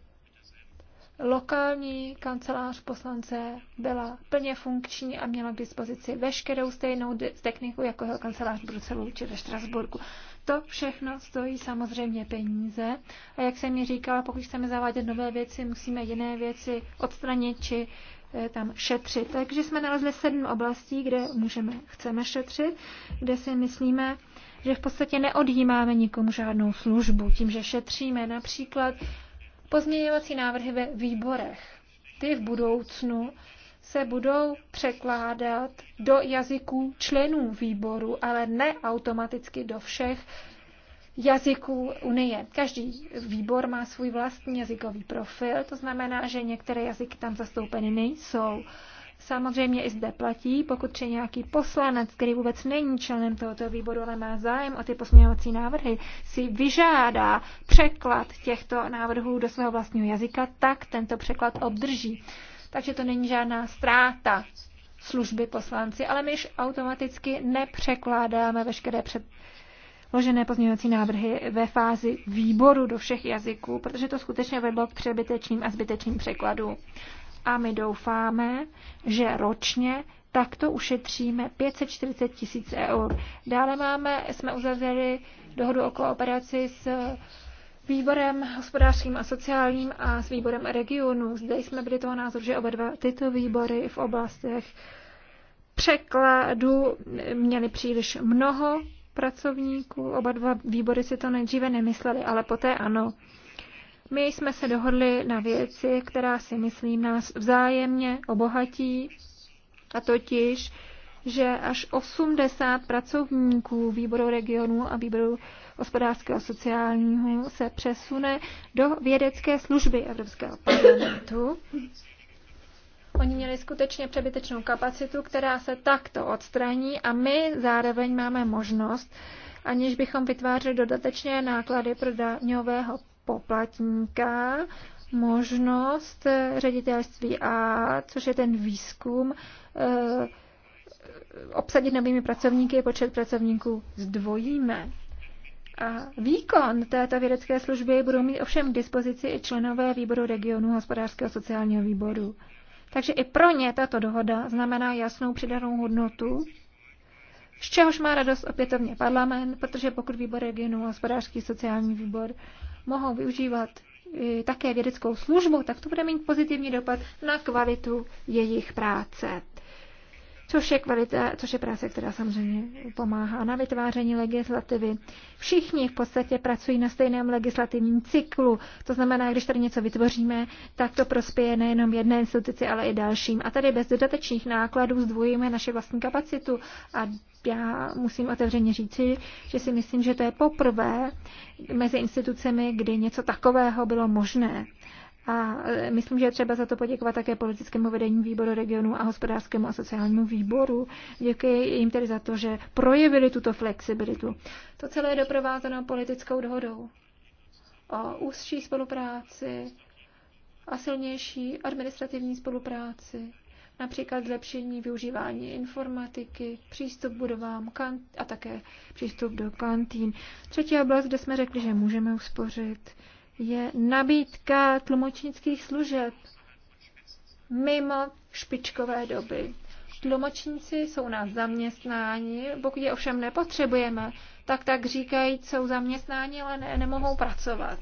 lokální kancelář poslance byla plně funkční a měla k dispozici veškerou stejnou techniku jako jeho kancelář v Bruselu či ve Štrasburku. To všechno stojí samozřejmě peníze a jak jsem mi říkala, pokud chceme zavádět nové věci, musíme jiné věci odstranit či eh, tam šetřit. Takže jsme nalezli sedm oblastí, kde můžeme, chceme šetřit, kde si myslíme, že v podstatě neodjímáme nikomu žádnou službu. Tím, že šetříme například Pozměňovací návrhy ve výborech. Ty v budoucnu se budou překládat do jazyků členů výboru, ale ne automaticky do všech jazyků Unie. Každý výbor má svůj vlastní jazykový profil, to znamená, že některé jazyky tam zastoupeny nejsou. Samozřejmě i zde platí, pokud je nějaký poslanec, který vůbec není členem tohoto výboru, ale má zájem o ty posměňovací návrhy, si vyžádá překlad těchto návrhů do svého vlastního jazyka, tak tento překlad obdrží. Takže to není žádná ztráta služby poslanci, ale my už automaticky nepřekládáme veškeré předložené pozměňovací návrhy ve fázi výboru do všech jazyků, protože to skutečně vedlo k přebytečným a zbytečným překladům a my doufáme, že ročně takto ušetříme 540 tisíc eur. Dále máme, jsme uzavřeli dohodu o kooperaci s výborem hospodářským a sociálním a s výborem regionů. Zde jsme byli toho názoru, že oba dva tyto výbory v oblastech překladu měli příliš mnoho pracovníků. Oba dva výbory si to nejdříve nemysleli, ale poté ano. My jsme se dohodli na věci, která si myslím nás vzájemně obohatí, a totiž, že až 80 pracovníků výboru regionu a výboru hospodářského a sociálního se přesune do vědecké služby Evropského parlamentu. Oni měli skutečně přebytečnou kapacitu, která se takto odstraní a my zároveň máme možnost, aniž bychom vytvářeli dodatečné náklady pro daňového poplatníka možnost eh, ředitelství A, což je ten výzkum, eh, obsadit novými pracovníky, počet pracovníků zdvojíme. A výkon této vědecké služby budou mít ovšem k dispozici i členové výboru regionu hospodářského sociálního výboru. Takže i pro ně tato dohoda znamená jasnou přidanou hodnotu z čehož má radost opětovně parlament, protože pokud výbor regionu, a hospodářský, sociální výbor mohou využívat eh, také vědeckou službu, tak to bude mít pozitivní dopad na kvalitu jejich práce což je, kvalita, což je práce, která samozřejmě pomáhá na vytváření legislativy. Všichni v podstatě pracují na stejném legislativním cyklu. To znamená, když tady něco vytvoříme, tak to prospěje nejenom jedné instituci, ale i dalším. A tady bez dodatečných nákladů zdvojíme naši vlastní kapacitu. A já musím otevřeně říci, že si myslím, že to je poprvé mezi institucemi, kdy něco takového bylo možné. A e, myslím, že je třeba za to poděkovat také politickému vedení výboru regionu a hospodářskému a sociálnímu výboru. Děkuji jim tedy za to, že projevili tuto flexibilitu. To celé je doprovázeno politickou dohodou o úzší spolupráci a silnější administrativní spolupráci, například zlepšení využívání informatiky, přístup k budovám a také přístup do kantín. Třetí oblast, kde jsme řekli, že můžeme uspořit, je nabídka tlumočnických služeb mimo špičkové doby. Tlumočníci jsou na zaměstnání, pokud je ovšem nepotřebujeme, tak tak říkají, jsou zaměstnáni, ale ne, nemohou pracovat.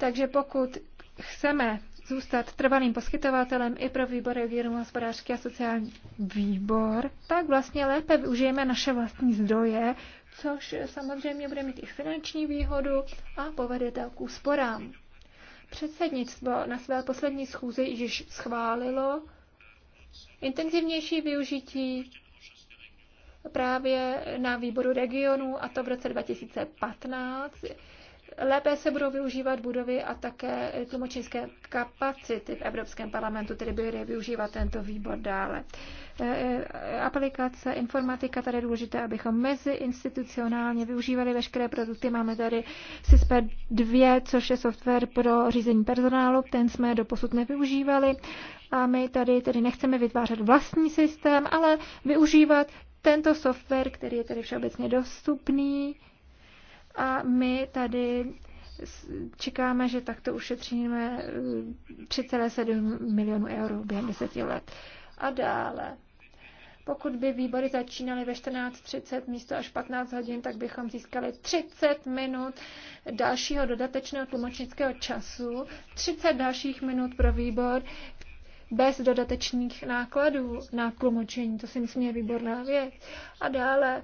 Takže pokud chceme zůstat trvalým poskytovatelem i pro výbory věru hospodářský a sociální výbor, tak vlastně lépe využijeme naše vlastní zdroje což samozřejmě bude mít i finanční výhodu a povede to k úsporám. Předsednictvo na své poslední schůzi již schválilo intenzivnější využití právě na výboru regionu a to v roce 2015 Lépe se budou využívat budovy a také tlumočenské kapacity v Evropském parlamentu, tedy bude využívat tento výbor dále. E, e, aplikace, informatika, tady je důležité, abychom meziinstitucionálně využívali veškeré produkty. Máme tady SISP 2, což je software pro řízení personálu, ten jsme doposud nevyužívali. A my tady tedy nechceme vytvářet vlastní systém, ale využívat tento software, který je tedy všeobecně dostupný, a my tady čekáme, že takto ušetříme 3,7 eh, milionů eur během deseti let. A dále. Pokud by výbory začínaly ve 14.30 místo až 15 hodin, tak bychom získali 30 minut dalšího dodatečného tlumočnického času, 30 dalších minut pro výbor bez dodatečných nákladů na tlumočení. To si myslím je výborná věc. A dále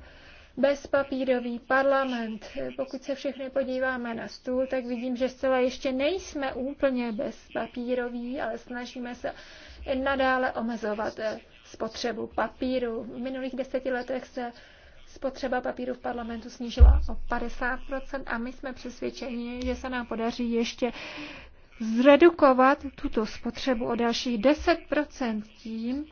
bezpapírový parlament. Pokud se všechny podíváme na stůl, tak vidím, že zcela ještě nejsme úplně bezpapíroví, ale snažíme se nadále omezovat eh, spotřebu papíru. V minulých deseti letech se spotřeba papíru v parlamentu snížila o 50% a my jsme přesvědčeni, že se nám podaří ještě zredukovat tuto spotřebu o dalších 10% tím,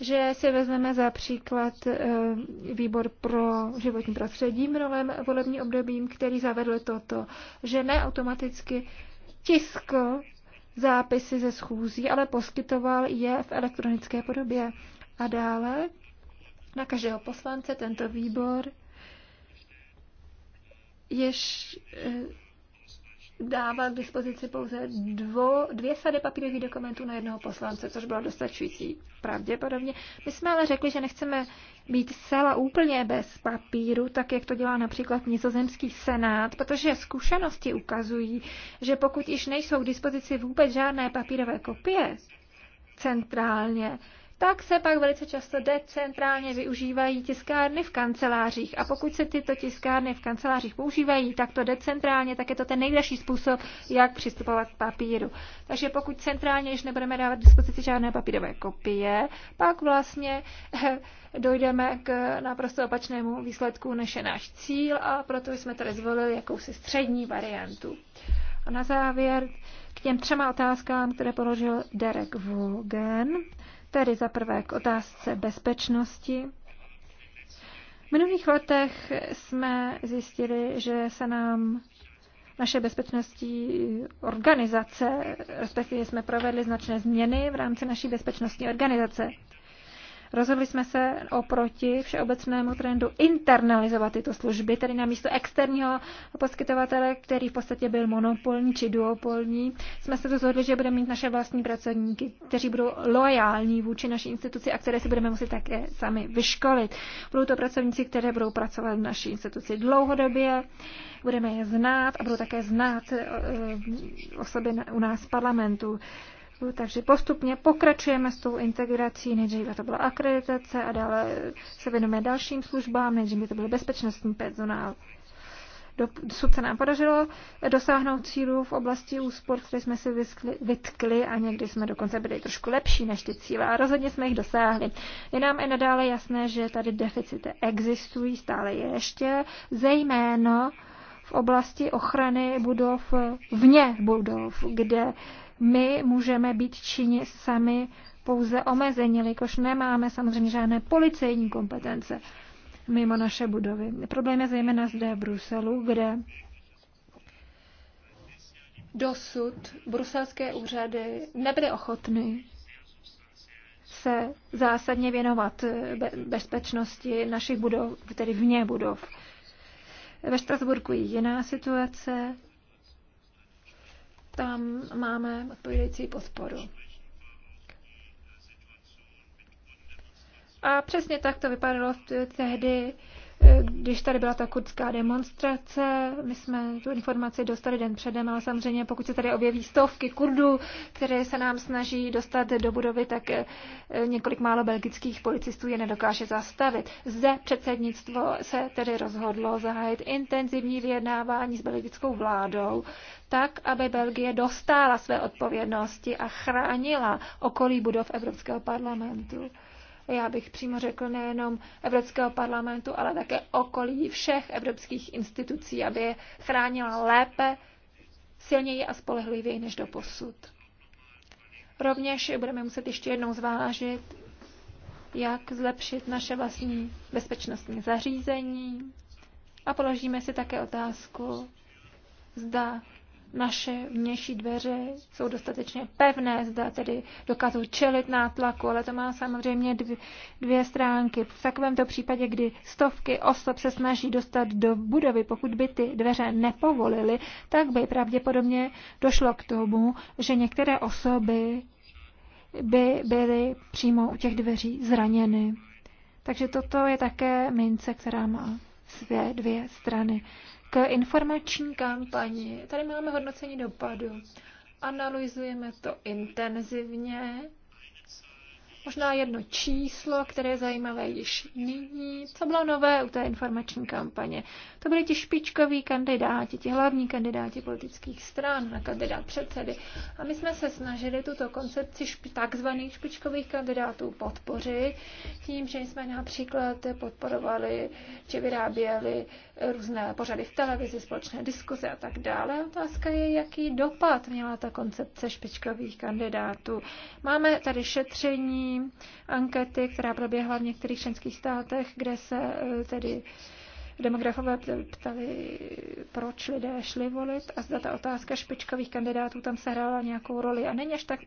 že si vezmeme za příklad eh, výbor pro životní prostředí v novém volebním období, který zavedl toto, že neautomaticky tiskl zápisy ze schůzí, ale poskytoval je v elektronické podobě. A dále na každého poslance tento výbor jež dává k dispozici pouze dvo, dvě sady papírových dokumentů na jednoho poslance, což bylo dostačující pravděpodobně. My jsme ale řekli, že nechceme být zcela úplně bez papíru, tak jak to dělá například nizozemský senát, protože zkušenosti ukazují, že pokud již nejsou k dispozici vůbec žádné papírové kopie centrálně, tak se pak velice často decentrálně využívají tiskárny v kancelářích. A pokud se tyto tiskárny v kancelářích používají takto decentrálně, tak je to ten nejdražší způsob, jak přistupovat k papíru. Takže pokud centrálně již nebudeme dávat dispozici žádné papírové kopie, pak vlastně eh, dojdeme k naprosto opačnému výsledku, než je náš cíl a proto jsme tady zvolili jakousi střední variantu. A na závěr k těm třema otázkám, které položil Derek Vogen. Tedy za prvé k otázce bezpečnosti. V minulých letech jsme zjistili, že se nám naše bezpečnostní organizace, respektive jsme provedli značné změny v rámci naší bezpečnostní organizace. Rozhodli jsme se oproti všeobecnému trendu internalizovat tyto služby, tedy na místo externího poskytovatele, který v podstatě byl monopolní či duopolní, jsme se rozhodli, že budeme mít naše vlastní pracovníky, kteří budou loajální vůči naší instituci a které si budeme muset také sami vyškolit. Budou to pracovníci, které budou pracovat v naší instituci dlouhodobě, budeme je znát a budou také znát eh, osoby u nás v parlamentu. Takže postupně pokračujeme s tou integrací, nejdříve to byla akreditace a dále se věnujeme dalším službám, nejdříve to byl bezpečnostní personál. Dosud se nám podařilo dosáhnout cílů v oblasti úspor, které jsme si vytkli a někdy jsme dokonce byli trošku lepší než ty cíle a rozhodně jsme jich dosáhli. Je nám i nadále jasné, že tady deficity existují, stále je ještě, zejména v oblasti ochrany budov vně budov, kde my můžeme být Číně sami pouze omezeni, jelikož nemáme samozřejmě žádné policejní kompetence mimo naše budovy. Problém je zejména zde v Bruselu, kde dosud bruselské úřady nebyly ochotny se zásadně věnovat bezpečnosti našich budov, tedy vně budov. Ve Štrasburku je jiná situace tam máme odpovídající podporu. A přesně tak to vypadalo tehdy když tady byla ta kurdská demonstrace, my jsme tu informaci dostali den předem, ale samozřejmě pokud se tady objeví stovky Kurdů, které se nám snaží dostat do budovy, tak eh, několik málo belgických policistů je nedokáže zastavit. Zde předsednictvo se tedy rozhodlo zahájit intenzivní vyjednávání s belgickou vládou, tak, aby Belgie dostála své odpovědnosti a chránila okolí budov Evropského parlamentu já bych přímo řekl nejenom Evropského parlamentu, ale také okolí všech evropských institucí, aby je chránila lépe, silněji a spolehlivěji než do posud. Rovněž budeme muset ještě jednou zvážit, jak zlepšit naše vlastní bezpečnostní zařízení a položíme si také otázku, zda naše vnější dveře jsou dostatečně pevné, zda tedy dokážou čelit nátlaku, ale to má samozřejmě dvě, dvě stránky. V takovémto případě, kdy stovky osob se snaží dostat do budovy, pokud by ty dveře nepovolily, tak by pravděpodobně došlo k tomu, že některé osoby by byly přímo u těch dveří zraněny. Takže toto je také mince, která má své dvě strany. K informační kampani. Tady máme hodnocení dopadu. Analyzujeme to intenzivně Možná jedno číslo, které je zajímavé již nyní. Co bylo nové u té informační kampaně? To byli ti špičkoví kandidáti, ti hlavní kandidáti politických stran na kandidát předsedy. A my jsme se snažili tuto koncepci špi, takzvaných špičkových kandidátů podpořit tím, že jsme například podporovali či vyráběli různé pořady v televizi, společné diskuze a tak dále. Otázka je, jaký dopad měla ta koncepce špičkových kandidátů. Máme tady šetření ankety, která proběhla v některých členských státech, kde se eh, tedy demografové ptali, proč lidé šli volit a zda ta otázka špičkových kandidátů tam sehrála nějakou roli. A není až tak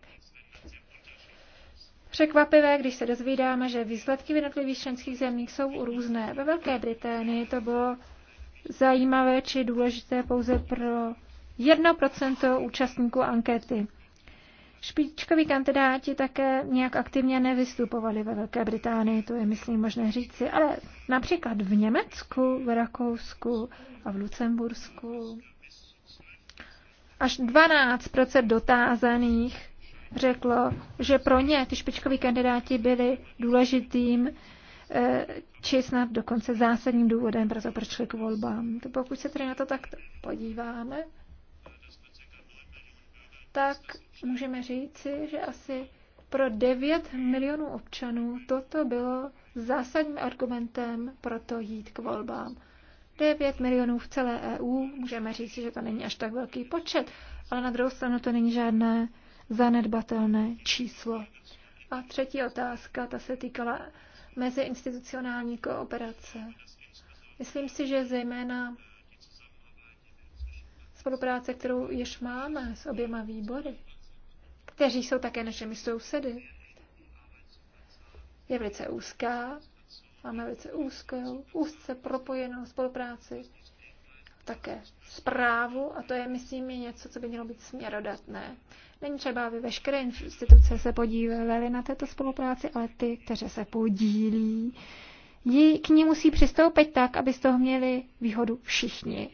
Překvapivé, když se dozvídáme, že výsledky v jednotlivých členských zemích jsou různé. Ve Velké Británii to bylo zajímavé či důležité pouze pro 1% účastníků ankety. Špičkoví kandidáti také nějak aktivně nevystupovali ve Velké Británii, to je, myslím, možné říci, ale například v Německu, v Rakousku a v Lucembursku až 12 dotázaných řeklo, že pro ně ty špičkoví kandidáti byli důležitým eh, či snad dokonce zásadním důvodem, to, proč šli k volbám. Pokud se tedy na to tak podíváme, tak můžeme říci, že asi pro 9 milionů občanů toto bylo zásadním argumentem pro to jít k volbám. 9 milionů v celé EU, můžeme říci, že to není až tak velký počet, ale na druhou stranu to není žádné zanedbatelné číslo. A třetí otázka, ta se týkala meziinstitucionální kooperace. Myslím si, že zejména spolupráce, kterou již máme s oběma výbory, kteří jsou také našimi sousedy. Je velice úzká, máme velice úzkou, úzce propojenou spolupráci, také zprávu a to je, myslím, je něco, co by mělo být směrodatné. Není třeba, aby veškeré instituce se podívaly na této spolupráci, ale ty, kteří se podílí, ji, k ní musí přistoupit tak, aby z toho měli výhodu všichni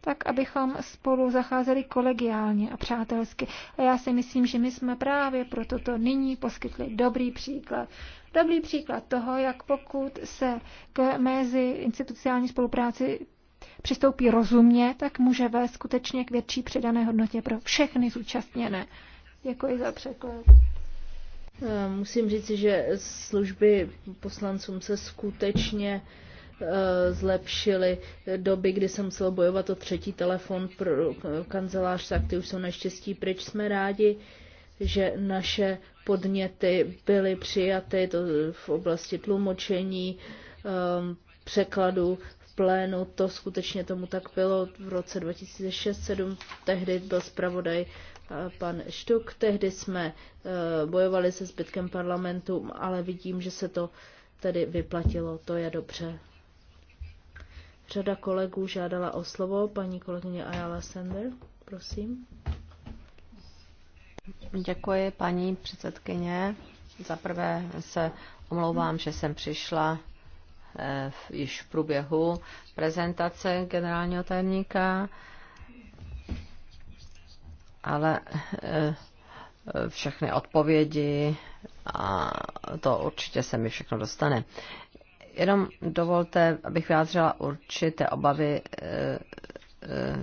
tak abychom spolu zacházeli kolegiálně a přátelsky. A já si myslím, že my jsme právě pro toto nyní poskytli dobrý příklad. Dobrý příklad toho, jak pokud se k mezi institucionální spolupráci přistoupí rozumně, tak může vést skutečně k větší přidané hodnotě pro všechny zúčastněné. Děkuji za překlad. Musím říct, že služby poslancům se skutečně Eh, zlepšily doby, kdy jsem musel bojovat o třetí telefon pro kancelář, tak ty už jsou naštěstí pryč. Jsme rádi, že naše podněty byly přijaty to v oblasti tlumočení, eh, překladu v plénu. To skutečně tomu tak bylo. V roce 2006-2007 tehdy byl zpravodaj eh, pan Štuk. Tehdy jsme bojovali se zbytkem parlamentu, ale vidím, že se to tedy vyplatilo. To je dobře. Řada kolegů žádala o slovo. Paní kolegyně Ayala Sender, prosím. Děkuji, paní předsedkyně. Za prvé se omlouvám, že jsem přišla eh, v, již v průběhu prezentace generálního tajemníka, ale eh, všechny odpovědi a to určitě se mi všechno dostane. Jenom dovolte, abych vyjádřila určité obavy, eh, eh,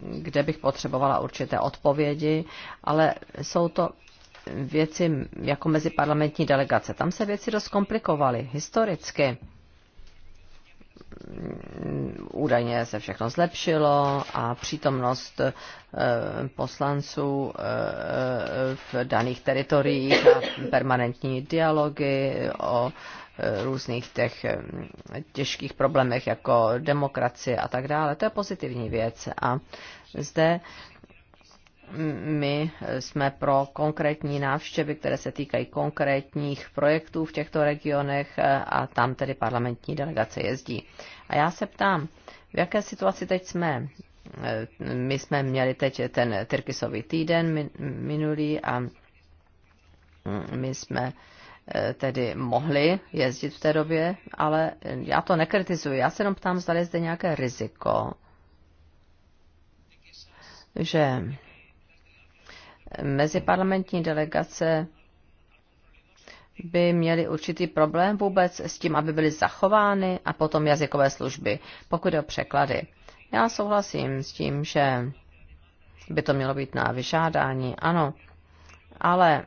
kde bych potřebovala určité odpovědi, ale jsou to věci jako meziparlamentní delegace. Tam se věci dost komplikovaly historicky. Údajně se všechno zlepšilo a přítomnost eh, poslanců v daných teritoriích a permanentní dialogy o Eh, různých těch eh, těžkých problémech jako demokracie a tak dále. To je pozitivní věc a zde my jsme pro konkrétní návštěvy, které se týkají konkrétních projektů v těchto regionech eh, a tam tedy parlamentní delegace jezdí. A já se ptám, v jaké situaci teď jsme? My jsme měli teď ten Tyrkisový týden minulý a mm, my jsme Eh, tedy mohli jezdit v té době, ale já to nekritizuji. Já se jenom ptám, zda je zde nějaké riziko, že meziparlamentní delegace by měly určitý problém vůbec s tím, aby byly zachovány a potom jazykové služby, pokud je o překlady. Já souhlasím s tím, že by to mělo být na vyžádání, ano, ale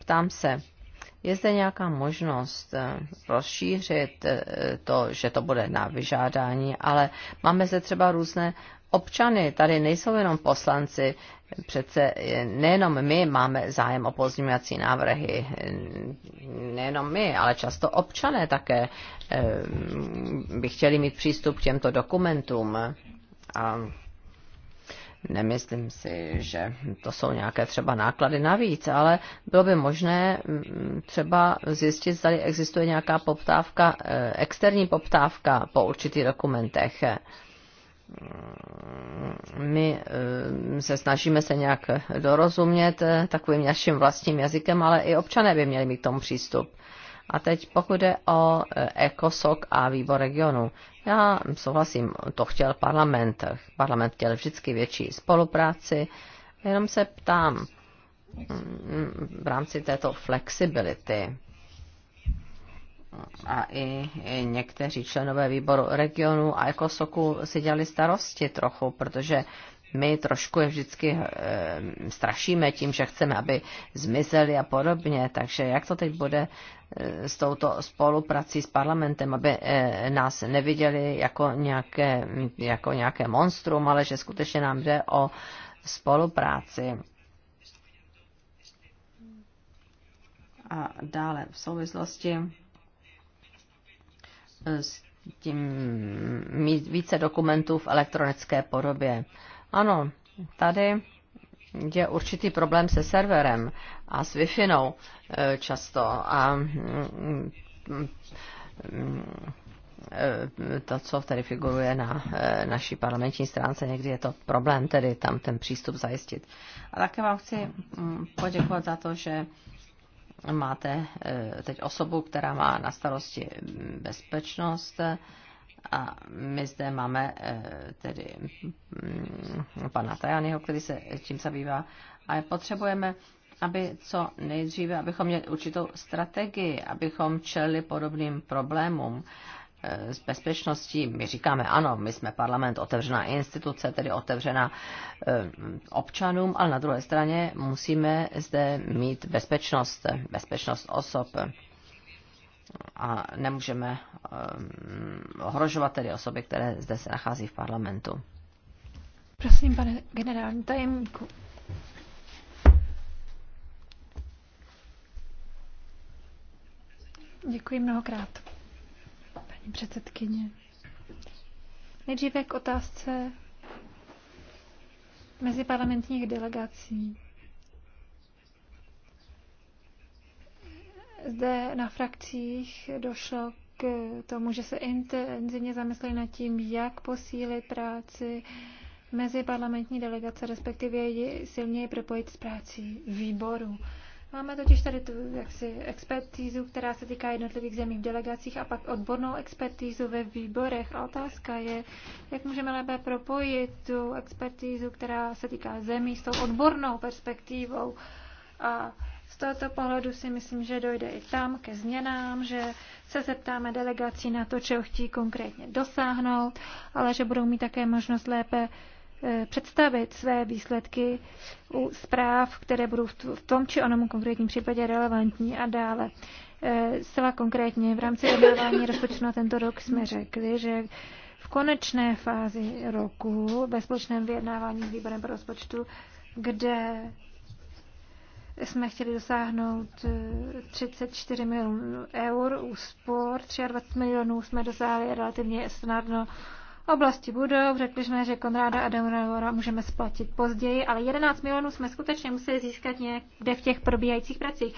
ptám se, je zde nějaká možnost eh, rozšířit eh, to, že to bude na vyžádání, ale máme zde třeba různé občany, tady nejsou jenom poslanci, přece nejenom my máme zájem o pozměňovací návrhy, nejenom my, ale často občané také eh, by chtěli mít přístup k těmto dokumentům. A Nemyslím si, že to jsou nějaké třeba náklady navíc, ale bylo by možné mm, třeba zjistit, zda existuje nějaká poptávka, eh, externí poptávka po určitých dokumentech mm, my eh, se snažíme se nějak dorozumět eh, takovým naším vlastním jazykem, ale i občané by měli mít k tomu přístup. A teď pokud jde o e, ECOSOC a výbor regionu. Já souhlasím, to chtěl parlament. Parlament chtěl vždycky větší spolupráci. Jenom se ptám mm, v rámci této flexibility a i někteří členové výboru regionu a ECOSOCu si dělali starosti trochu, protože my trošku je vždycky eh, strašíme tím, že chceme, aby zmizeli a podobně. Takže jak to teď bude eh, s touto spoluprací s parlamentem, aby eh, nás neviděli jako nějaké, jako nějaké monstrum, ale že skutečně nám jde o spolupráci. A dále v souvislosti s tím mít více dokumentů v elektronické podobě. Ano, tady je určitý problém se serverem a s wi e, často a mm, mm, e, to, co tady figuruje na e, naší parlamentní stránce, někdy je to problém tedy tam ten přístup zajistit. A také vám chci mm, poděkovat za to, že máte teď osobu, která má na starosti bezpečnost a my zde máme eh, tedy mm, pana Tajanyho, který se tím zabývá. A potřebujeme, aby co nejdříve, abychom měli určitou strategii, abychom čelili podobným problémům eh, s bezpečností. My říkáme ano, my jsme parlament, otevřená instituce, tedy otevřená eh, občanům, ale na druhé straně musíme zde mít bezpečnost, bezpečnost osob, a nemůžeme ehm, ohrožovat tedy osoby, které zde se nachází v parlamentu. Prosím, pane generální tajemníku. Děkuji mnohokrát, paní předsedkyně. Nejdříve k otázce meziparlamentních delegací. Zde na frakcích došlo k tomu, že se intenzivně zamysleli nad tím, jak posílit práci mezi parlamentní delegace, respektive ji silněji propojit s prací výboru. Máme totiž tady tu jaksi expertízu, která se týká jednotlivých zemí v delegacích a pak odbornou expertízu ve výborech. A otázka je, jak můžeme lépe propojit tu expertízu, která se týká zemí s tou odbornou perspektivou. A z tohoto pohledu si myslím, že dojde i tam ke změnám, že se zeptáme delegací na to, čeho chtí konkrétně dosáhnout, ale že budou mít také možnost lépe e, představit své výsledky u zpráv, které budou v tom či onom konkrétním případě relevantní a dále. E, zcela konkrétně v rámci jednávání rozpočtu na tento rok jsme řekli, že v konečné fázi roku ve společném vyjednávání s výborem pro rozpočtu, kde jsme chtěli dosáhnout 34 eh, milionů eur úspor, 23 milionů jsme dosáhli relativně snadno oblasti budov. Řekli jsme, že Konráda a Donorora můžeme splatit později, ale 11 milionů jsme skutečně museli získat někde v těch probíhajících pracích.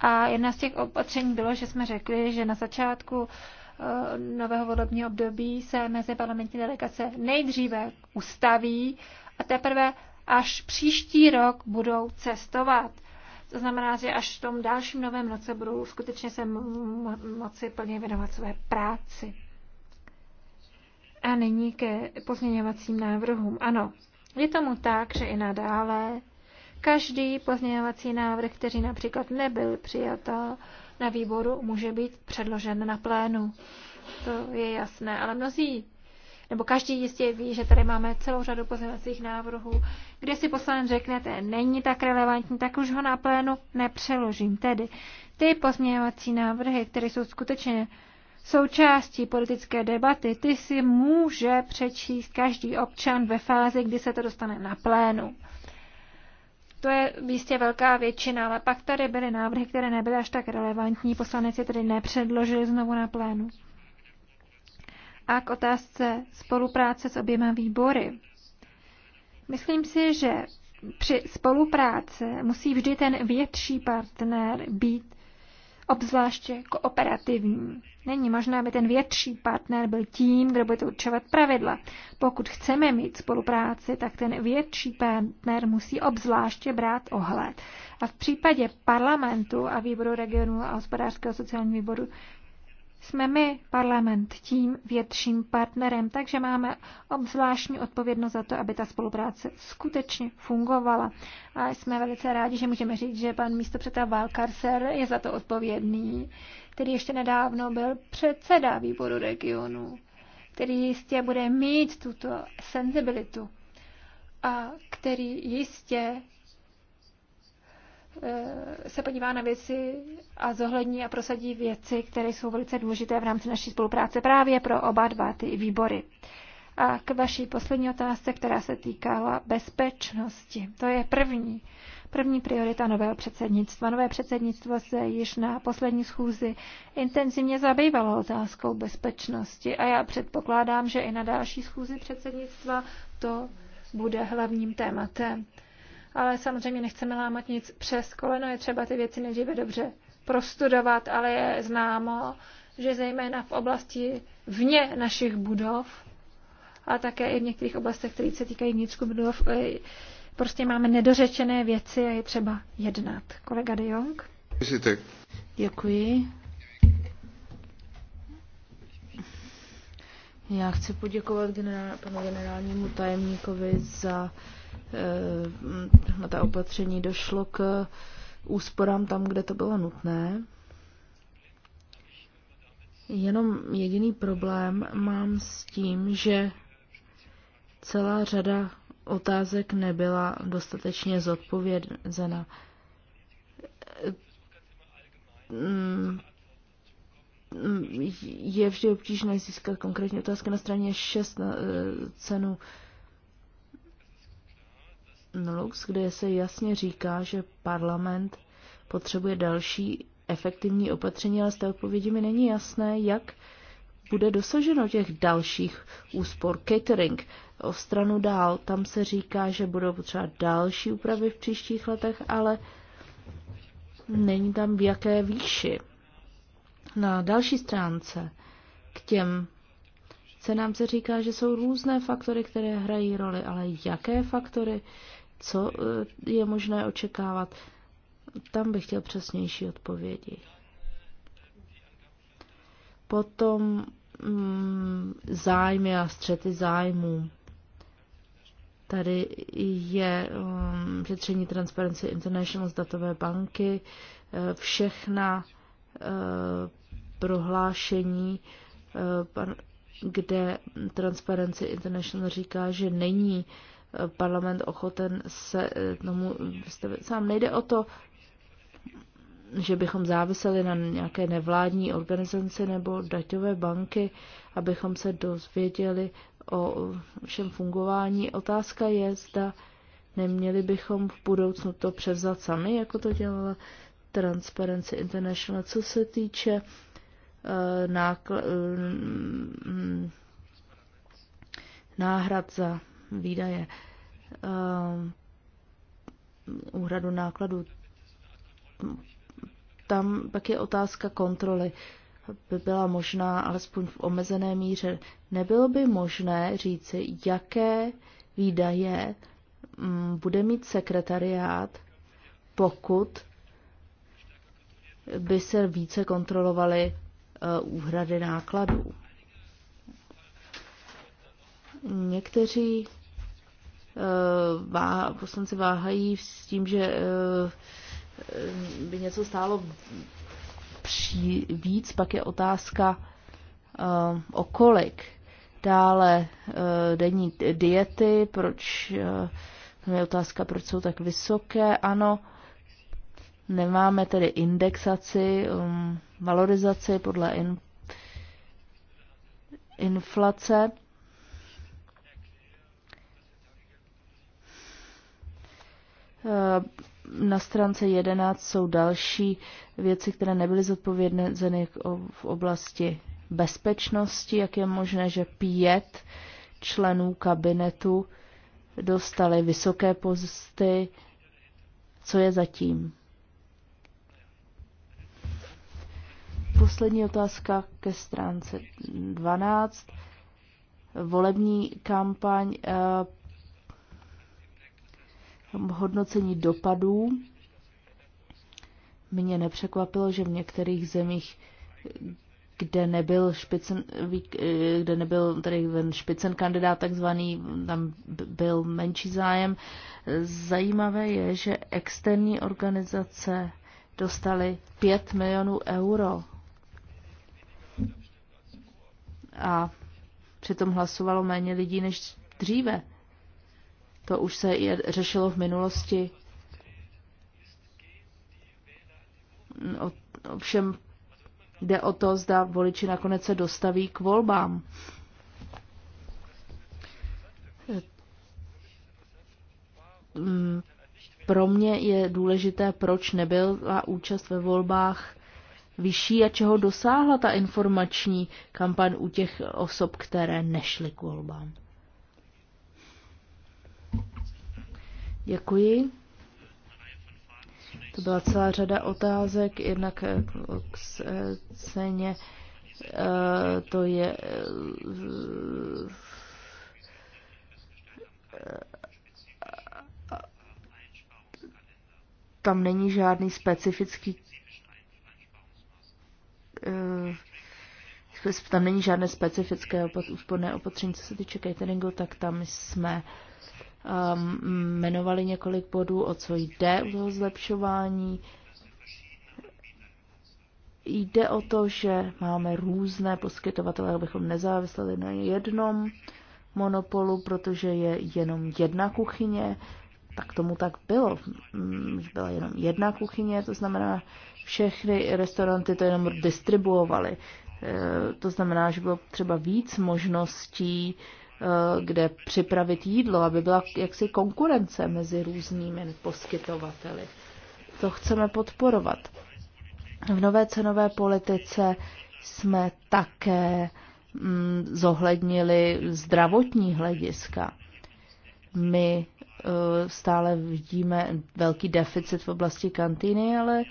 A jedna z těch opatření bylo, že jsme řekli, že na začátku eh, nového volebního období se mezi parlamentní delegace nejdříve ustaví a teprve až příští rok budou cestovat. To znamená, že až v tom dalším novém roce budu skutečně se moci plně věnovat své práci. A nyní ke pozměňovacím návrhům. Ano, je tomu tak, že i nadále každý pozměňovací návrh, který například nebyl přijat na výboru, může být předložen na plénu. To je jasné, ale mnozí nebo každý jistě ví, že tady máme celou řadu pozměňovacích návrhů, kde si poslanec řekne, že není tak relevantní, tak už ho na plénu nepřeložím. Tedy ty pozměňovací návrhy, které jsou skutečně součástí politické debaty, ty si může přečíst každý občan ve fázi, kdy se to dostane na plénu. To je jistě velká většina, ale pak tady byly návrhy, které nebyly až tak relevantní, poslanec je tedy nepředložil znovu na plénu a k otázce spolupráce s oběma výbory. Myslím si, že při spolupráce musí vždy ten větší partner být obzvláště kooperativní. Není možné, aby ten větší partner byl tím, kdo bude určovat pravidla. Pokud chceme mít spolupráci, tak ten větší partner musí obzvláště brát ohled. A v případě parlamentu a výboru regionu a hospodářského sociálního výboru jsme my, parlament, tím větším partnerem, takže máme obzvláštní odpovědnost za to, aby ta spolupráce skutečně fungovala. A jsme velice rádi, že můžeme říct, že pan místopředseda Valkarser je za to odpovědný, který ještě nedávno byl předseda výboru regionu, který jistě bude mít tuto senzibilitu a který jistě Eh, se podívá na věci a zohlední a prosadí věci, které jsou velice důležité v rámci naší spolupráce právě pro oba dva ty výbory. A k vaší poslední otázce, která se týkala bezpečnosti. To je první, první priorita nového předsednictva. Nové předsednictvo se již na poslední schůzi intenzivně zabývalo otázkou bezpečnosti a já předpokládám, že i na další schůzi předsednictva to bude hlavním tématem ale samozřejmě nechceme lámat nic přes koleno, je třeba ty věci nejdříve dobře prostudovat, ale je známo, že zejména v oblasti vně našich budov a také i v některých oblastech, které se týkají vnitřku budov, eh, prostě máme nedořečené věci a je třeba jednat. Kolega de Jong. Děkuji. Já chci poděkovat generál, panu generálnímu tajemníkovi za Eh, na ta opatření došlo k úsporám tam, kde to bylo nutné. Jenom jediný problém mám s tím, že celá řada otázek nebyla dostatečně zodpovězena. Eh, mm, je vždy obtížné získat konkrétní otázky na straně 6 na eh, cenu Lux, kde se jasně říká, že parlament potřebuje další efektivní opatření, ale z té odpovědi mi není jasné, jak bude dosaženo těch dalších úspor. Catering o stranu dál, tam se říká, že budou potřeba další úpravy v příštích letech, ale není tam v jaké výši. Na další stránce k těm cenám se říká, že jsou různé faktory, které hrají roli, ale jaké faktory co eh, je možné očekávat? Tam bych chtěl přesnější odpovědi. Potom mm, zájmy a střety zájmů. Tady je um, šetření Transparency International z datové banky. Eh, všechna uh, prohlášení, uh, pan, kde Transparency International říká, že není uh, parlament ochoten se eh, tomu vystavit sám. Nejde o to, že bychom záviseli na nějaké nevládní organizaci nebo daťové banky, abychom se dozvěděli o všem fungování. Otázka je, zda neměli bychom v budoucnu to převzat sami, jako to dělala Transparency International, co se týče eh, eh, mm, náhrad za výdaje eh, úhradu nákladů. Tam pak je otázka kontroly by byla možná alespoň v omezené míře. Nebylo by možné říci, jaké výdaje mm, bude mít sekretariát, pokud by se více kontrolovaly eh, úhrady nákladů. Někteří Eh, váha, poslanci váhají s tím, že eh, by něco stálo při víc, pak je otázka eh, o kolik. Dále denní diety, proč je otázka, proč jsou tak vysoké. Ano, nemáme tedy indexaci, mm, valorizaci podle in, inflace. Na stránce 11 jsou další věci, které nebyly zodpovězeny v oblasti bezpečnosti, jak je možné, že pět členů kabinetu dostali vysoké posty, co je zatím. Poslední otázka ke stránce 12. Volební kampaň eh, hodnocení dopadů mě nepřekvapilo, že v některých zemích, kde nebyl špicen, kde nebyl tady ten špicen kandidát takzvaný, tam byl menší zájem. Zajímavé je, že externí organizace dostali 5 milionů euro. A přitom hlasovalo méně lidí než dříve. To už se řešilo v minulosti. Ovšem jde o to, zda voliči nakonec se dostaví k volbám. Pro mě je důležité, proč nebyla účast ve volbách vyšší a čeho dosáhla ta informační kampaň u těch osob, které nešly k volbám. Děkuji. To byla celá řada otázek, jednak eh, k eh, ceně. Eh, to je tam není žádný specifický tam není žádné specifické úsporné opatření, co se týče cateringu, tak tam jsme uh, Um, jmenovali několik bodů, o co jde u toho zlepšování. Jde o to, že máme různé poskytovatele, abychom nezávisleli na jednom monopolu, protože je jenom jedna kuchyně. Tak tomu tak bylo. Mm, byla jenom jedna kuchyně, to znamená, všechny restauranty to jenom distribuovaly. E, to znamená, že bylo třeba víc možností Eh, kde připravit jídlo, aby byla jaksi konkurence mezi různými poskytovateli. To chceme podporovat. V nové cenové politice jsme také mm, zohlednili zdravotní hlediska. My eh, stále vidíme velký deficit v oblasti kantýny, ale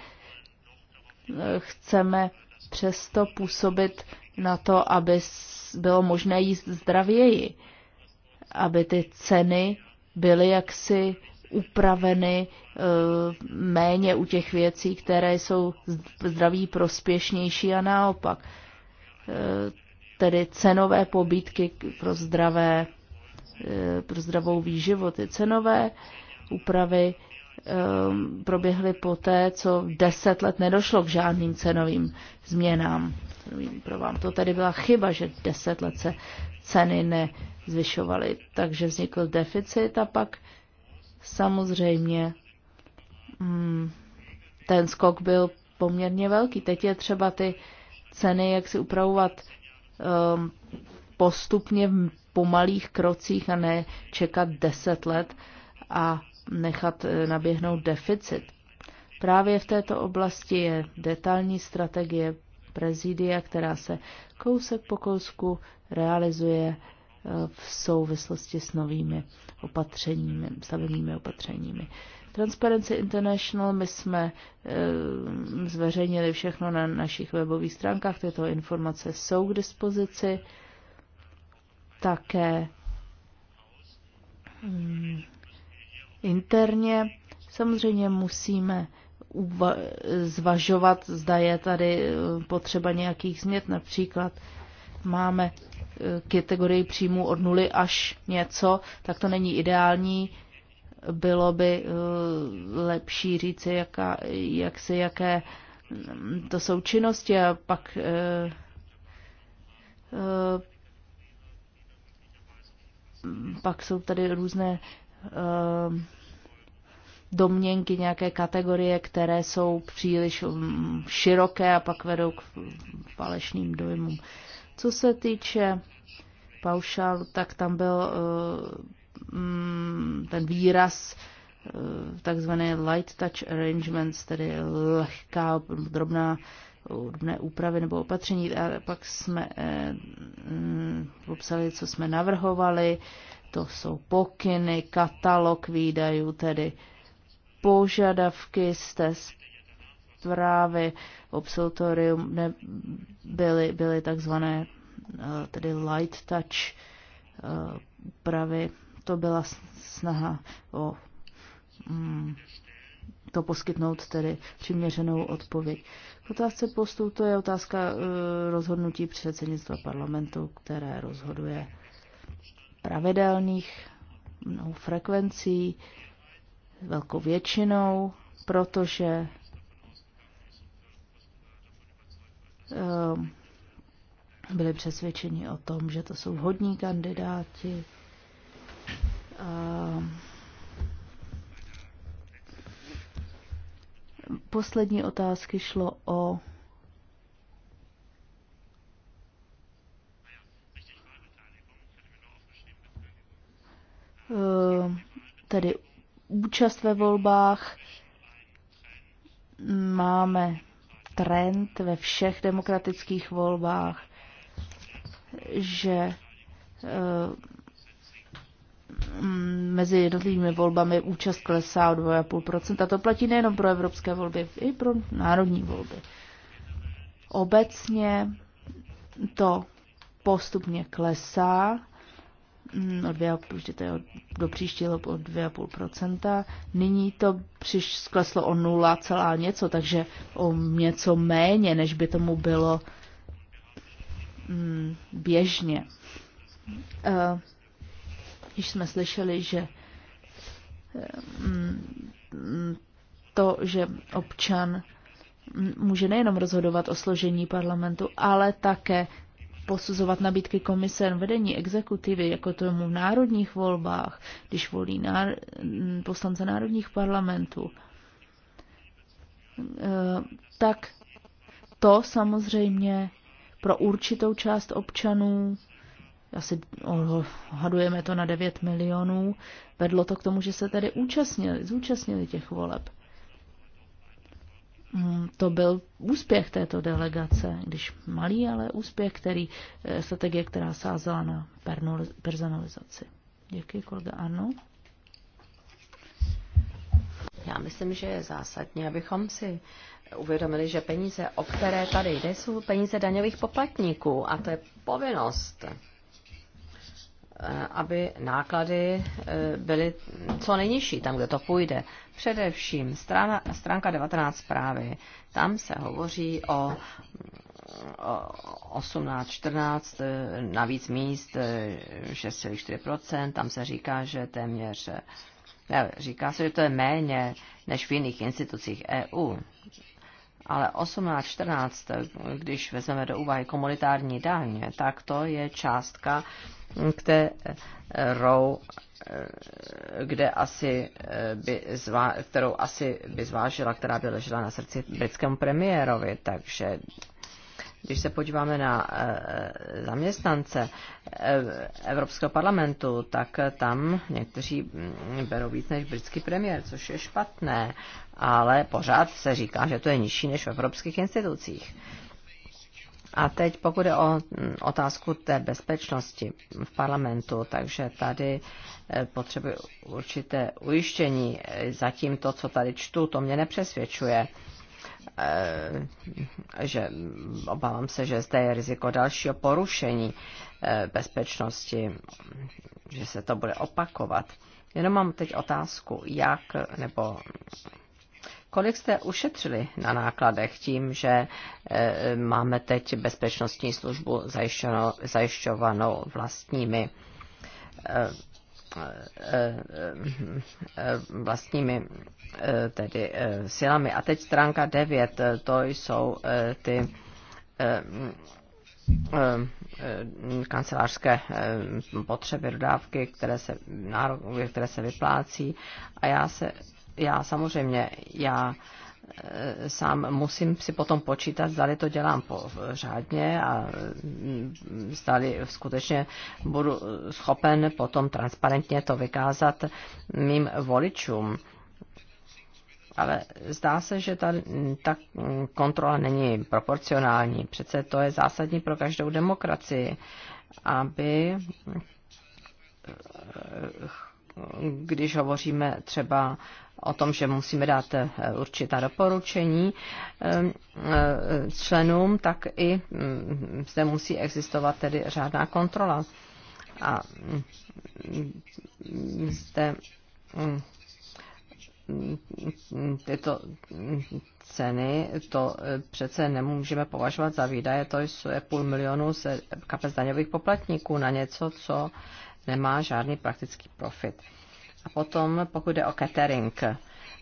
eh, chceme přesto působit na to, aby bylo možné jíst zdravěji, aby ty ceny byly jaksi upraveny eh, méně u těch věcí, které jsou zdraví prospěšnější a naopak. Eh, tedy cenové pobídky pro zdravé eh, pro zdravou výživu, ty cenové úpravy Um, proběhly poté, co deset let nedošlo k žádným cenovým změnám. Pro vám to tady byla chyba, že deset let se ceny nezvyšovaly, takže vznikl deficit a pak samozřejmě mm, ten skok byl poměrně velký. Teď je třeba ty ceny, jak si upravovat um, postupně v pomalých krocích a ne čekat deset let a nechat eh, naběhnout deficit. Právě v této oblasti je detailní strategie prezidia, která se kousek po kousku realizuje eh, v souvislosti s novými opatřeními, stavebními opatřeními. Transparency International, my jsme e, zveřejnili všechno na našich webových stránkách, tyto informace jsou k dispozici. Také mm, interně. Samozřejmě musíme zvažovat, zda je tady eh, potřeba nějakých změn. Například máme eh, kategorii příjmů od nuly až něco, tak to není ideální. Bylo by eh, lepší říci, jaká, jak si, jaké mm, to jsou činnosti a pak pak jsou tady různé Ehm, domněnky, nějaké kategorie, které jsou příliš mm, široké a pak vedou k falešným dojmům. Co se týče paušálu, tak tam byl eh, mm, ten výraz eh, takzvané light touch arrangements, tedy lehká, drobná drobné úpravy nebo opatření. A pak jsme eh, mm, popsali, co jsme navrhovali, to jsou pokyny, katalog výdajů, tedy požadavky z té zprávy absolutorium byly, byly takzvané eh, tedy light touch eh, úpravy. To byla snaha o mm, to poskytnout tedy přiměřenou odpověď. K otázce postu to je otázka eh, rozhodnutí předsednictva parlamentu, které rozhoduje pravidelných mnou frekvencí, velkou většinou, protože ehm, byli přesvědčeni o tom, že to jsou hodní kandidáti. Ehm, poslední otázky šlo o Eh, tedy účast ve volbách. Máme trend ve všech demokratických volbách, že eh, mezi jednotlivými volbami účast klesá o 2,5%. A to platí nejenom pro evropské volby, i pro národní volby. Obecně to postupně klesá Mm, o dvě, to je do příštího o 2,5%. Nyní to přiš, skleslo o 0, celá něco, takže o něco méně, než by tomu bylo mm, běžně. Uh, eh, když jsme slyšeli, že eh, mm, to, že občan mm, může nejenom rozhodovat o složení parlamentu, ale také posuzovat nabídky komise vedení exekutivy, jako tomu v národních volbách, když volí ná, poslance národních parlamentů, eh, tak to samozřejmě pro určitou část občanů, asi hadujeme to na 9 milionů, vedlo to k tomu, že se tedy účastnili, zúčastnili těch voleb. Mm, to byl úspěch této delegace, když malý, ale úspěch, který, eh, strategie, která sázela na personalizaci. Děkuji, kolega Ano. Já myslím, že je zásadní, abychom si uvědomili, že peníze, o které tady jde, jsou peníze daňových poplatníků a to je povinnost Eh, aby náklady eh, byly co nejnižší, tam, kde to půjde. Především strana, stránka 19 zprávy, tam se hovoří o 18, 14, eh, navíc míst 6,4%, tam se říká, že téměř, ne, říká se, že to je méně než v jiných institucích EU ale 18,14, když vezmeme do úvahy komunitární daň, tak to je částka, kterou kde asi by zvá, kterou asi by zvážila, která by ležela na srdci britskému premiérovi, takže když se podíváme na eh, zaměstnance eh, Evropského parlamentu, tak tam někteří mm, berou víc než britský premiér, což je špatné, ale pořád se říká, že to je nižší než v evropských institucích. A teď pokud je o mm, otázku té bezpečnosti v parlamentu, takže tady eh, potřebuji určité ujištění. Zatím to, co tady čtu, to mě nepřesvědčuje. Eh, že obávám se, že zde je riziko dalšího porušení eh, bezpečnosti, že se to bude opakovat. Jenom mám teď otázku, jak nebo kolik jste ušetřili na nákladech tím, že eh, máme teď bezpečnostní službu zajišťovanou vlastními Eh, eh, eh, vlastními tedy silami. A teď stránka 9, to jsou ty kancelářské potřeby, dodávky, které se, které se vyplácí. A já se, já samozřejmě, já Eh, sám musím si potom počítat, zda to dělám pořádně a mm, zda skutečně budu schopen potom transparentně to vykázat mým voličům. Ale zdá se, že ta, ta kontrola není proporcionální. Přece to je zásadní pro každou demokracii, aby eh, když hovoříme třeba o tom, že musíme dát eh, určitá doporučení eh, eh, členům, tak i mm, zde musí existovat tedy řádná kontrola. A mm, zde mm, tyto ceny, to přece nemůžeme považovat za výdaje, to je půl milionu z kapes daňových poplatníků na něco, co nemá žádný praktický profit. A potom, pokud jde o catering.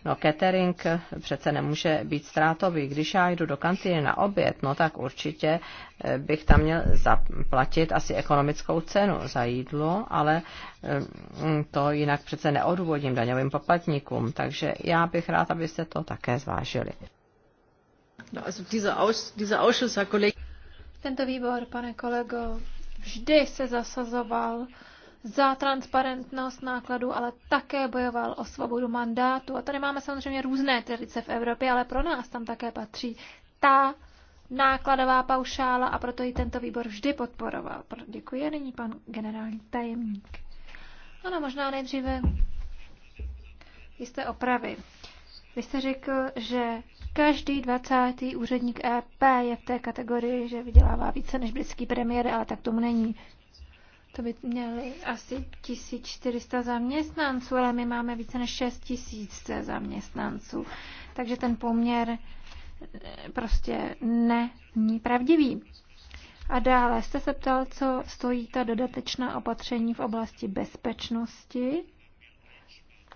No catering přece nemůže být ztrátový. Když já jdu do kantýny na oběd, no tak určitě eh, bych tam měl zaplatit asi ekonomickou cenu za jídlo, ale mm, to jinak přece neodvodím daňovým poplatníkům. Takže já bych rád, abyste to také zvážili. No, Tento výbor, pane kolego, vždy se zasazoval za transparentnost nákladů, ale také bojoval o svobodu mandátu. A tady máme samozřejmě různé tradice v Evropě, ale pro nás tam také patří ta nákladová paušála a proto ji tento výbor vždy podporoval. Děkuji, nyní pan generální tajemník. Ano, možná nejdříve jisté opravy. Vy jste řekl, že každý 20. úředník EP je v té kategorii, že vydělává více než britský premiér, ale tak tomu není to by měli asi 1400 zaměstnanců, ale my máme více než 6000 zaměstnanců. Takže ten poměr eh, prostě není pravdivý. A dále jste se ptal, co stojí ta dodatečná opatření v oblasti bezpečnosti.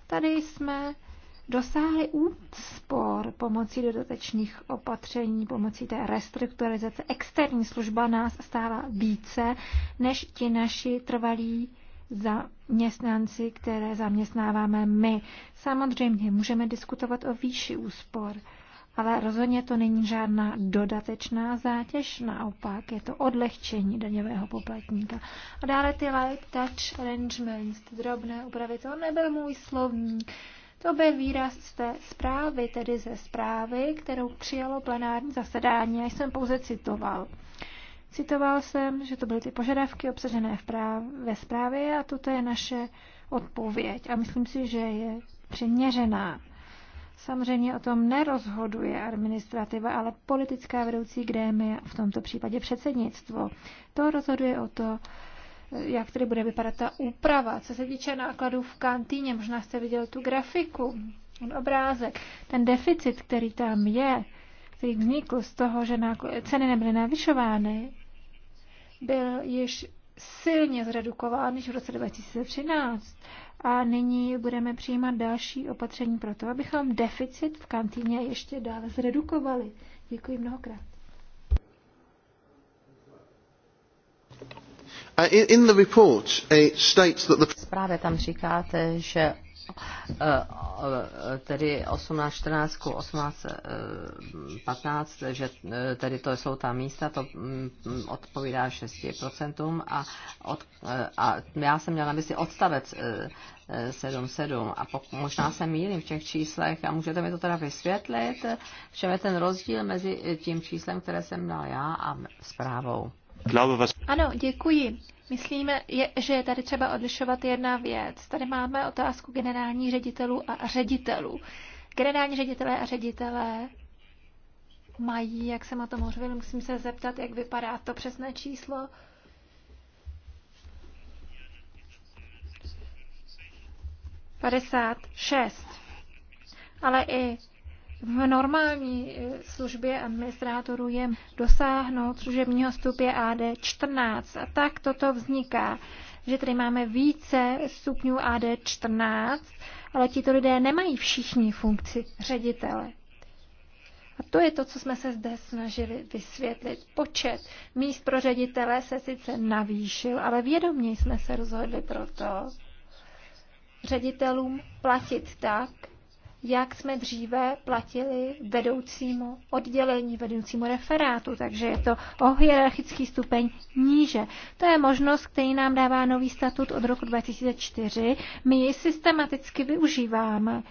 Tady jsme dosáhli úspor pomocí dodatečných opatření, pomocí té restrukturalizace. Externí služba nás stála více než ti naši trvalí zaměstnanci, které zaměstnáváme my. Samozřejmě můžeme diskutovat o výši úspor, ale rozhodně to není žádná dodatečná zátěž, naopak je to odlehčení daňového poplatníka. A dále ty light touch arrangements, drobné úpravy, to nebyl můj slovník, to byl výraz z té zprávy, tedy ze zprávy, kterou přijalo plenární zasedání. Já jsem pouze citoval. Citoval jsem, že to byly ty požadavky obsažené v práv- ve zprávě a toto je naše odpověď. A myslím si, že je přiměřená. Samozřejmě o tom nerozhoduje administrativa, ale politická vedoucí grémia, v tomto případě předsednictvo. To rozhoduje o to, jak tedy bude vypadat ta úprava. Co se týče nákladů v kantýně, možná jste viděli tu grafiku, ten obrázek, ten deficit, který tam je, který vznikl z toho, že ceny nebyly navyšovány, byl již silně zredukován již v roce 2013 a nyní budeme přijímat další opatření pro to, abychom deficit v kantýně ještě dále zredukovali. Děkuji mnohokrát. ve uh, Zprávě tam říkáte, že uh, uh, tedy 18, 14, 18, 15, že tedy to jsou ta místa, to mm, odpovídá 6% a, od, a já jsem měla na mysli odstavec 7,7 a pok- možná se mýlím v těch číslech a můžete mi to teda vysvětlit, v čem je ten rozdíl mezi tím číslem, které jsem měla já a zprávou. Ano, děkuji. Myslím, je, že je tady třeba odlišovat jedna věc. Tady máme otázku generální ředitelů a ředitelů. Generální ředitelé a ředitelé mají, jak jsem o tom hovořil, musím se zeptat, jak vypadá to přesné číslo. Padesát šest. Ale i v normální eh, službě administrátorů je dosáhnout služebního stupě AD14. A tak toto vzniká, že tady máme více stupňů AD14, ale tito lidé nemají všichni funkci ředitele. A to je to, co jsme se zde snažili vysvětlit. Počet míst pro ředitele se sice navýšil, ale vědomě jsme se rozhodli pro to ředitelům platit tak, jak jsme dříve platili vedoucímu oddělení, vedoucímu referátu, takže je to o hierarchický stupeň níže. To je možnost, který nám dává nový statut od roku 2004. My ji systematicky využíváme.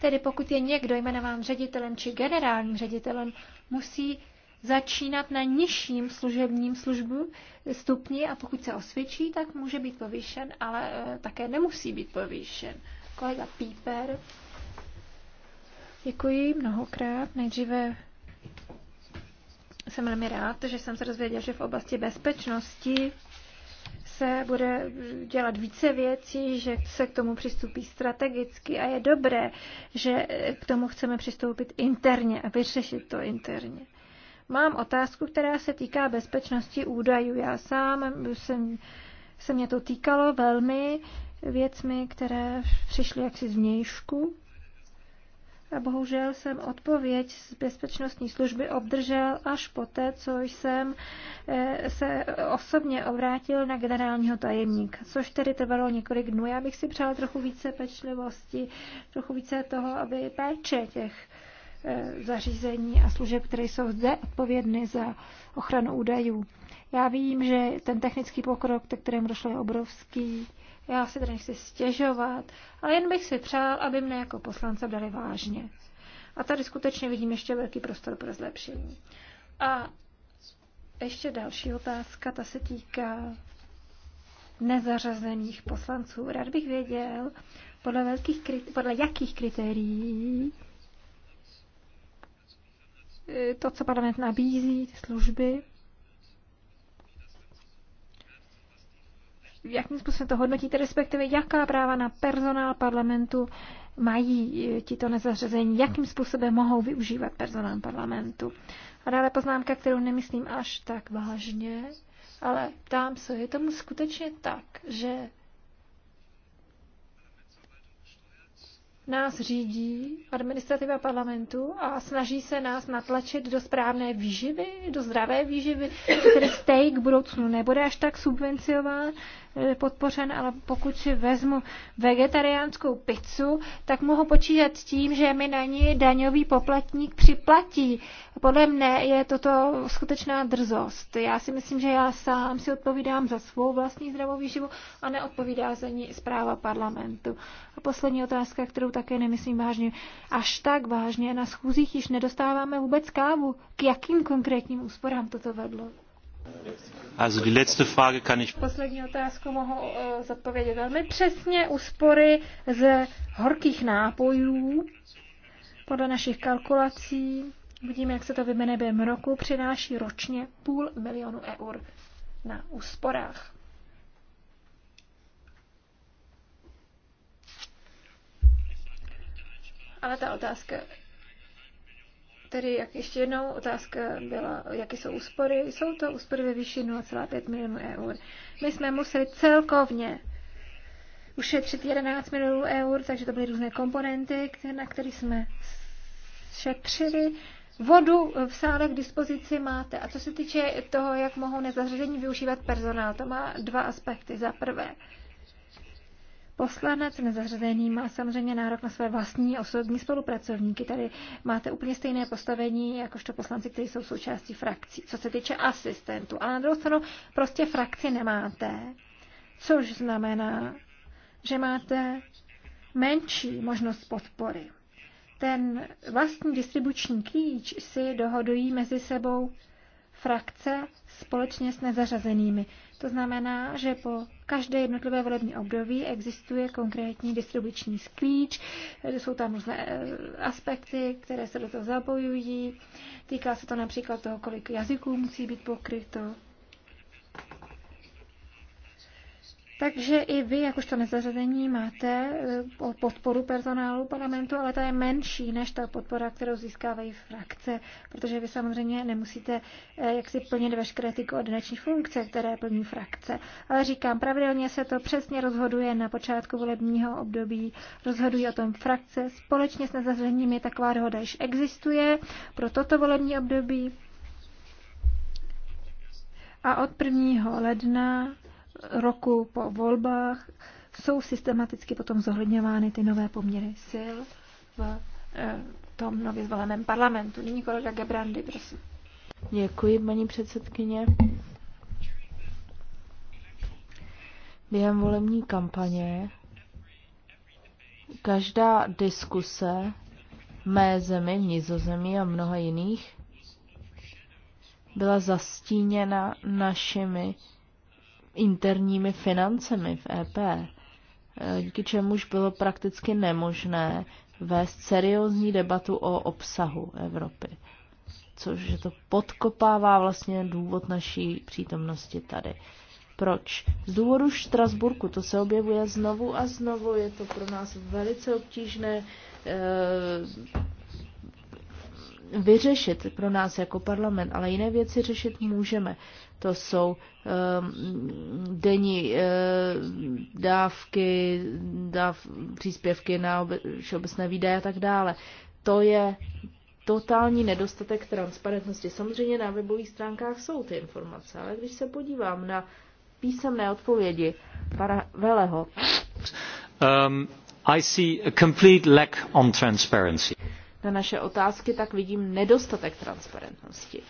Tedy pokud je někdo jmenován ředitelem či generálním ředitelem, musí začínat na nižším služebním službu stupni a pokud se osvědčí, tak může být povýšen, ale eh, také nemusí být povýšen. Kolega Píper Děkuji mnohokrát. Nejdříve jsem velmi rád, že jsem se dozvěděl, že v oblasti bezpečnosti se bude dělat více věcí, že se k tomu přistupí strategicky a je dobré, že k tomu chceme přistoupit interně a vyřešit to interně. Mám otázku, která se týká bezpečnosti údajů. Já sám jsem, se mě to týkalo velmi věcmi, které přišly jaksi z vnějšku. Bohužel jsem odpověď z bezpečnostní služby obdržel až poté, co jsem eh, se osobně obrátil na generálního tajemníka, což tedy trvalo několik dnů. Já bych si přál trochu více pečlivosti, trochu více toho, aby péče těch eh, zařízení a služeb, které jsou zde odpovědny za ochranu údajů. Já vím, že ten technický pokrok, ke kterému došlo, je obrovský já si tady nechci stěžovat, ale jen bych si přál, aby mne jako poslance brali vážně. A tady skutečně vidím ještě velký prostor pro zlepšení. A ještě další otázka, ta se týká nezařazených poslanců. Rád bych věděl, podle, velkých, podle jakých kritérií to, co parlament nabízí, ty služby, jakým způsobem to hodnotíte, respektive jaká práva na personál parlamentu mají eh, tito nezařazení, jakým způsobem mohou využívat personál parlamentu. A dále poznámka, kterou nemyslím až tak vážně, ale ptám se, je tomu skutečně tak, že nás řídí administrativa parlamentu a snaží se nás natlačit do správné výživy, do zdravé výživy, který steak v budoucnu nebude až tak subvencován, Eh, podpořen, ale pokud si vezmu vegetariánskou pizzu, tak mohu počítat tím, že mi na ní daňový poplatník připlatí. Podle mne je toto skutečná drzost. Já si myslím, že já sám si odpovídám za svou vlastní zdravou výživu a neodpovídá za ní zpráva parlamentu. A poslední otázka, kterou také nemyslím vážně. Až tak vážně na schůzích již nedostáváme vůbec kávu. K jakým konkrétním úsporám toto vedlo? Also die letzte Frage kann ich... Poslední otázku mohu uh, zodpovědět velmi přesně. Úspory z horkých nápojů podle našich kalkulací, vidíme, jak se to vymene během roku, přináší ročně půl milionu eur na úsporách. Ale ta otázka tedy jak ještě jednou otázka byla, jaké jsou úspory. Jsou to úspory ve výši 0,5 milionů eur. My jsme museli celkovně ušetřit 11 milionů eur, takže to byly různé komponenty, na které jsme šetřili. Vodu v sále k dispozici máte. A co se týče toho, jak mohou nezařazení využívat personál, to má dva aspekty. Za prvé, Poslanec nezařazený má samozřejmě nárok na své vlastní osobní spolupracovníky. Tady máte úplně stejné postavení, jakožto poslanci, kteří jsou součástí frakcí, co se týče asistentů. Ale na druhou stranu prostě frakci nemáte, což znamená, že máte menší možnost podpory. Ten vlastní distribuční klíč si dohodují mezi sebou frakce společně s nezařazenými. To znamená, že po každé jednotlivé volební období existuje konkrétní distribuční sklíč, jsou tam různé eh, aspekty, které se do toho zapojují. Týká se to například toho, kolik jazyků musí být pokryto, takže i vy, jakožto nezařazení, máte eh, podporu personálu parlamentu, ale ta je menší než ta podpora, kterou získávají frakce, protože vy samozřejmě nemusíte eh, jaksi plnit veškeré ty koordinační funkce, které plní frakce. Ale říkám, pravidelně se to přesně rozhoduje na počátku volebního období, rozhodují o tom frakce. Společně s nezařazeními taková dohoda již existuje pro toto volební období. A od 1. ledna roku po volbách jsou systematicky potom zohledňovány ty nové poměry sil v eh, tom nově zvoleném parlamentu. Nyní kolega Gebrandy, prosím. Děkuji, paní předsedkyně. Během volební kampaně každá diskuse mé zemi, Nizozemí a mnoha jiných byla zastíněna našimi interními financemi v EP, eh, díky čemuž bylo prakticky nemožné vést seriózní debatu o obsahu Evropy. Což že to podkopává vlastně důvod naší přítomnosti tady. Proč? Z důvodu Štrasburku, to se objevuje znovu a znovu, je to pro nás velice obtížné eh, vyřešit pro nás jako parlament, ale jiné věci řešit můžeme. To jsou um, denní uh, dávky, dáv, příspěvky na všeobecné výdaje a tak dále. To je totální nedostatek transparentnosti. Samozřejmě na webových stránkách jsou ty informace, ale když se podívám na písemné odpovědi para Veleho, um, I see a complete lack on transparency na naše otázky, tak vidím nedostatek transparentnosti.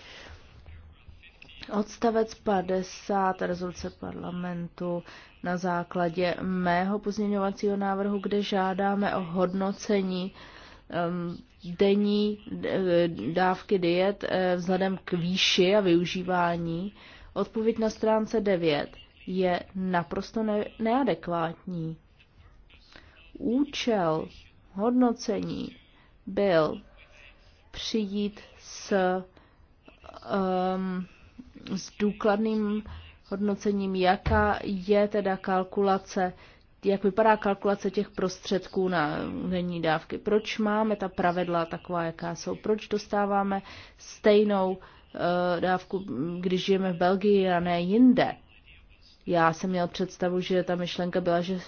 Odstavec 50 rezoluce parlamentu na základě mého pozměňovacího návrhu, kde žádáme o hodnocení um, denní dávky diet eh, vzhledem k výši a využívání. Odpověď na stránce 9 je naprosto ne- neadekvátní. Účel hodnocení byl přijít s, um, s důkladným hodnocením, jaká je teda kalkulace, jak vypadá kalkulace těch prostředků na denní dávky, proč máme ta pravidla taková, jaká jsou, proč dostáváme stejnou uh, dávku, když žijeme v Belgii a ne jinde. Já jsem měl představu, že ta myšlenka byla, že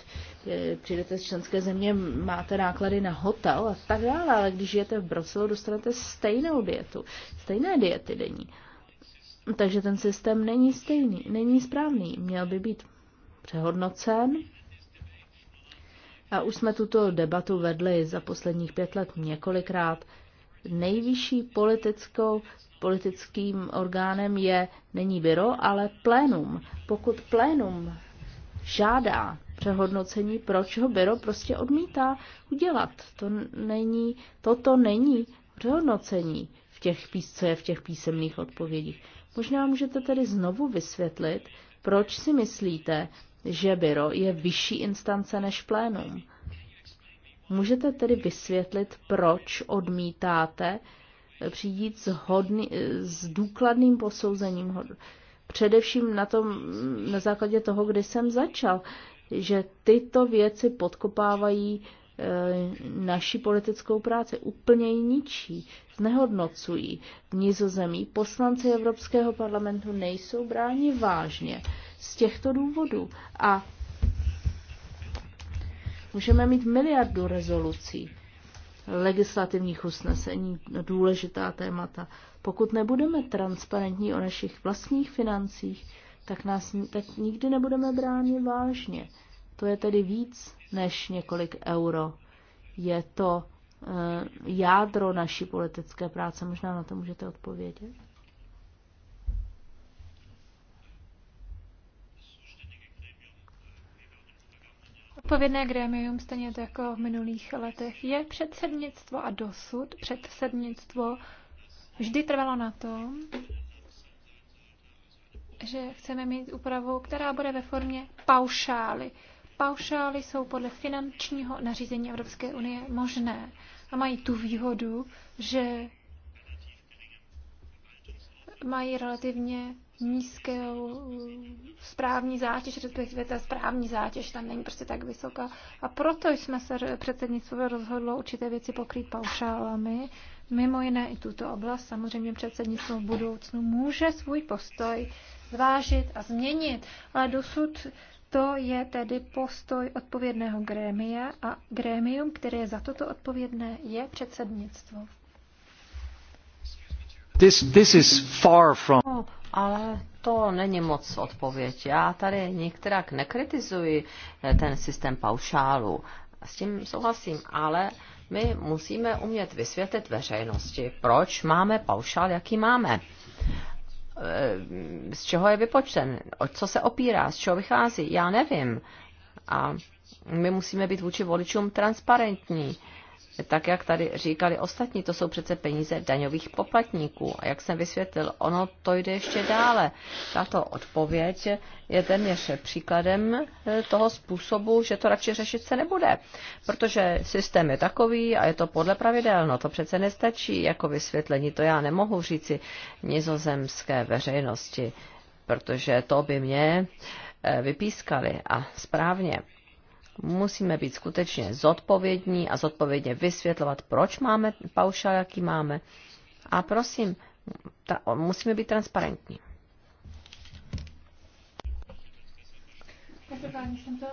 přijdete z členské země, máte náklady na hotel a tak dále, ale když žijete v Bruselu, dostanete stejnou dietu, stejné diety denní. Takže ten systém není stejný, není správný. Měl by být přehodnocen. A už jsme tuto debatu vedli za posledních pět let několikrát. Nejvyšší politickou politickým orgánem je, není byro, ale plénum. Pokud plénum žádá přehodnocení, proč ho byro prostě odmítá udělat. To není, toto není přehodnocení v těch, co je v těch písemných odpovědích. Možná můžete tedy znovu vysvětlit, proč si myslíte, že byro je vyšší instance než plénum. Můžete tedy vysvětlit, proč odmítáte přijít s, hodný, s důkladným posouzením. Především na, tom, na základě toho, kdy jsem začal, že tyto věci podkopávají e, naši politickou práci, úplně ji ničí, znehodnocují. V nizozemí poslanci Evropského parlamentu nejsou bráni vážně z těchto důvodů. A můžeme mít miliardu rezolucí, legislativních usnesení, důležitá témata. Pokud nebudeme transparentní o našich vlastních financích, tak, nás, tak nikdy nebudeme bráni vážně. To je tedy víc než několik euro. Je to eh, jádro naší politické práce. Možná na to můžete odpovědět. Odpovědné grémium, stejně tak jako v minulých letech, je předsednictvo a dosud předsednictvo vždy trvalo na tom, že chceme mít úpravu, která bude ve formě paušály. Paušály jsou podle finančního nařízení Evropské unie možné a mají tu výhodu, že mají relativně nízkou správní zátěž, respektive ta správní zátěž tam není prostě tak vysoká. A proto jsme se předsednictvo rozhodlo určité věci pokrýt paušálami, mimo jiné i tuto oblast. Samozřejmě předsednictvo v budoucnu může svůj postoj zvážit a změnit, ale dosud to je tedy postoj odpovědného grémia a grémium, které je za toto odpovědné, je předsednictvo. This, this is far from... No, ale to není moc odpověď. Já tady nikterak nekritizuji eh, ten systém paušálu. S tím souhlasím, ale my musíme umět vysvětlit veřejnosti, proč máme paušál, jaký máme. Eh, z čeho je vypočten, o co se opírá, z čeho vychází, já nevím. A my musíme být vůči voličům transparentní tak jak tady říkali ostatní, to jsou přece peníze daňových poplatníků. A jak jsem vysvětlil, ono to jde ještě dále. Tato odpověď je téměř příkladem e, toho způsobu, že to radši řešit se nebude. Protože systém je takový a je to podle pravidel. No to přece nestačí jako vysvětlení. To já nemohu říci nizozemské veřejnosti, protože to by mě e, vypískali a správně musíme být skutečně zodpovědní a zodpovědně vysvětlovat, proč máme paušál, jaký máme. A prosím, ta, musíme být transparentní. Každopádně jsem to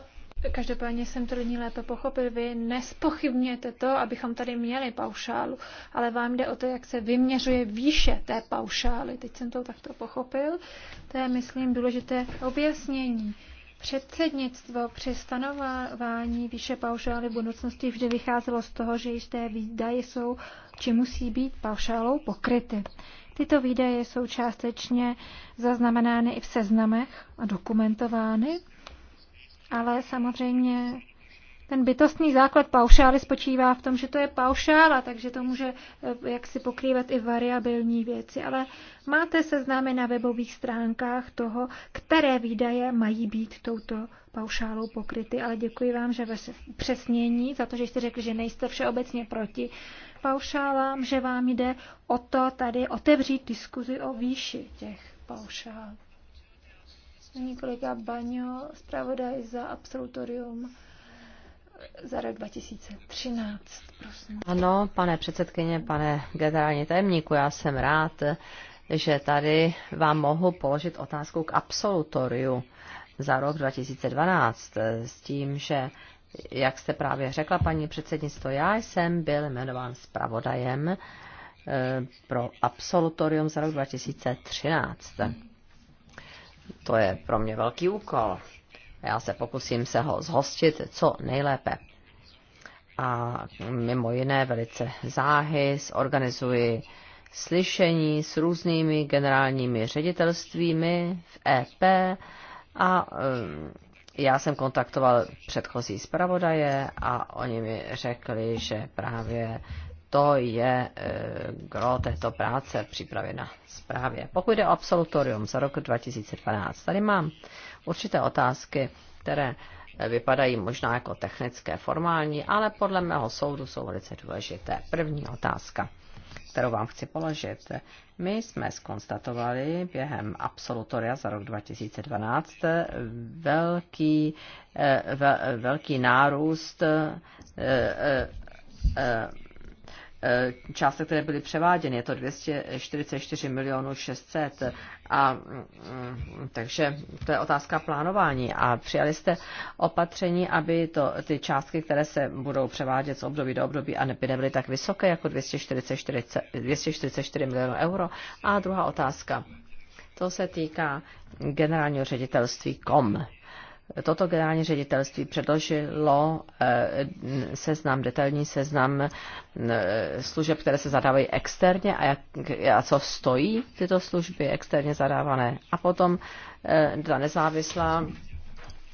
Každopádně jsem to nyní lépe pochopil. Vy nespochybněte to, abychom tady měli paušálu, ale vám jde o to, jak se vyměřuje výše té paušály. Teď jsem to takto pochopil. To je, myslím, důležité objasnění. Předsednictvo při stanovování výše paušály v budoucnosti vždy vycházelo z toho, že jisté výdaje jsou, či musí být paušálou pokryty. Tyto výdaje jsou částečně zaznamenány i v seznamech a dokumentovány, ale samozřejmě ten bytostný základ paušály spočívá v tom, že to je paušála, takže to může eh, jak si pokrývat i variabilní věci. Ale máte seznámy na webových stránkách toho, které výdaje mají být touto paušálou pokryty. Ale děkuji vám, že ve přesnění, za to, že jste řekli, že nejste všeobecně proti paušálám, že vám jde o to tady otevřít diskuzi o výši těch paušál. Nyní kolega Baňo, zpravodaj za absolutorium za rok 2013, prosím. Ano, pane předsedkyně, pane generální tajemníku, já jsem rád, že tady vám mohu položit otázku k absolutoriu za rok 2012 s tím, že jak jste právě řekla, paní předsednictvo, já jsem byl jmenován zpravodajem eh, pro absolutorium za rok 2013. To je pro mě velký úkol. Já se pokusím se ho zhostit co nejlépe. A mimo jiné velice záhy zorganizuji slyšení s různými generálními ředitelstvími v EP a eh, já jsem kontaktoval předchozí zpravodaje a oni mi řekli, že právě to je eh, gro této práce v na zprávě. Pokud jde o absolutorium za rok 2012, tady mám určité otázky, které eh, vypadají možná jako technické, formální, ale podle mého soudu jsou velice důležité. První otázka, kterou vám chci položit. My jsme skonstatovali během absolutoria za rok 2012 eh, velký, velký nárůst Eh, částek, které byly převáděny. Je to 244 milionů 600. A, mm, takže to je otázka plánování. A přijali jste opatření, aby to, ty částky, které se budou převádět z období do období a by nebyly tak vysoké jako 244, 244 milionů euro. A druhá otázka. To se týká generálního ředitelství KOM toto generální ředitelství předložilo eh, seznam, detailní seznam služeb, které se zadávají externě a, jak, a co stojí tyto služby externě zadávané. A potom eh, ta nezávislá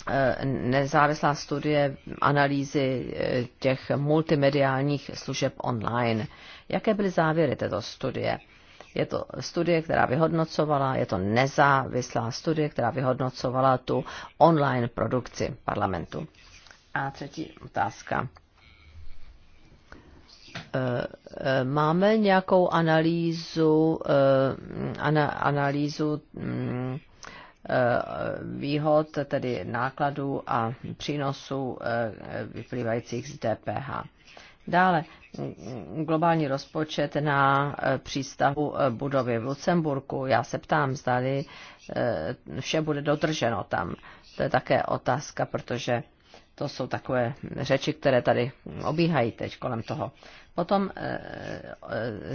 eh, nezávislá studie analýzy těch multimediálních služeb online. Jaké byly závěry této studie? Je to studie, která vyhodnocovala, je to nezávislá studie, která vyhodnocovala tu online produkci parlamentu. A třetí otázka. E, e, máme nějakou analýzu, e, analýzu mm, výhod, tedy nákladů a přínosů vyplývajících z DPH. Dále mm, globální rozpočet na e, přístavu e, budovy v Lucemburku. Já se ptám, zda e, vše bude dodrženo tam. To je také otázka, protože to jsou takové řeči, které tady obíhají teď kolem toho. Potom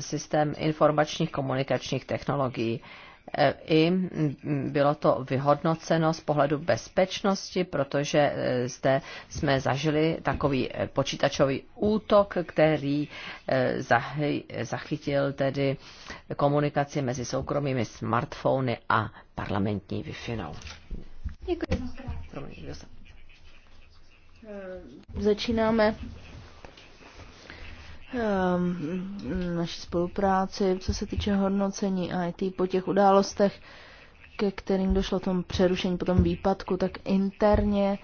systém informačních komunikačních technologií. E, i bylo to vyhodnoceno z pohledu bezpečnosti, protože e, zde jsme zažili takový e, počítačový útok, který zachytil tedy komunikaci mezi soukromými smartfony a parlamentní wi no. Děkuji. Začínáme Ehm, naší spolupráci, co se týče hodnocení a IT po těch událostech, ke kterým došlo tom přerušení, po tom výpadku, tak interně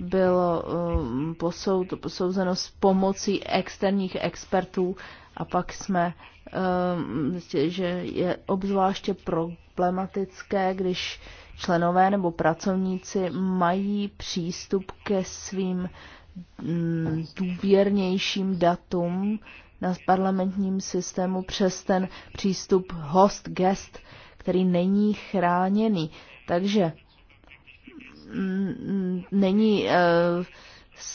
bylo ehm, posoud, posouzeno s pomocí externích expertů a pak jsme ehm, zjistili, že je obzvláště problematické, když členové nebo pracovníci mají přístup ke svým Mm, důvěrnějším datům na parlamentním systému přes ten přístup host-guest, který není chráněný. Takže mm, mm, není eh,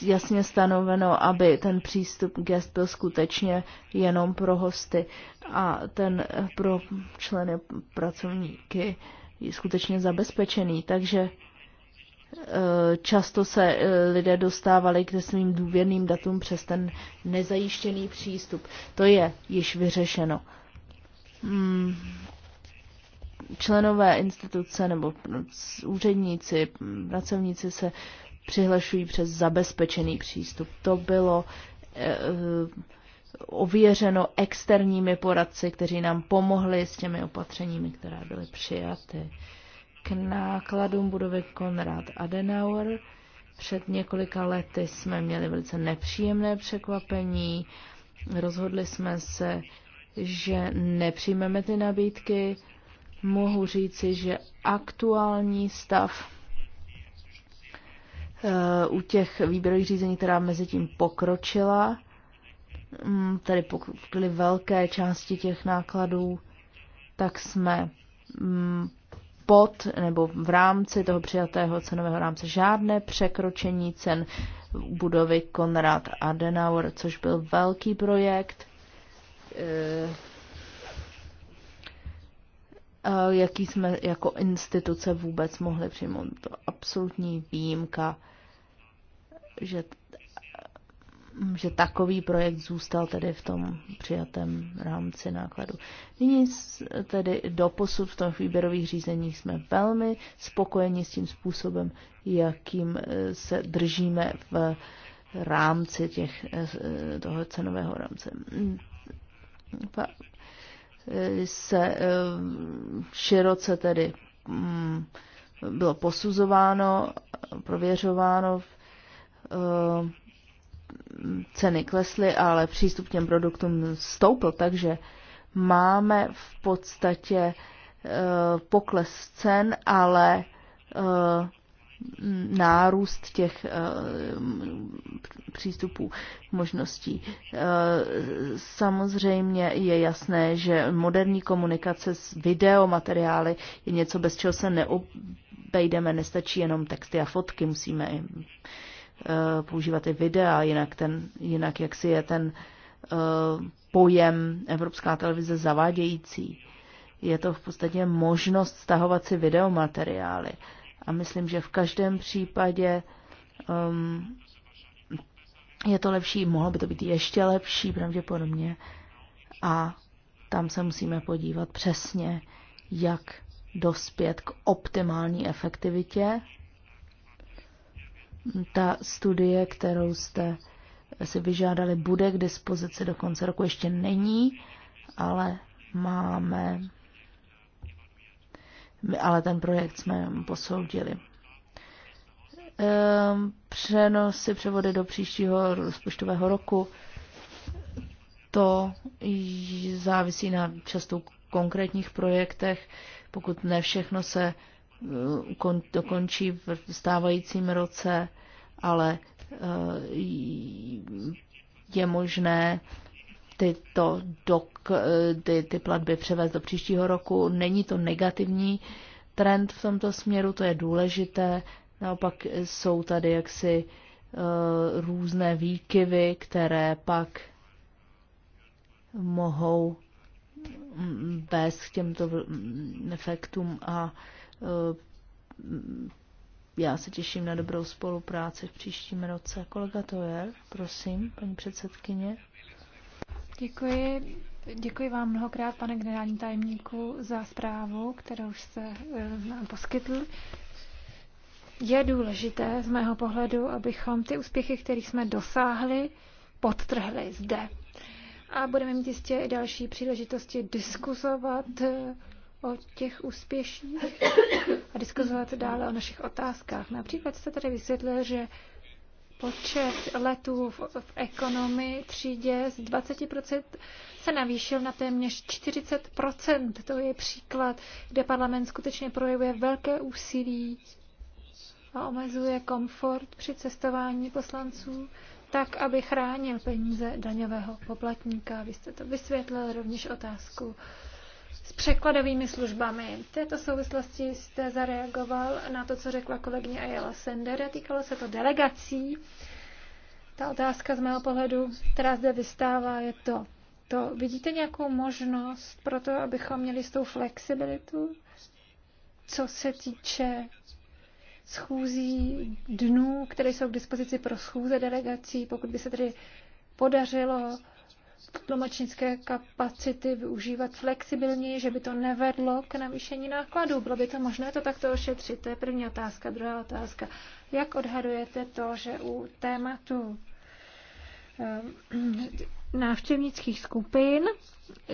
jasně stanoveno, aby ten přístup guest byl skutečně jenom pro hosty a ten eh, pro členy pracovníky je skutečně zabezpečený. Takže Často se eh, lidé dostávali k svým důvěrným datům přes ten nezajištěný přístup. To je již vyřešeno. Mm. Členové instituce nebo úředníci, pracovníci se přihlašují přes zabezpečený přístup. To bylo eh, ověřeno externími poradci, kteří nám pomohli s těmi opatřeními, která byly přijaty k nákladům budovy Konrad Adenauer. Před několika lety jsme měli velice nepříjemné překvapení. Rozhodli jsme se, že nepřijmeme ty nabídky. Mohu říci, že aktuální stav eh, u těch výběrových řízení, která mezi tím pokročila, mm, tedy pokryly velké části těch nákladů, tak jsme mm, pod nebo v rámci toho přijatého cenového rámce žádné překročení cen budovy Konrad Adenauer, což byl velký projekt. Eh, eh, jaký jsme jako instituce vůbec mohli přijmout? To absolutní výjimka, že že takový projekt zůstal tedy v tom přijatém rámci nákladu. Nyní tedy posud v těch výběrových řízeních jsme velmi spokojeni s tím způsobem, jakým eh, se držíme v rámci těch, eh, toho cenového rámce. Eh, se široce tedy mm, bylo posuzováno, prověřováno ceny klesly, ale přístup k těm produktům stoupl, takže máme v podstatě eh, pokles cen, ale eh, nárůst těch eh, přístupů, možností. Samozřejmě je jasné, že moderní komunikace s videomateriály je něco, bez čeho se neobejdeme, nestačí jenom texty a fotky, musíme Eh, používat i videa, jinak, ten, jinak jak si je ten eh, pojem Evropská televize zavádějící. Je to v podstatě možnost stahovat si videomateriály. A myslím, že v každém případě um, je to lepší, mohlo by to být ještě lepší pravděpodobně. A tam se musíme podívat přesně, jak dospět k optimální efektivitě ta studie, kterou jste si vyžádali, bude k dispozici do konce roku. Ještě není, ale máme. Ale ten projekt jsme posoudili. Ehm, přenosy, převody do příštího rozpočtového roku. To závisí na často konkrétních projektech. Pokud ne všechno se kon, dokončí v stávajícím roce, ale eh, je možné tyto dok, ty, ty platby převést do příštího roku. Není to negativní trend v tomto směru, to je důležité. Naopak jsou tady jaksi eh, různé výkyvy, které pak mohou mm, vést k těmto mm, efektům a Eh, já se těším na dobrou spolupráci v příštím roce. Kolega Tojer, prosím, paní předsedkyně. Děkuji. Děkuji vám mnohokrát, pane generální tajemníku, za zprávu, kterou jste eh, nám poskytl. Je důležité z mého pohledu, abychom ty úspěchy, kterých jsme dosáhli, podtrhli zde. A budeme mít jistě i další příležitosti diskuzovat eh, o těch úspěších a diskutovat dále o našich otázkách. Například jste tady vysvětlil, že počet letů v, v ekonomii třídě z 20% se navýšil na téměř 40%. To je příklad, kde parlament skutečně projevuje velké úsilí a omezuje komfort při cestování poslanců tak, aby chránil peníze daňového poplatníka. Vy jste to vysvětlil, rovněž otázku s překladovými službami. V této souvislosti jste zareagoval na to, co řekla kolegyně Ayala Sender a týkalo se to delegací. Ta otázka z mého pohledu, která zde vystává, je to. To vidíte nějakou možnost pro to, abychom měli s tou flexibilitu, co se týče schůzí dnů, které jsou k dispozici pro schůze delegací, pokud by se tedy podařilo tlumočnické kapacity využívat flexibilněji, že by to nevedlo k navýšení nákladů. Bylo by to možné to takto ošetřit? To je první otázka. Druhá otázka. Jak odhadujete to, že u tématu ehm, návštěvnických skupin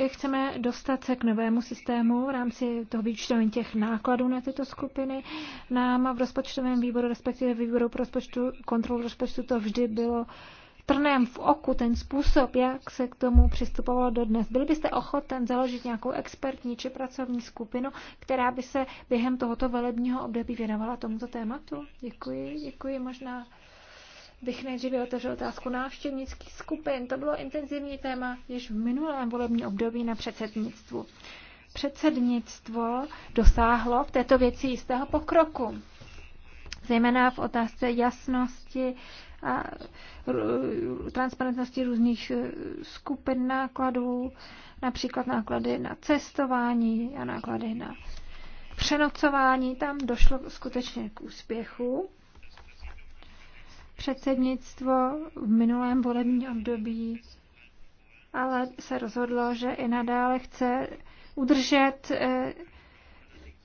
chceme dostat se k novému systému v rámci toho výčtování těch nákladů na tyto skupiny. Nám v rozpočtovém výboru, respektive výboru pro rozpočtu, kontrolu rozpočtu to vždy bylo uh, trnem v oku ten způsob, jak se k tomu přistupovalo do dnes. Byl byste ochoten založit nějakou expertní či pracovní skupinu, která by se během tohoto volebního období věnovala tomuto tématu? Děkuji, děkuji. Možná bych nejdříve otevřel otázku návštěvnických skupin. To bylo intenzivní téma již v minulém volebním období na předsednictvu. Předsednictvo dosáhlo v této věci jistého pokroku, zejména v otázce jasnosti a transparentnosti různých eh, skupin nákladů, například náklady na cestování a náklady na přenocování. Tam došlo skutečně k úspěchu. Předsednictvo v minulém volebním období ale se rozhodlo, že i nadále chce udržet eh,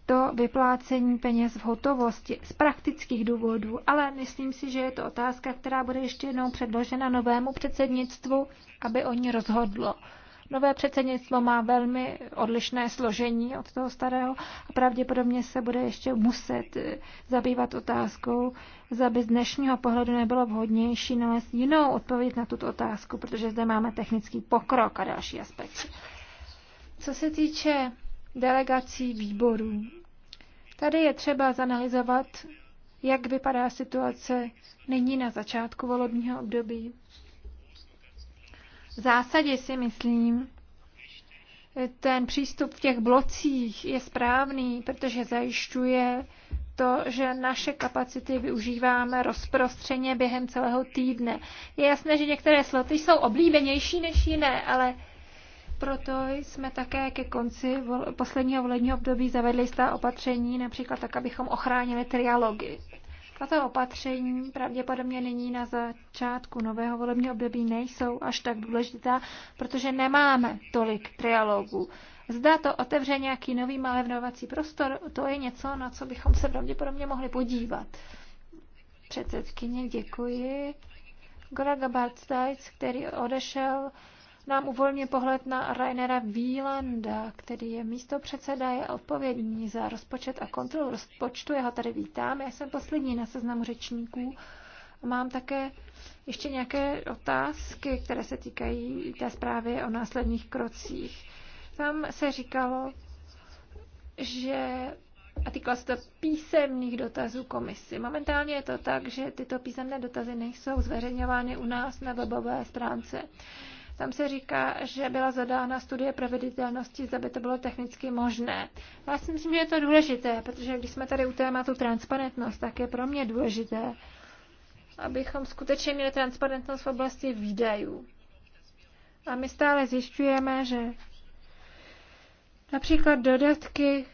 to vyplácení peněz v hotovosti z praktických důvodů, ale myslím si, že je to otázka, která bude ještě jednou předložena novému předsednictvu, aby o ní rozhodlo. Nové předsednictvo má velmi odlišné složení od toho starého a pravděpodobně se bude ještě muset eh, zabývat otázkou, zda by z dnešního pohledu nebylo vhodnější nalézt jinou odpověď na tuto otázku, protože zde máme technický pokrok a další aspekty. Co se týče delegací výborů, Tady je třeba zanalizovat, jak vypadá situace nyní na začátku volebního období. V zásadě si myslím, ten přístup v těch blocích je správný, protože zajišťuje to, že naše kapacity využíváme rozprostřeně během celého týdne. Je jasné, že některé sloty jsou oblíbenější než jiné, ale proto jsme také ke konci posledního volebního období zavedli jistá opatření, například tak, abychom ochránili trialogy. Tato opatření pravděpodobně nyní na začátku nového volebního období nejsou až tak důležitá, protože nemáme tolik trialogů. Zda to otevře nějaký nový malevnovací prostor, to je něco, na co bychom se pravděpodobně mohli podívat. Předsedkyně, děkuji. Kolega Bartstajc, který odešel, nám uvolňuje pohled na Rainera Wielanda, který je místo předseda, je odpovědný za rozpočet a kontrolu rozpočtu. Já ho tady vítám. Já jsem poslední na seznamu řečníků. Mám také ještě nějaké otázky, které se týkají té zprávy o následních krocích. Tam se říkalo, že a týkalo se to písemných dotazů komisy. Momentálně je to tak, že tyto písemné dotazy nejsou zveřejňovány u nás na webové stránce. Tam se říká, že byla zadána studie proveditelnosti, zda by to bylo technicky možné. Já si myslím, že je to důležité, protože když jsme tady u tématu transparentnost, tak je pro mě důležité, abychom skutečně měli transparentnost v oblasti výdajů. A my stále zjišťujeme, že například dodatky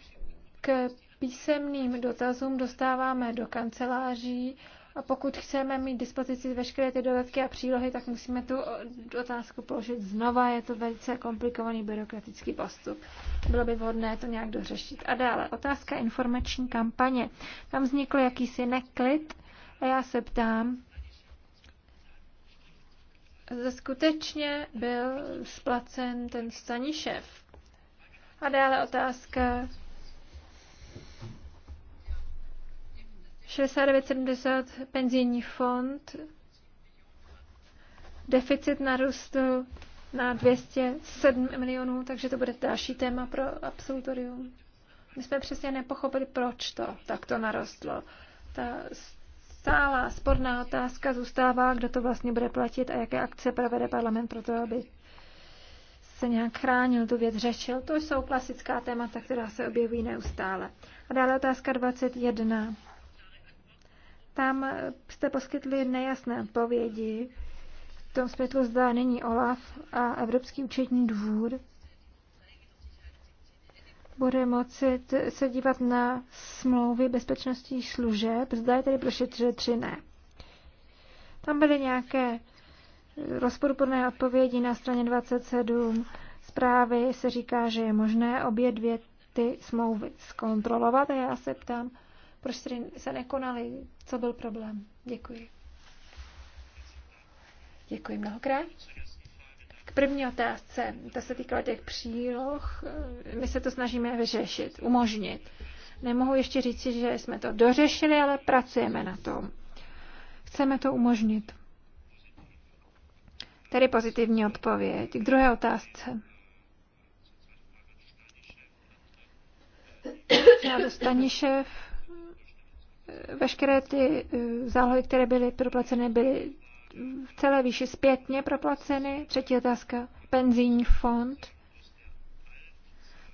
k písemným dotazům dostáváme do kanceláří a pokud chceme mít dispozici veškeré ty dodatky a přílohy, tak musíme tu otázku položit znova. Je to velice komplikovaný byrokratický postup. Bylo by vhodné to nějak dořešit. A dále, otázka informační kampaně. Tam vznikl jakýsi neklid a já se ptám, skutečně byl splacen ten staníšev. A dále otázka 6970 penzijní fond, deficit narostl na 207 milionů, takže to bude další téma pro absolutorium. My jsme přesně nepochopili, proč to takto narostlo. Ta stála sporná otázka zůstává, kdo to vlastně bude platit a jaké akce provede parlament pro to, aby se nějak chránil, tu věc řešil. To jsou klasická témata, která se objeví neustále. A dále otázka 21. Tam jste poskytli nejasné odpovědi. V tom světlu zda není OLAF a Evropský účetní dvůr bude moci se dívat na smlouvy bezpečnostních služeb, zda je tedy prošetřili tři ne. Tam byly nějaké rozporuplné odpovědi na straně 27 zprávy se říká, že je možné obě dvě ty smlouvy zkontrolovat a já se ptám, proč se nekonaly, co byl problém. Děkuji. Děkuji mnohokrát. K první otázce, ta se týkala těch příloh, my se to snažíme vyřešit, umožnit. Nemohu ještě říct, že jsme to dořešili, ale pracujeme na tom. Chceme to umožnit. Tedy pozitivní odpověď. K druhé otázce. Já do šéf veškeré ty eh, zálohy, které byly proplaceny, byly v celé výši zpětně proplaceny. Třetí otázka, penzijní fond.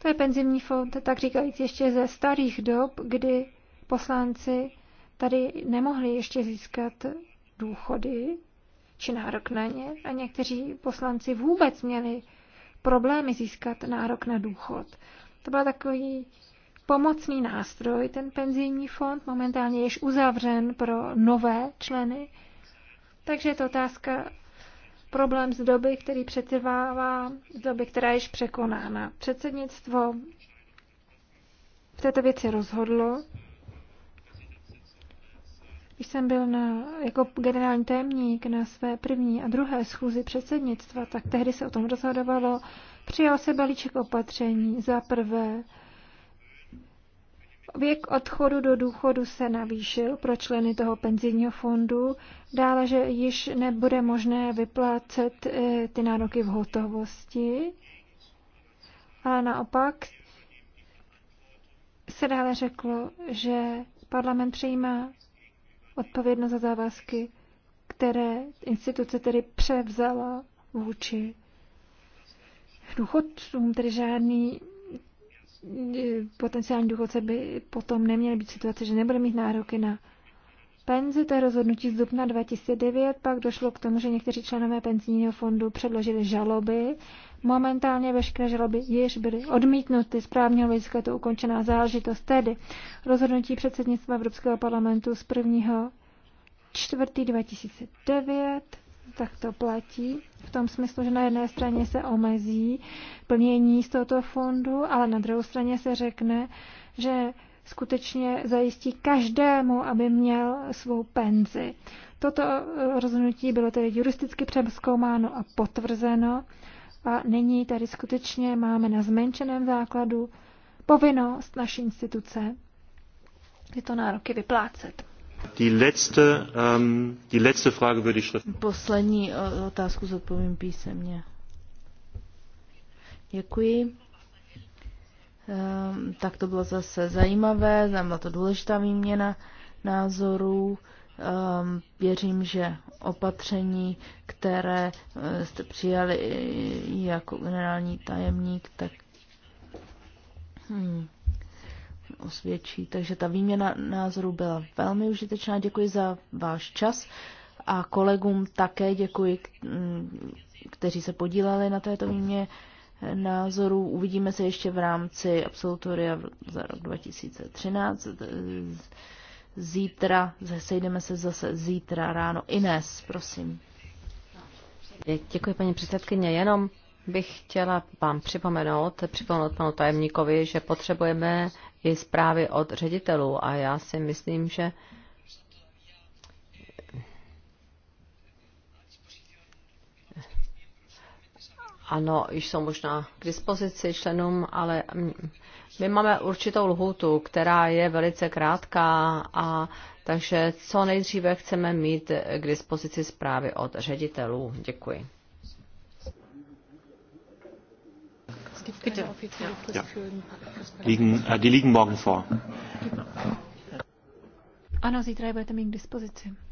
To je penzijní fond, tak říkajíc, ještě ze starých dob, kdy poslanci tady nemohli ještě získat důchody či nárok na ně a někteří poslanci vůbec měli problémy získat nárok na důchod. To byl takový pomocný nástroj, ten penzijní fond, momentálně již uzavřen pro nové členy. Takže je to otázka problém z doby, který přetrvává, z doby, která je již překonána. Předsednictvo v této věci rozhodlo. Když jsem byl na, jako generální témník na své první a druhé schůzi předsednictva, tak tehdy se o tom rozhodovalo. Přijal se balíček opatření za prvé Věk odchodu do důchodu se navýšil pro členy toho penzijního fondu, dále, že již nebude možné vyplácet eh, ty nároky v hotovosti, ale naopak se dále řeklo, že parlament přijímá odpovědnost za závazky, které instituce tedy převzala vůči důchodcům, tedy žádný potenciální důchodce by potom neměly být situace, že nebude mít nároky na penzi. To je rozhodnutí z dubna 2009. Pak došlo k tomu, že někteří členové penzijního fondu předložili žaloby. Momentálně veškeré žaloby již byly odmítnuty. Z právního hlediska je to ukončená záležitost. Tedy rozhodnutí předsednictva Evropského parlamentu z 1. 4. 2009 tak to platí. V tom smyslu, že na jedné straně se omezí plnění z tohoto fondu, ale na druhou straně se řekne, že skutečně zajistí každému, aby měl svou penzi. Toto eh, rozhodnutí bylo tedy juristicky přeskoumáno a potvrzeno a nyní tady skutečně máme na zmenšeném základu povinnost naší instituce tyto nároky vyplácet. Ähm, Poslední eh, otázku zodpovím písemně. Děkuji. Ehm, tak to bylo zase zajímavé, byla to důležitá výměna názorů. Ehm, věřím, že opatření, které eh, jste přijali eh, jako generální tajemník, tak hmm, osvědčí. Takže ta výměna názorů byla velmi užitečná. Děkuji za váš čas a kolegům také děkuji, mm, kteří se podíleli na této výměně názorů. Uvidíme se ještě v rámci absolutoria za rok 2013. Zítra, sejdeme se zase zítra ráno. Ines, prosím. Děkuji, paní předsedkyně. Jenom bych chtěla vám připomenout, připomenout panu tajemníkovi, že potřebujeme i zprávy od ředitelů a já si myslím, že ano, již jsou možná k dispozici členům, ale my máme určitou lhůtu, která je velice krátká a takže co nejdříve chceme mít k dispozici zprávy od ředitelů. Děkuji. Bitte. Ja. Liegen, äh, die liegen morgen vor. Ano, zítra je budete mít k dispozici.